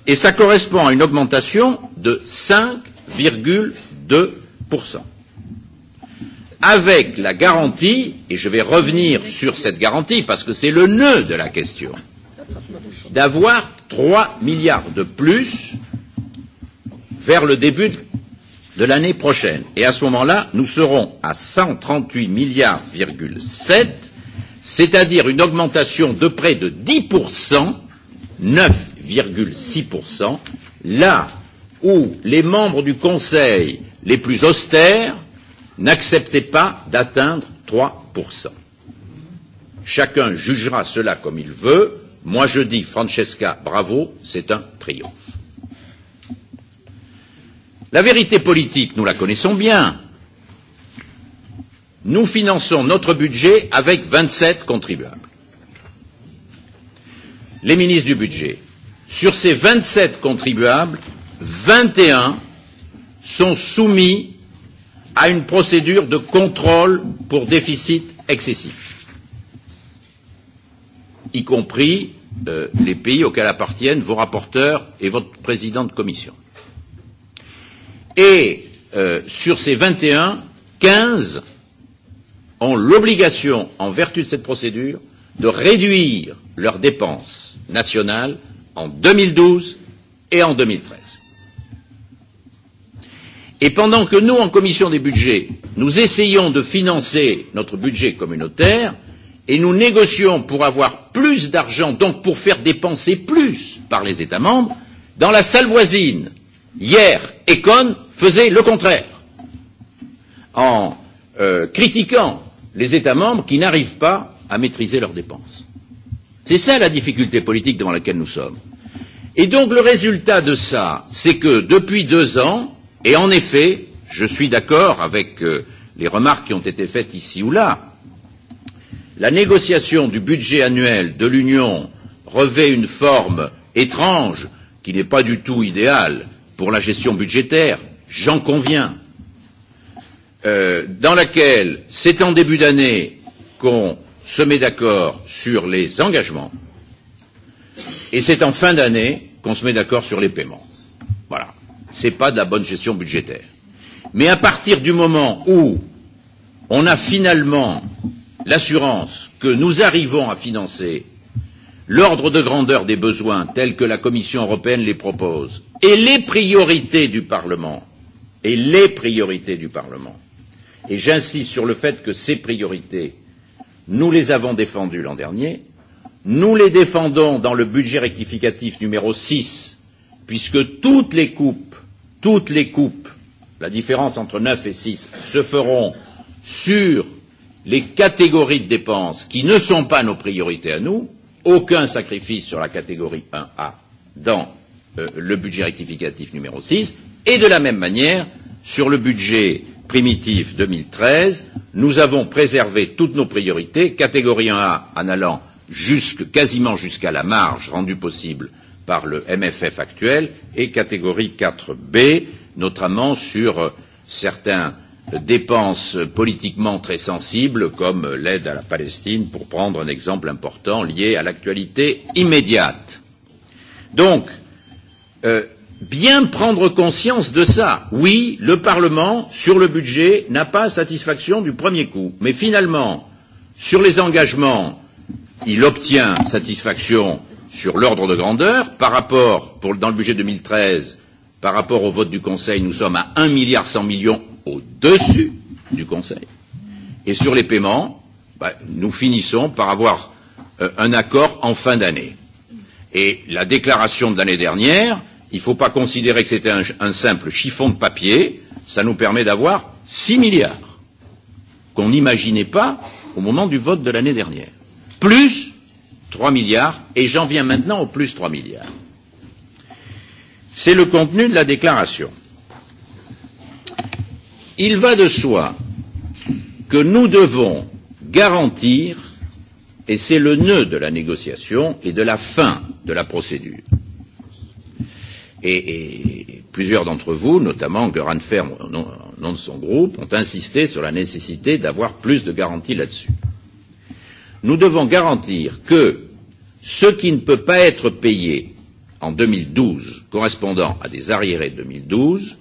et ça correspond à une augmentation de 5,2%. Avec la garantie, et je vais revenir sur cette garantie parce que c'est le nœud de la question, d'avoir 3 milliards de plus vers le début de l'année prochaine. Et à ce moment-là, nous serons à 138 milliards, 7, c'est-à-dire une augmentation de près de 10%, 9 6,6%, là où les membres du Conseil les plus austères n'acceptaient pas d'atteindre 3%. Chacun jugera cela comme il veut. Moi, je dis, Francesca, bravo, c'est un triomphe. La vérité politique, nous la connaissons bien. Nous finançons notre budget avec 27 contribuables. Les ministres du budget, Sur ces 27 contribuables, 21 sont soumis à une procédure de contrôle pour déficit excessif, y compris euh, les pays auxquels appartiennent vos rapporteurs et votre président de commission. Et euh, sur ces 21, 15 ont l'obligation, en vertu de cette procédure, de réduire leurs dépenses nationales en 2012 et en 2013. Et pendant que nous, en commission des budgets, nous essayons de financer notre budget communautaire et nous négocions pour avoir plus d'argent, donc pour faire dépenser plus par les États membres, dans la salle voisine, hier, Econ faisait le contraire en euh, critiquant les États membres qui n'arrivent pas à maîtriser leurs dépenses. C'est ça la difficulté politique devant laquelle nous sommes. Et donc le résultat de ça, c'est que depuis deux ans, et en effet, je suis d'accord avec euh, les remarques qui ont été faites ici ou là, la négociation du budget annuel de l'Union revêt une forme étrange qui n'est pas du tout idéale pour la gestion budgétaire, j'en conviens, euh, dans laquelle c'est en début d'année qu'on se met d'accord sur les engagements et c'est en fin d'année qu'on se met d'accord sur les paiements. Voilà. Ce n'est pas de la bonne gestion budgétaire. Mais à partir du moment où on a finalement l'assurance que nous arrivons à financer l'ordre de grandeur des besoins tels que la Commission européenne les propose et les priorités du Parlement et les priorités du Parlement. Et j'insiste sur le fait que ces priorités Nous les avons défendus l'an dernier. Nous les défendons dans le budget rectificatif numéro 6, puisque toutes les coupes, toutes les coupes, la différence entre 9 et 6, se feront sur les catégories de dépenses qui ne sont pas nos priorités à nous, aucun sacrifice sur la catégorie 1A dans euh, le budget rectificatif numéro 6, et de la même manière, sur le budget primitif 2013, nous avons préservé toutes nos priorités, catégorie 1A en allant jusque, quasiment jusqu'à la marge rendue possible par le MFF actuel, et catégorie 4B, notamment sur euh, certaines dépenses politiquement très sensibles, comme l'aide à la Palestine, pour prendre un exemple important lié à l'actualité immédiate. Donc, euh, bien prendre conscience de ça. Oui, le Parlement, sur le budget, n'a pas satisfaction du premier coup. Mais finalement, sur les engagements, il obtient satisfaction sur l'ordre de grandeur. Par rapport, pour, dans le budget 2013, par rapport au vote du Conseil, nous sommes à 1 milliard 100 millions au-dessus du Conseil. Et sur les paiements, bah, nous finissons par avoir euh, un accord en fin d'année. Et la déclaration de l'année dernière, euh, Il ne faut pas considérer que c'était un, un simple chiffon de papier. Ça nous permet d'avoir 6 milliards qu'on n'imaginait pas au moment du vote de l'année dernière. Plus 3 milliards, et j'en viens maintenant au plus 3 milliards. C'est le contenu de la déclaration. Il va de soi que nous devons garantir, et c'est le nœud de la négociation et de la fin de la procédure, Et, et plusieurs d'entre vous, notamment Göran Ferm, au nom, au nom de son groupe, ont insisté sur la nécessité d'avoir plus de garanties là-dessus. Nous devons garantir que ce qui ne peut pas être payé en 2012, correspondant à des arriérés de 2012,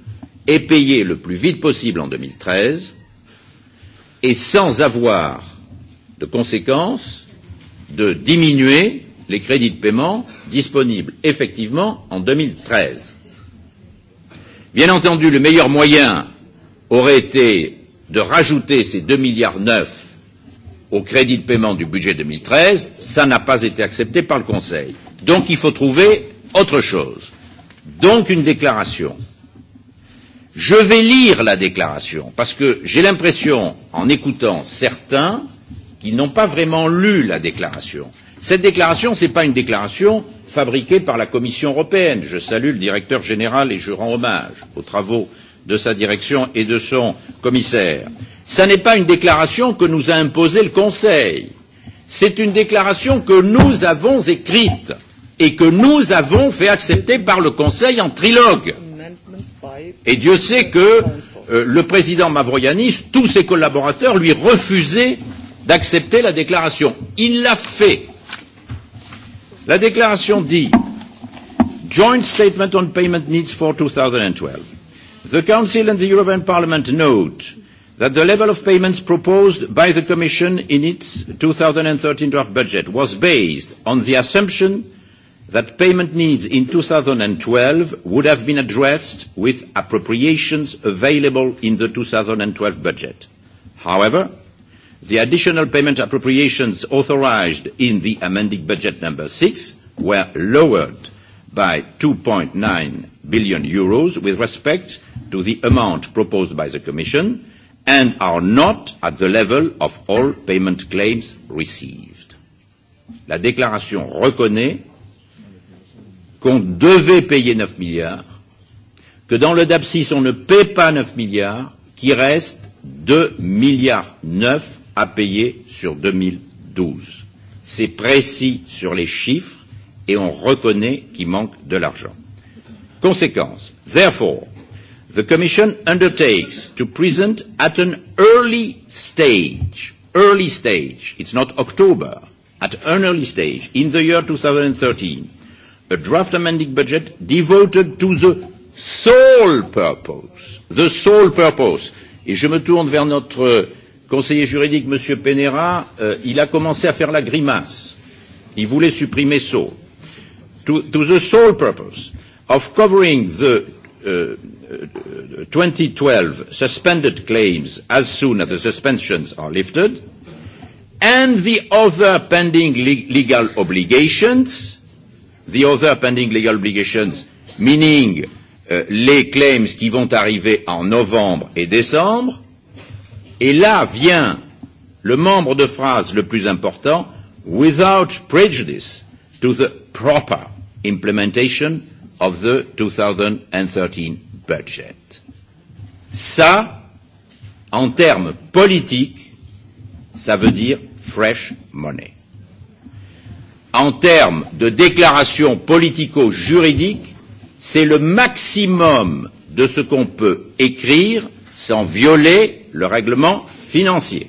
est payé le plus vite possible en 2013 et sans avoir de conséquences de diminuer les crédits de paiement disponibles effectivement en 2013. Bien entendu, le meilleur moyen aurait été de rajouter ces 2 ,9 milliards neufs au crédit de paiement du budget 2013, ça n'a pas été accepté par le Conseil. Donc il faut trouver autre chose. Donc une déclaration. Je vais lire la déclaration parce que j'ai l'impression, en écoutant certains, qui n'ont pas vraiment lu la déclaration. Cette déclaration, ce n'est pas une déclaration fabriquée par la Commission européenne. Je salue le directeur général et je rends hommage aux travaux de sa direction et de son commissaire. Ce n'est pas une déclaration que nous a imposée le Conseil. C'est une déclaration que nous avons écrite et que nous avons fait accepter par le Conseil en trilogue. Et Dieu sait que euh, le président Mavroyanis, tous ses collaborateurs lui refusaient d'accepter la déclaration. Il l'a fait. La déclaration dit Joint Statement on Payment Needs for 2012. The Council and the European Parliament note that the level of payments proposed by the Commission in its 2013 draft budget was based on the assumption that payment needs in 2012 would have been addressed with appropriations available in the 2012 budget. However, The additional payment appropriations authorized in the amending budget number six were lowered by 2.9 billion euros with respect to the amount proposed by the Commission and are not at the level of all payment claims received. La déclaration reconnaît qu'on devait payer 9 milliards, que dans le DAP 6, on ne paie pas 9 milliards, qu'il reste 2 milliards 9 à payer sur 2012. C'est précis sur les chiffres et on reconnaît qu'il manque de l'argent. Conséquence. Therefore, the Commission undertakes to present at an early stage, early stage, it's not October, at an early stage in the year 2013, a draft amending budget devoted to the sole purpose, the sole purpose. Et je me tourne vers notre conseiller juridique M. Pénéra, euh, il a commencé à faire la grimace. Il voulait supprimer SAUL. To, to the sole purpose of covering the uh, 2012 uh, suspended claims as soon as the suspensions are lifted, and the other pending le legal obligations, the other pending legal obligations, meaning euh, les claims qui vont arriver en novembre et décembre, Et là vient le membre de phrase le plus important, without prejudice to the proper implementation of the 2013 budget. Ça, en termes politiques, ça veut dire fresh money. En termes de déclaration politico-juridique, c'est le maximum de ce qu'on peut écrire sans violer le règlement financier.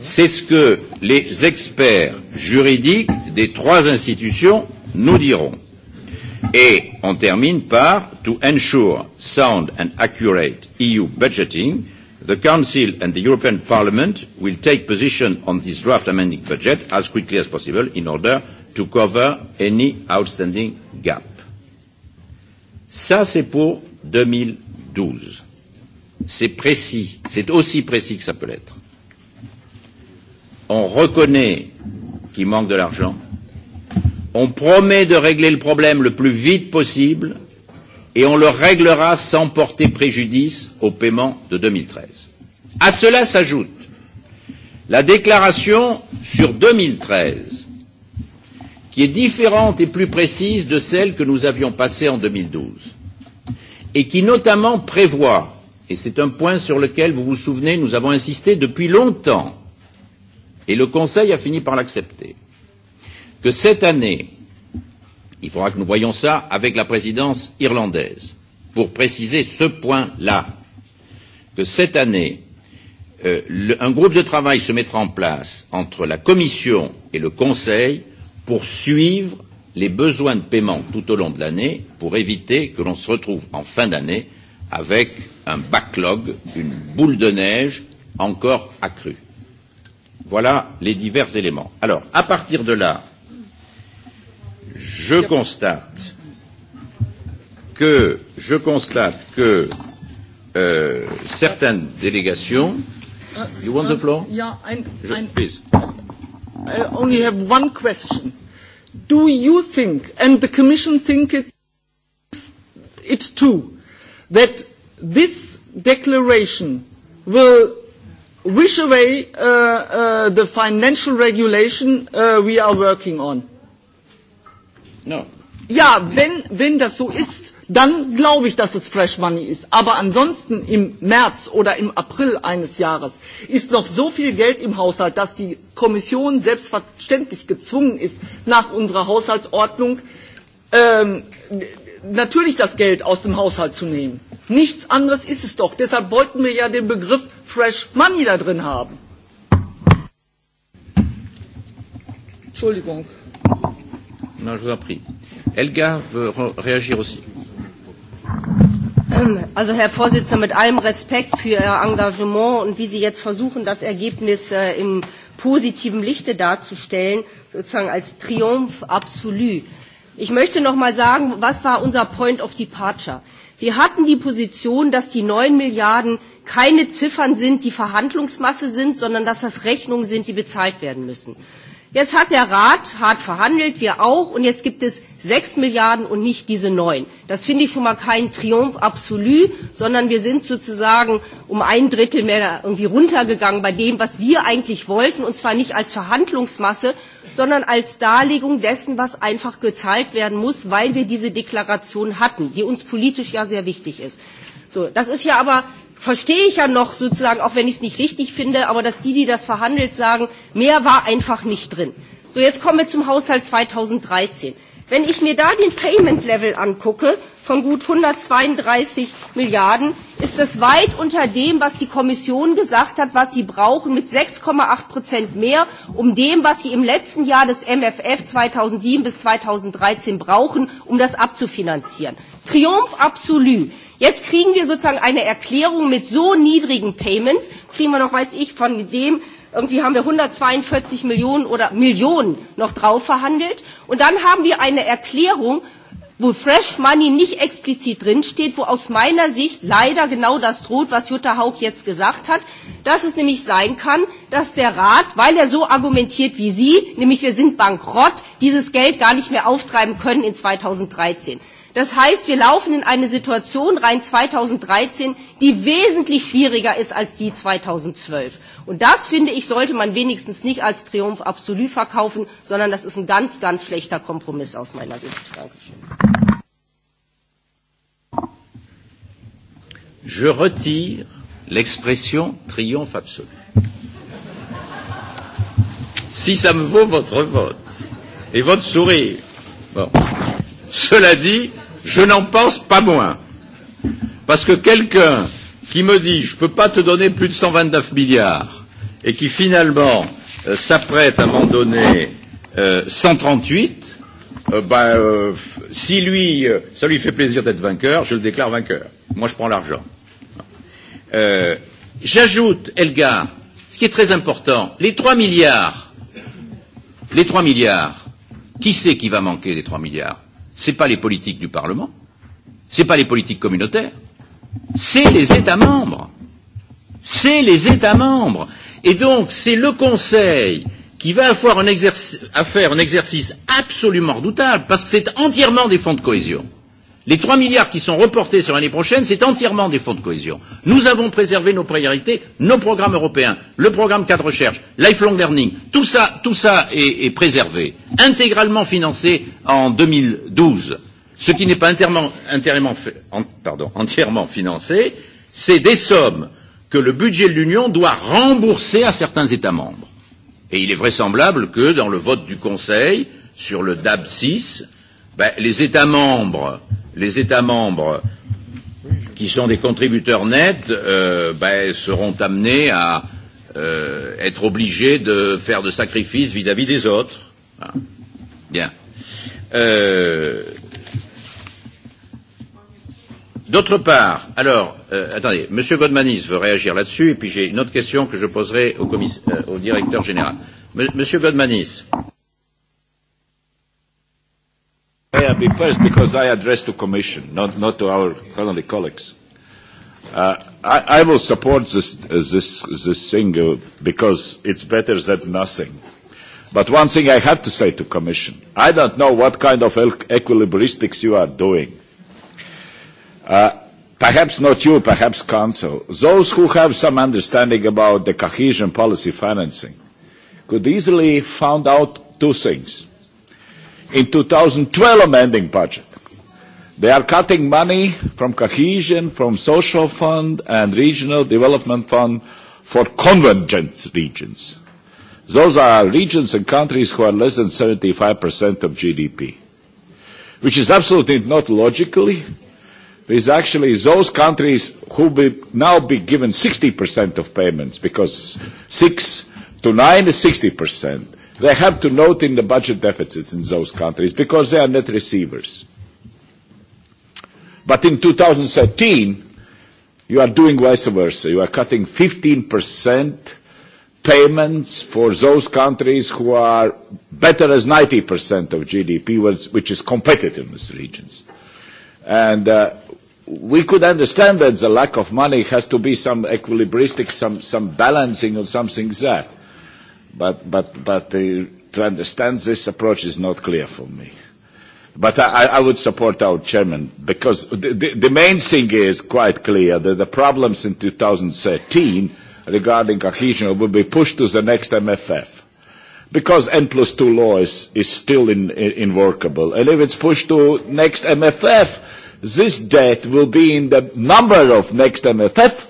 C'est ce que les experts juridiques des trois institutions nous diront. Et on termine par to ensure sound and accurate EU budgeting, the Council and the European Parliament will take position on this draft amending budget as quickly as possible in order to cover any outstanding gap. Ça, c'est pour 2012 c'est précis, c'est aussi précis que ça peut l'être. On reconnaît qu'il manque de l'argent, on promet de régler le problème le plus vite possible et on le réglera sans porter préjudice au paiement de 2013. À cela s'ajoute la déclaration sur 2013, qui est différente et plus précise de celle que nous avions passée en 2012, et qui notamment prévoit et c'est un point sur lequel, vous vous souvenez, nous avons insisté depuis longtemps, et le Conseil a fini par l'accepter, que cette année, il faudra que nous voyons ça avec la présidence irlandaise, pour préciser ce point-là, que cette année, euh, le, un groupe de travail se mettra en place entre la Commission et le Conseil pour suivre les besoins de paiement tout au long de l'année, pour éviter que l'on se retrouve en fin d'année avec un backlog, une boule de neige encore accrue. Voilà les divers éléments. Alors, à partir de là, je constate que, je constate que euh, certaines délégations. Euh, you want the floor? Yeah, I'm, I'm, please. I uh, only have one question. Do you think, and the Commission think it's, it's too, that this declaration will wish away uh, uh, the financial regulation uh, we are working on. No. Ja, wenn, wenn das so ist, dann glaube ich, dass es Fresh Money ist. Aber ansonsten im März oder im April eines Jahres ist noch so viel Geld im Haushalt, dass die Kommission selbstverständlich gezwungen ist, nach unserer Haushaltsordnung ähm, natürlich das Geld aus dem Haushalt zu nehmen. Nichts anderes ist es doch. Deshalb wollten wir ja den Begriff Fresh Money da drin haben. Entschuldigung. Non, je vous en prie. Elga veut réagir aussi. Ähm, also Herr Vorsitzender, mit allem Respekt für Ihr Engagement und wie Sie jetzt versuchen, das Ergebnis äh, im positiven Lichte darzustellen, sozusagen als Triumph absolu Ich möchte noch mal sagen, was war unser Point of Departure? Wir hatten die Position, dass die 9 Milliarden keine Ziffern sind, die Verhandlungsmasse sind, sondern dass das Rechnungen sind, die bezahlt werden müssen. Jetzt hat der Rat hart verhandelt, wir auch, und jetzt gibt es sechs Milliarden und nicht diese neun. Das finde ich schon mal kein Triumph absolu, sondern wir sind sozusagen um ein Drittel mehr irgendwie runtergegangen bei dem, was wir eigentlich wollten, und zwar nicht als Verhandlungsmasse, sondern als Darlegung dessen, was einfach gezahlt werden muss, weil wir diese Deklaration hatten, die uns politisch ja sehr wichtig ist. So, das ist ja aber verstehe ich ja noch sozusagen, auch wenn ich es nicht richtig finde, aber dass die, die das verhandelt, sagen, mehr war einfach nicht drin. So, jetzt kommen wir zum Haushalt 2013. Wenn ich mir da den Payment Level angucke von gut 132 Milliarden, ist das weit unter dem, was die Kommission gesagt hat, was sie brauchen, mit 6,8 Prozent mehr, um dem, was sie im letzten Jahr des MFF 2007 bis 2013 brauchen, um das abzufinanzieren. Triumph absolu. Jetzt kriegen wir sozusagen eine Erklärung mit so niedrigen Payments, kriegen wir noch, weiß ich, von dem irgendwie haben wir 142 Millionen oder Millionen noch drauf verhandelt. Und dann haben wir eine Erklärung, wo Fresh Money nicht explizit drinsteht, wo aus meiner Sicht leider genau das droht, was Jutta Haug jetzt gesagt hat, dass es nämlich sein kann, dass der Rat, weil er so argumentiert wie Sie, nämlich wir sind bankrott, dieses Geld gar nicht mehr auftreiben können in 2013. Das heißt, wir laufen in eine Situation rein 2013, die wesentlich schwieriger ist als die 2012. Und das, finde ich, sollte man wenigstens nicht als Triumph absolut verkaufen, sondern das ist ein ganz, ganz schlechter Kompromiss aus meiner Sicht. Dankeschön. Je retire l'expression triomphe absolu. Si ça me vaut votre vote et votre sourire. Bon. Cela dit, Je n'en pense pas moins. Parce que quelqu'un qui me dit je ne peux pas te donner plus de 129 milliards et qui finalement euh, s'apprête à m'en donner euh, 138, euh, ben, euh, si lui, euh, ça lui fait plaisir d'être vainqueur, je le déclare vainqueur. Moi, je prends l'argent. Euh, J'ajoute, Elga, ce qui est très important, les 3 milliards, les 3 milliards, qui c'est qui va manquer des 3 milliards Ce n'est pas les politiques du Parlement, ce n'est pas les politiques communautaires, c'est les États membres. C'est les États membres. Et donc, c'est le Conseil qui va avoir un exercice, à faire un exercice absolument redoutable, parce que c'est entièrement des fonds de cohésion. Euh, Les 3 milliards qui sont reportés sur l'année prochaine, c'est entièrement des fonds de cohésion. Nous avons préservé nos priorités, nos programmes européens, le programme 4 recherche, lifelong learning, tout ça, tout ça est, est préservé, intégralement financé en 2012. Ce qui n'est pas entièrement, entièrement, en, pardon, entièrement financé, c'est des sommes que le budget de l'Union doit rembourser à certains États membres. Et il est vraisemblable que dans le vote du Conseil sur le DAB 6, ben, les États membres, les États membres qui sont des contributeurs nets euh, ben, seront amenés à euh, être obligés de faire de sacrifices vis-à-vis -vis des autres. Voilà. Ah. Bien. Euh, D'autre part, alors, euh, attendez, M. Godmanis veut réagir là-dessus, et puis j'ai une autre question que je poserai au, commis, euh, au directeur général. M. Godmanis. Euh, may I be first because I address to Commission, not, not to our currently colleagues. Uh, I, I will support this, this, this thing uh, because it's better than nothing. But one thing I have to say to Commission, I don't know what kind of equilibristics you are doing. Uh, perhaps not you, perhaps Council. Those who have some understanding about the cohesion policy financing could easily find out two things in 2012 amending budget. They are cutting money from cohesion, from social fund and regional development fund for convergent regions. Those are regions and countries who are less than 75% of GDP, which is absolutely not logically. It's actually those countries who will now be given 60% of payments because 6 to 9 is 60%. They have to note in the budget deficits in those countries because they are net receivers. But in 2013, you are doing vice versa. You are cutting 15% payments for those countries who are better as 90% of GDP, which is competitiveness regions. And uh, we could understand that the lack of money has to be some equilibristic, some, some balancing or something there. But, but, but uh, to understand this approach is not clear for me. But I, I would support our chairman because the, the, the main thing is quite clear that the problems in 2013 regarding cohesion will be pushed to the next MFF because N plus 2 law is, is still in, in, inworkable. And if it's pushed to next MFF, this debt will be in the number of next MFF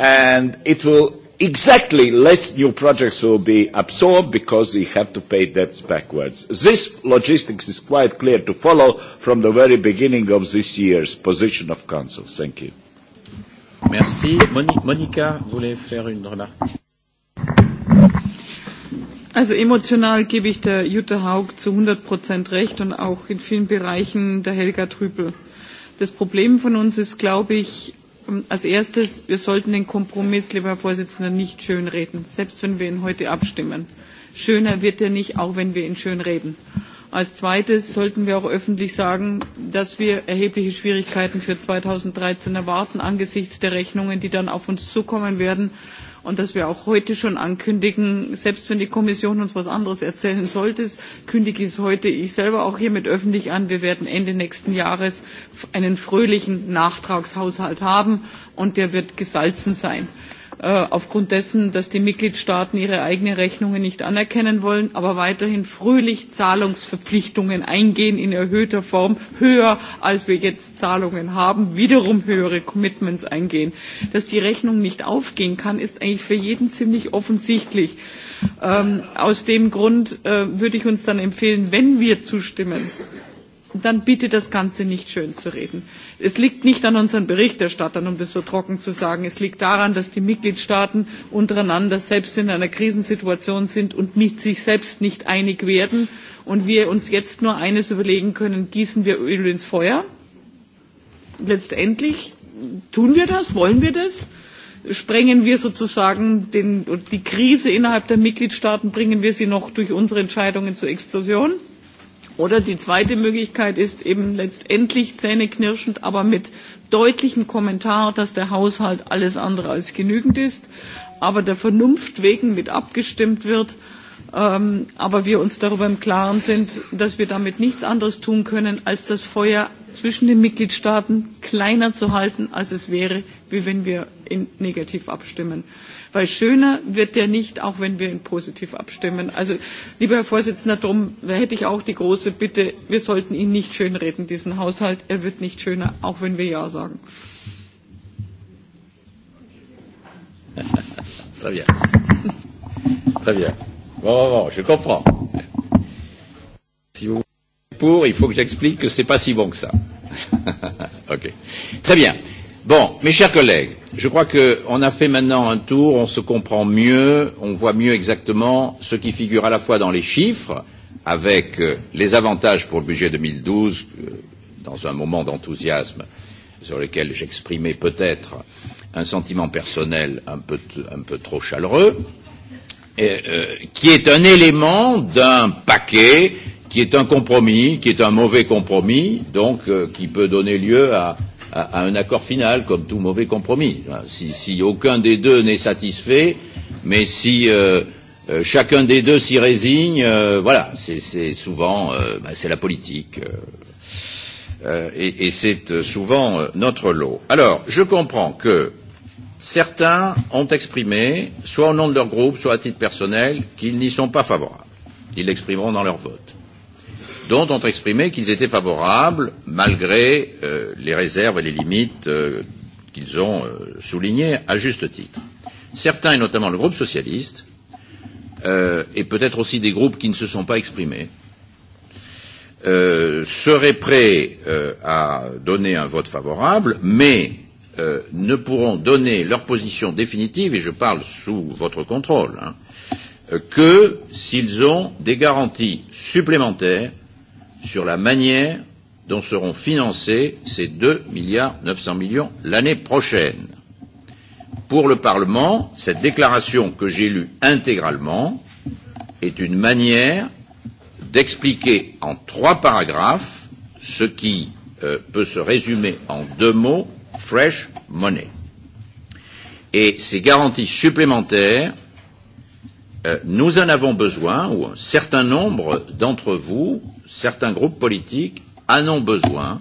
and it will exactly less new projects will be absorbed because we have to pay debts backwards. This logistics is quite clear to follow from the very beginning of this year's position of Council. Thank you. Merci. Moni Monika voulait faire une remarque. Also emotional gebe ich der Jutta Haug zu 100 Prozent recht und auch in vielen Bereichen der Helga Trüpel. Das Problem von uns ist, glaube ich, Ähm, als erstes, wir sollten den Kompromiss, lieber Herr Vorsitzender, nicht schönreden, selbst wenn wir ihn heute abstimmen. Schöner wird er nicht, auch wenn wir ihn schönreden. Als zweites sollten wir auch öffentlich sagen, dass wir erhebliche Schwierigkeiten für 2013 erwarten angesichts der Rechnungen, die dann auf uns zukommen werden und dass wir auch heute schon ankündigen, selbst wenn die Kommission uns was anderes erzählen sollte, kündige ich es heute ich selber auch hiermit öffentlich an, wir werden Ende nächsten Jahres einen fröhlichen Nachtragshaushalt haben und der wird gesalzen sein. Äh, aufgrund dessen, dass die Mitgliedstaaten ihre eigenen Rechnungen nicht anerkennen wollen, aber weiterhin fröhlich Zahlungsverpflichtungen eingehen in erhöhter Form, höher als wir jetzt Zahlungen haben, wiederum höhere Commitments eingehen. Dass die Rechnung nicht aufgehen kann, ist eigentlich für jeden ziemlich offensichtlich. Ähm, aus dem Grund äh, würde ich uns dann empfehlen, wenn wir zustimmen, dann bitte das Ganze nicht schön zu reden. Es liegt nicht an unseren Berichterstattern, um das so trocken zu sagen. Es liegt daran, dass die Mitgliedstaaten untereinander selbst in einer Krisensituation sind und mit sich selbst nicht einig werden. Und wir uns jetzt nur eines überlegen können, gießen wir Öl ins Feuer? Letztendlich tun wir das? Wollen wir das? sprengen wir sozusagen den, die Krise innerhalb der Mitgliedstaaten, bringen wir sie noch durch unsere Entscheidungen zur Explosion? Oder die zweite Möglichkeit ist eben letztendlich zähneknirschend, aber mit deutlichem Kommentar, dass der Haushalt alles andere als genügend ist, aber der Vernunft wegen mit abgestimmt wird, ähm, aber wir uns darüber im Klaren sind, dass wir damit nichts anderes tun können, als das Feuer zwischen den Mitgliedstaaten kleiner zu halten, als es wäre, wie wenn wir in negativ abstimmen. Bei Schöner wird der nicht, auch wenn wir ihn positiv abstimmen. Also, lieber Herr Vorsitzender, darum hätte ich auch die große Bitte, wir sollten ihn nicht schönreden, diesen Haushalt. Er wird nicht schöner, auch wenn wir Ja sagen. Très bien. Très bien. Bon, bon, bon, je comprends. Si vous pour, il faut que j'explique que ce n'est pas si bon que ça. OK. Très bien. Bon, mes chers collègues, je crois qu'on a fait maintenant un tour, on se comprend mieux, on voit mieux exactement ce qui figure à la fois dans les chiffres, avec euh, les avantages pour le budget 2012, euh, dans un moment d'enthousiasme sur lequel j'exprimais peut-être un sentiment personnel un peu, un peu trop chaleureux, et, euh, qui est un élément d'un paquet qui est un compromis, qui est un mauvais compromis, donc euh, qui peut donner lieu à à, à un accord final, comme tout mauvais compromis. Si, si aucun des deux n'est satisfait, mais si euh, euh chacun des deux s'y résigne, euh, voilà, c'est souvent euh, ben, c'est la politique. Euh, euh, et et c'est euh, souvent euh, notre lot. Alors, je comprends que certains ont exprimé, soit au nom de leur groupe, soit à titre personnel, qu'ils n'y sont pas favorables. Ils l'exprimeront dans leur vote dont ont exprimé qu'ils étaient favorables malgré euh, les réserves et les limites euh, qu'ils ont euh, soulignées à juste titre. Certains, et notamment le groupe socialiste, euh, et peut-être aussi des groupes qui ne se sont pas exprimés, euh, seraient prêts euh, à donner un vote favorable, mais euh, ne pourront donner leur position définitive, et je parle sous votre contrôle, hein, que s'ils ont des garanties supplémentaires sur la manière dont seront financés ces 2 milliards 900 millions l'année prochaine. Pour le Parlement, cette déclaration que j'ai lue intégralement est une manière d'expliquer en trois paragraphes ce qui euh, peut se résumer en deux mots fresh money. Et ces garanties supplémentaires, euh, nous en avons besoin, ou un certain nombre d'entre vous certains groupes politiques en ont besoin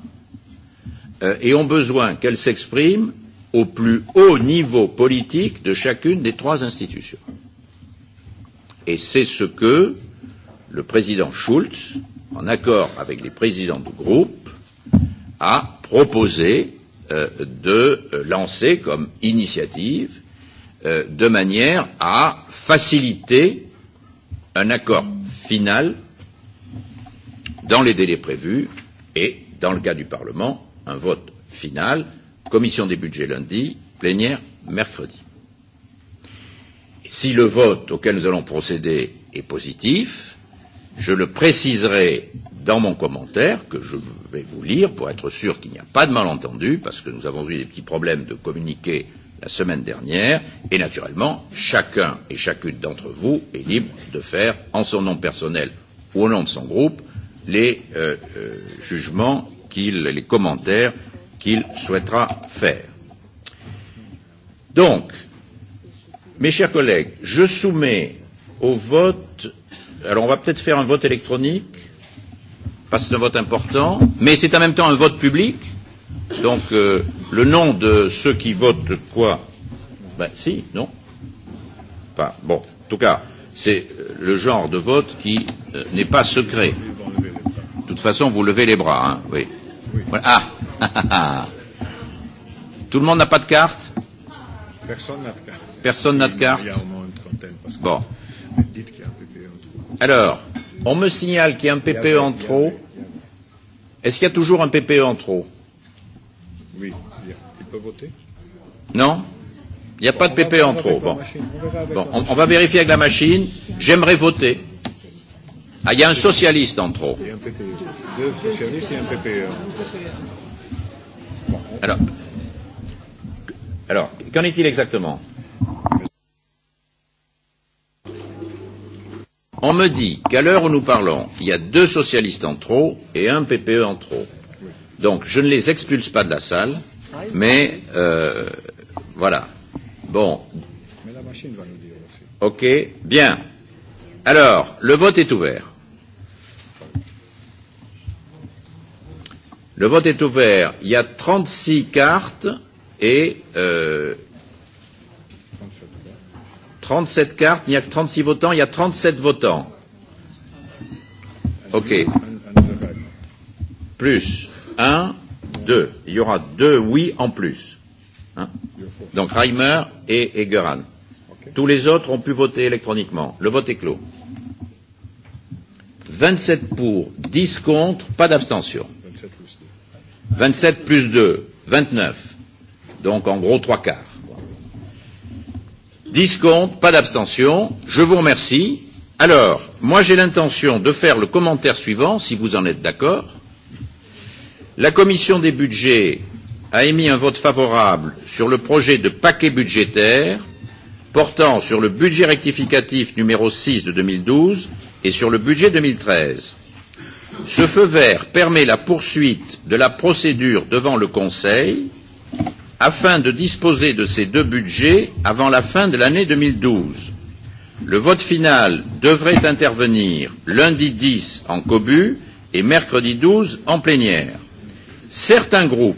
euh, et ont besoin qu'elles s'expriment au plus haut niveau politique de chacune des trois institutions. Et c'est ce que le président Schulz, en accord avec les présidents de groupe, a proposé euh, de euh, lancer comme initiative euh, de manière à faciliter un accord final dans les délais prévus et, dans le cas du Parlement, un vote final, commission des budgets lundi, plénière mercredi. Si le vote auquel nous allons procéder est positif, je le préciserai dans mon commentaire que je vais vous lire pour être sûr qu'il n'y a pas de malentendu, parce que nous avons eu des petits problèmes de communiquer la semaine dernière, et naturellement, chacun et chacune d'entre vous est libre de faire, en son nom personnel ou au nom de son groupe, les euh, euh, jugements, qu'il, les commentaires qu'il souhaitera faire. Donc, mes chers collègues, je soumets au vote alors on va peut-être faire un vote électronique, parce que c'est un vote important, mais c'est en même temps un vote public. Donc euh, le nom de ceux qui votent quoi Ben si, non Pas. Bon, en tout cas, c'est le genre de vote qui euh, n'est pas secret. De toute façon, vous levez les bras. Hein, oui. Voilà. Ah Tout le monde n'a pas de carte Personne n'a de carte. Personne n'a de carte Il y a au moins une trentaine. Parce que bon. Dites qu'il y a un PPE en trop. Alors, on me signale qu'il y a un PPE en trop. Est-ce qu'il y a toujours un PPE en trop Oui. Il peut voter Non Il n'y a bon, pas de PPE en trop. Bon, on, on va vérifier avec la machine. J'aimerais voter. Ah, il y a un socialiste en trop. Il y a un PPE. Deux socialistes et un PPE. Alors, alors qu'en est-il exactement On me dit qu'à l'heure où nous parlons, il y a deux socialistes en trop et un PPE en trop. Donc, je ne les expulse pas de la salle, mais euh, voilà. Bon. Mais la machine va nous dire aussi. Ok, bien. Alors, le vote est ouvert. Le vote est ouvert. Il y a 36 cartes et euh, 37 cartes. Il n'y a que 36 votants. Il y a 37 votants. OK. Plus 1, 2. Il y aura deux oui en plus. Hein Donc Reimer et, et Göran. Tous les autres ont pu voter électroniquement. Le vote est clos. 27 pour, 10 contre, pas d'abstention. 27 plus 27 plus 2, 29. Donc en gros trois quarts. 10 comptes, pas d'abstention. Je vous remercie. Alors, moi j'ai l'intention de faire le commentaire suivant, si vous en êtes d'accord. La commission des budgets a émis un vote favorable sur le projet de paquet budgétaire portant sur le budget rectificatif numéro 6 de 2012 et sur le budget 2013. Ce feu vert permet la poursuite de la procédure devant le Conseil afin de disposer de ces deux budgets avant la fin de l'année 2012. Le vote final devrait intervenir lundi 10 en COBU et mercredi 12 en plénière. Certains groupes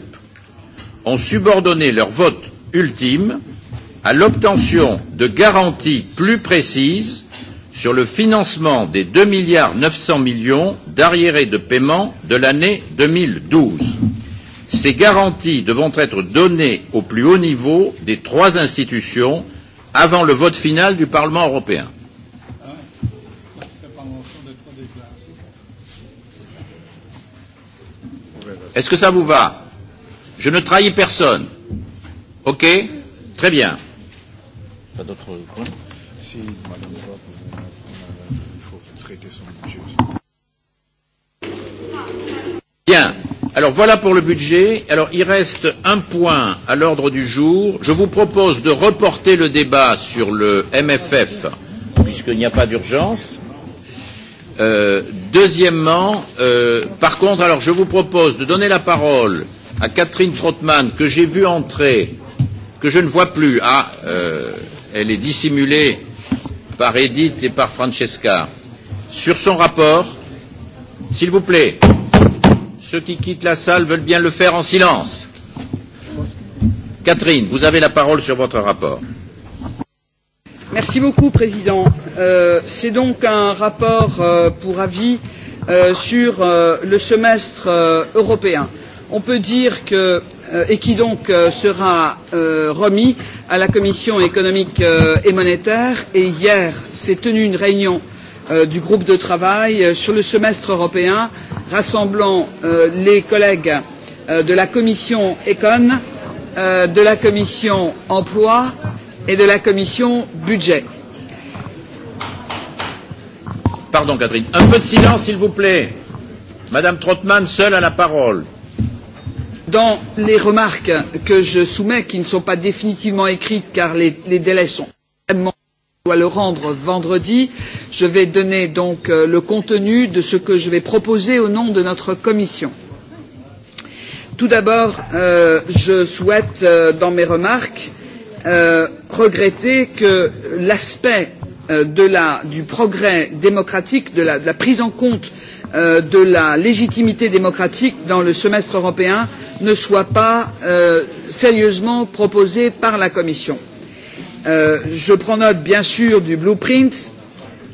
ont subordonné leur vote ultime à l'obtention de garanties plus précises sur le financement des 2 milliards 900 millions d'arriérés de paiement de l'année 2012. Ces garanties devront être données au plus haut niveau des trois institutions avant le vote final du Parlement européen. Est-ce que ça vous va Je ne trahis personne. OK Très bien. Pas d'autres points Si, madame été son budget aussi. Bien. Alors voilà pour le budget. Alors il reste un point à l'ordre du jour. Je vous propose de reporter le débat sur le MFF, puisqu'il n'y a pas d'urgence. Euh, deuxièmement, euh, par contre, alors je vous propose de donner la parole à Catherine Trottmann, que j'ai vue entrer, que je ne vois plus. Ah, euh, elle est dissimulée par Edith et par Francesca. Euh, sur son rapport. S'il vous plaît, ceux qui quittent la salle veulent bien le faire en silence. Catherine, vous avez la parole sur votre rapport. Merci beaucoup, Président. Euh, C'est donc un rapport euh, pour avis euh, sur euh, le semestre euh, européen. On peut dire que euh, et qui donc euh, sera euh, remis à la Commission économique euh, et monétaire. Et hier s'est tenue une réunion euh, euh, du groupe de travail euh, sur le semestre européen rassemblant euh, les collègues euh, de la commission Econ, euh, de la commission Emploi et de la commission Budget. Pardon Catherine, un peu de silence s'il vous plaît. Madame Trottmann seule a la parole. Dans les remarques que je soumets, qui ne sont pas définitivement écrites car les, les délais sont extrêmement dois le rendre vendredi. Je vais donner donc euh, le contenu de ce que je vais proposer au nom de notre commission. Tout d'abord, euh, je souhaite, euh, dans mes remarques, euh, regretter que l'aspect euh, de la, du progrès démocratique, de la, de la prise en compte euh, de la légitimité démocratique dans le semestre européen ne soit pas euh, sérieusement proposé par la Commission. Euh, Euh, je prends note, bien sûr, du blueprint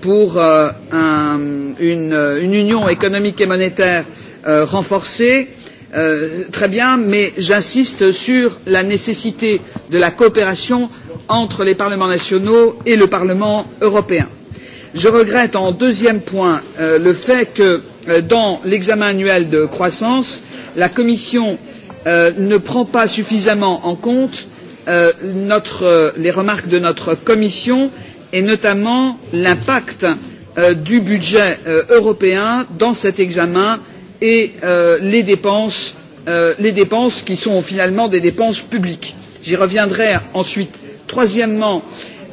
pour euh, un, une, euh, une union économique et monétaire euh, renforcée. Euh, très bien, mais j'insiste sur la nécessité de la coopération entre les parlements nationaux et le Parlement européen. Je regrette en deuxième point euh, le fait que euh, dans l'examen annuel de croissance, la Commission euh, ne prend pas suffisamment en compte euh, notre, euh, les remarques de notre commission et notamment l'impact euh, du budget euh, européen dans cet examen et euh, les, dépenses, euh, les dépenses qui sont finalement des dépenses publiques. J'y reviendrai ensuite. Troisièmement,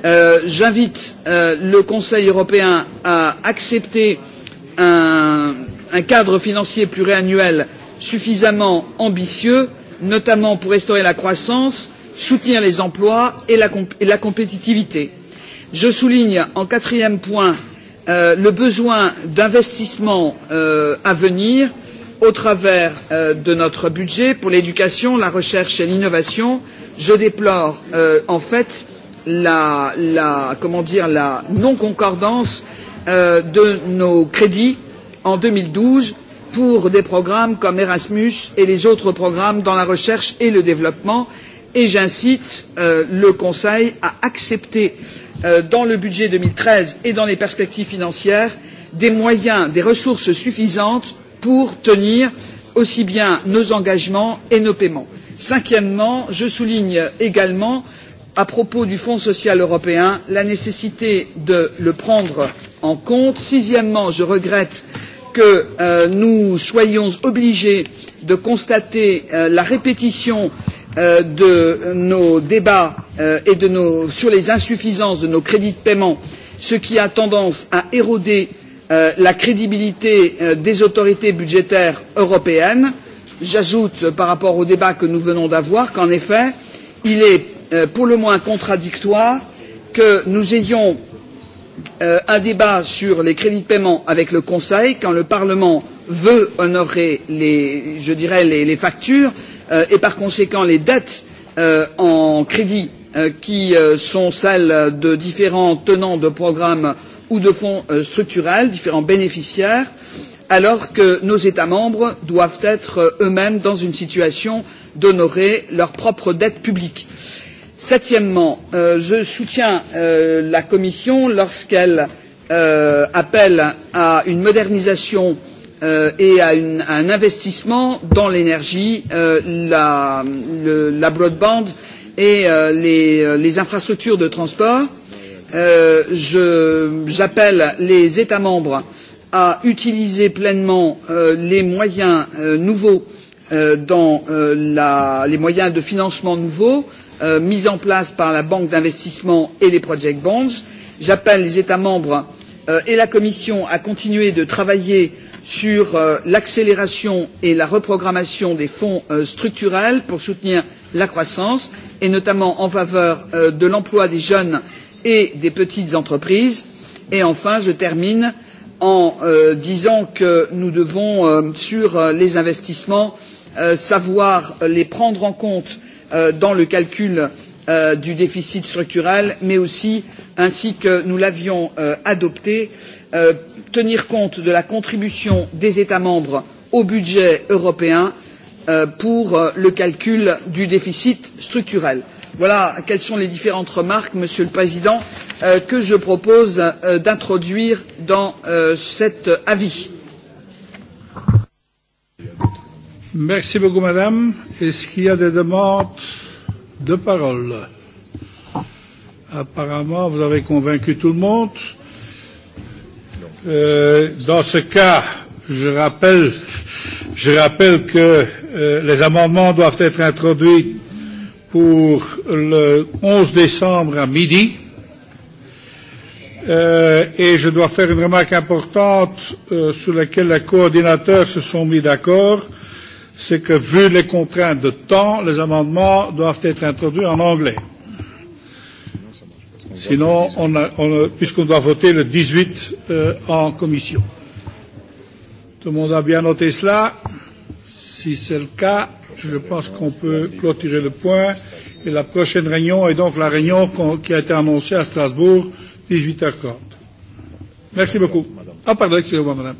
euh, j'invite euh, le Conseil européen à accepter un, un cadre financier pluriannuel suffisamment ambitieux, notamment pour restaurer la croissance soutenir les emplois et la, comp et la compétitivité. Je souligne en quatrième point euh, le besoin d'investissements euh, à venir au travers euh, de notre budget pour l'éducation, la recherche et l'innovation. Je déplore euh, en fait la, la, comment dire, la non concordance euh, de nos crédits en 2012 pour des programmes comme Erasmus et les autres programmes dans la recherche et le développement et j'incite euh, le Conseil à accepter euh, dans le budget 2013 et dans les perspectives financières des moyens, des ressources suffisantes pour tenir aussi bien nos engagements et nos paiements. Cinquièmement, je souligne également, à propos du Fonds social européen, la nécessité de le prendre en compte. Sixièmement, je regrette que euh, nous soyons obligés de constater euh, la répétition euh, de nos débats euh, et de nos, sur les insuffisances de nos crédits de paiement, ce qui a tendance à éroder euh, la crédibilité euh, des autorités budgétaires européennes. J'ajoute euh, par rapport au débat que nous venons d'avoir qu'en effet, il est euh, pour le moins contradictoire que nous ayons euh, un débat sur les crédits de paiement avec le Conseil quand le Parlement veut honorer les, je dirais, les, les factures, euh, et par conséquent les dettes euh, en crédit euh, qui euh, sont celles de différents tenants de programmes ou de fonds euh, structurels, différents bénéficiaires, alors que nos États membres doivent être euh, eux-mêmes dans une situation d'honorer leur propre dette publique. Septièmement, euh, je soutiens euh, la Commission lorsqu'elle euh, appelle à une modernisation euh, euh, et à, une, à un investissement dans l'énergie, euh, la, le, la broadband et euh, les, euh, les infrastructures de transport. Euh, J'appelle les États membres à utiliser pleinement euh, les moyens euh, nouveaux euh, dans euh, la, les moyens de financement nouveaux euh, mis en place par la Banque d'investissement et les project bonds. J'appelle les États membres euh, et la Commission à continuer de travailler euh, sur euh, l'accélération et la reprogrammation des fonds euh, structurels pour soutenir la croissance et notamment en faveur euh, de l'emploi des jeunes et des petites entreprises. Et enfin, je termine en euh, disant que nous devons, euh, sur euh, les investissements, euh, savoir les prendre en compte euh, dans le calcul euh, du déficit structurel, mais aussi, ainsi que nous l'avions euh, adopté, euh, tenir compte de la contribution des États membres au budget européen euh, pour euh, le calcul du déficit structurel. Voilà quelles sont les différentes remarques, Monsieur le Président, euh, que je propose euh, d'introduire dans euh, cet avis. Merci beaucoup, Madame. Est-ce qu'il y a des demandes de parole Apparemment, vous avez convaincu tout le monde. Euh, dans ce cas, je rappelle, je rappelle que euh, les amendements doivent être introduits pour le 11 décembre à midi. Euh, et je dois faire une remarque importante euh, sur laquelle les coordinateurs se sont mis d'accord, c'est que vu les contraintes de temps, les amendements doivent être introduits en anglais. Euh, Sinon, on a, on a, puisqu'on doit voter le 18 euh, en commission. Tout le monde a bien noté cela. Si c'est le cas, je pense qu'on peut clôturer le point. Et la prochaine réunion est donc la réunion qu qui a été annoncée à Strasbourg, 18h40. Merci beaucoup. Ah, pardon, excusez-moi, madame.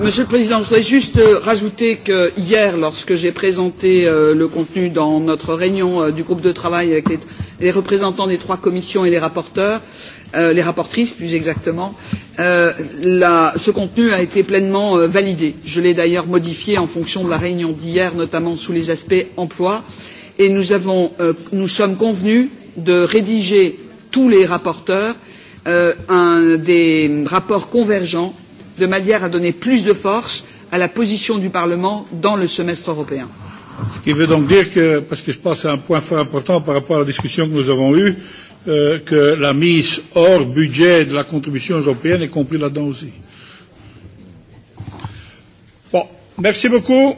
Monsieur le Président, je voudrais juste euh, rajouter que hier, lorsque j'ai présenté euh, le contenu dans notre réunion euh, du groupe de travail avec les, les représentants des trois commissions et les rapporteurs, euh, les rapportrices plus exactement, euh, la, ce contenu a été pleinement euh, validé. Je l'ai d'ailleurs modifié en fonction de la réunion d'hier, notamment sous les aspects emploi, et nous, avons, euh, nous sommes convenus de rédiger tous les rapporteurs euh, un, des rapports convergents de manière à donner plus de force à la position du Parlement dans le semestre européen. Ce qui veut donc dire que, parce que je pense à un point fort important par rapport à la discussion que nous avons eue, euh, que la mise hors budget de la contribution européenne est comprise là-dedans aussi. Bon, merci beaucoup.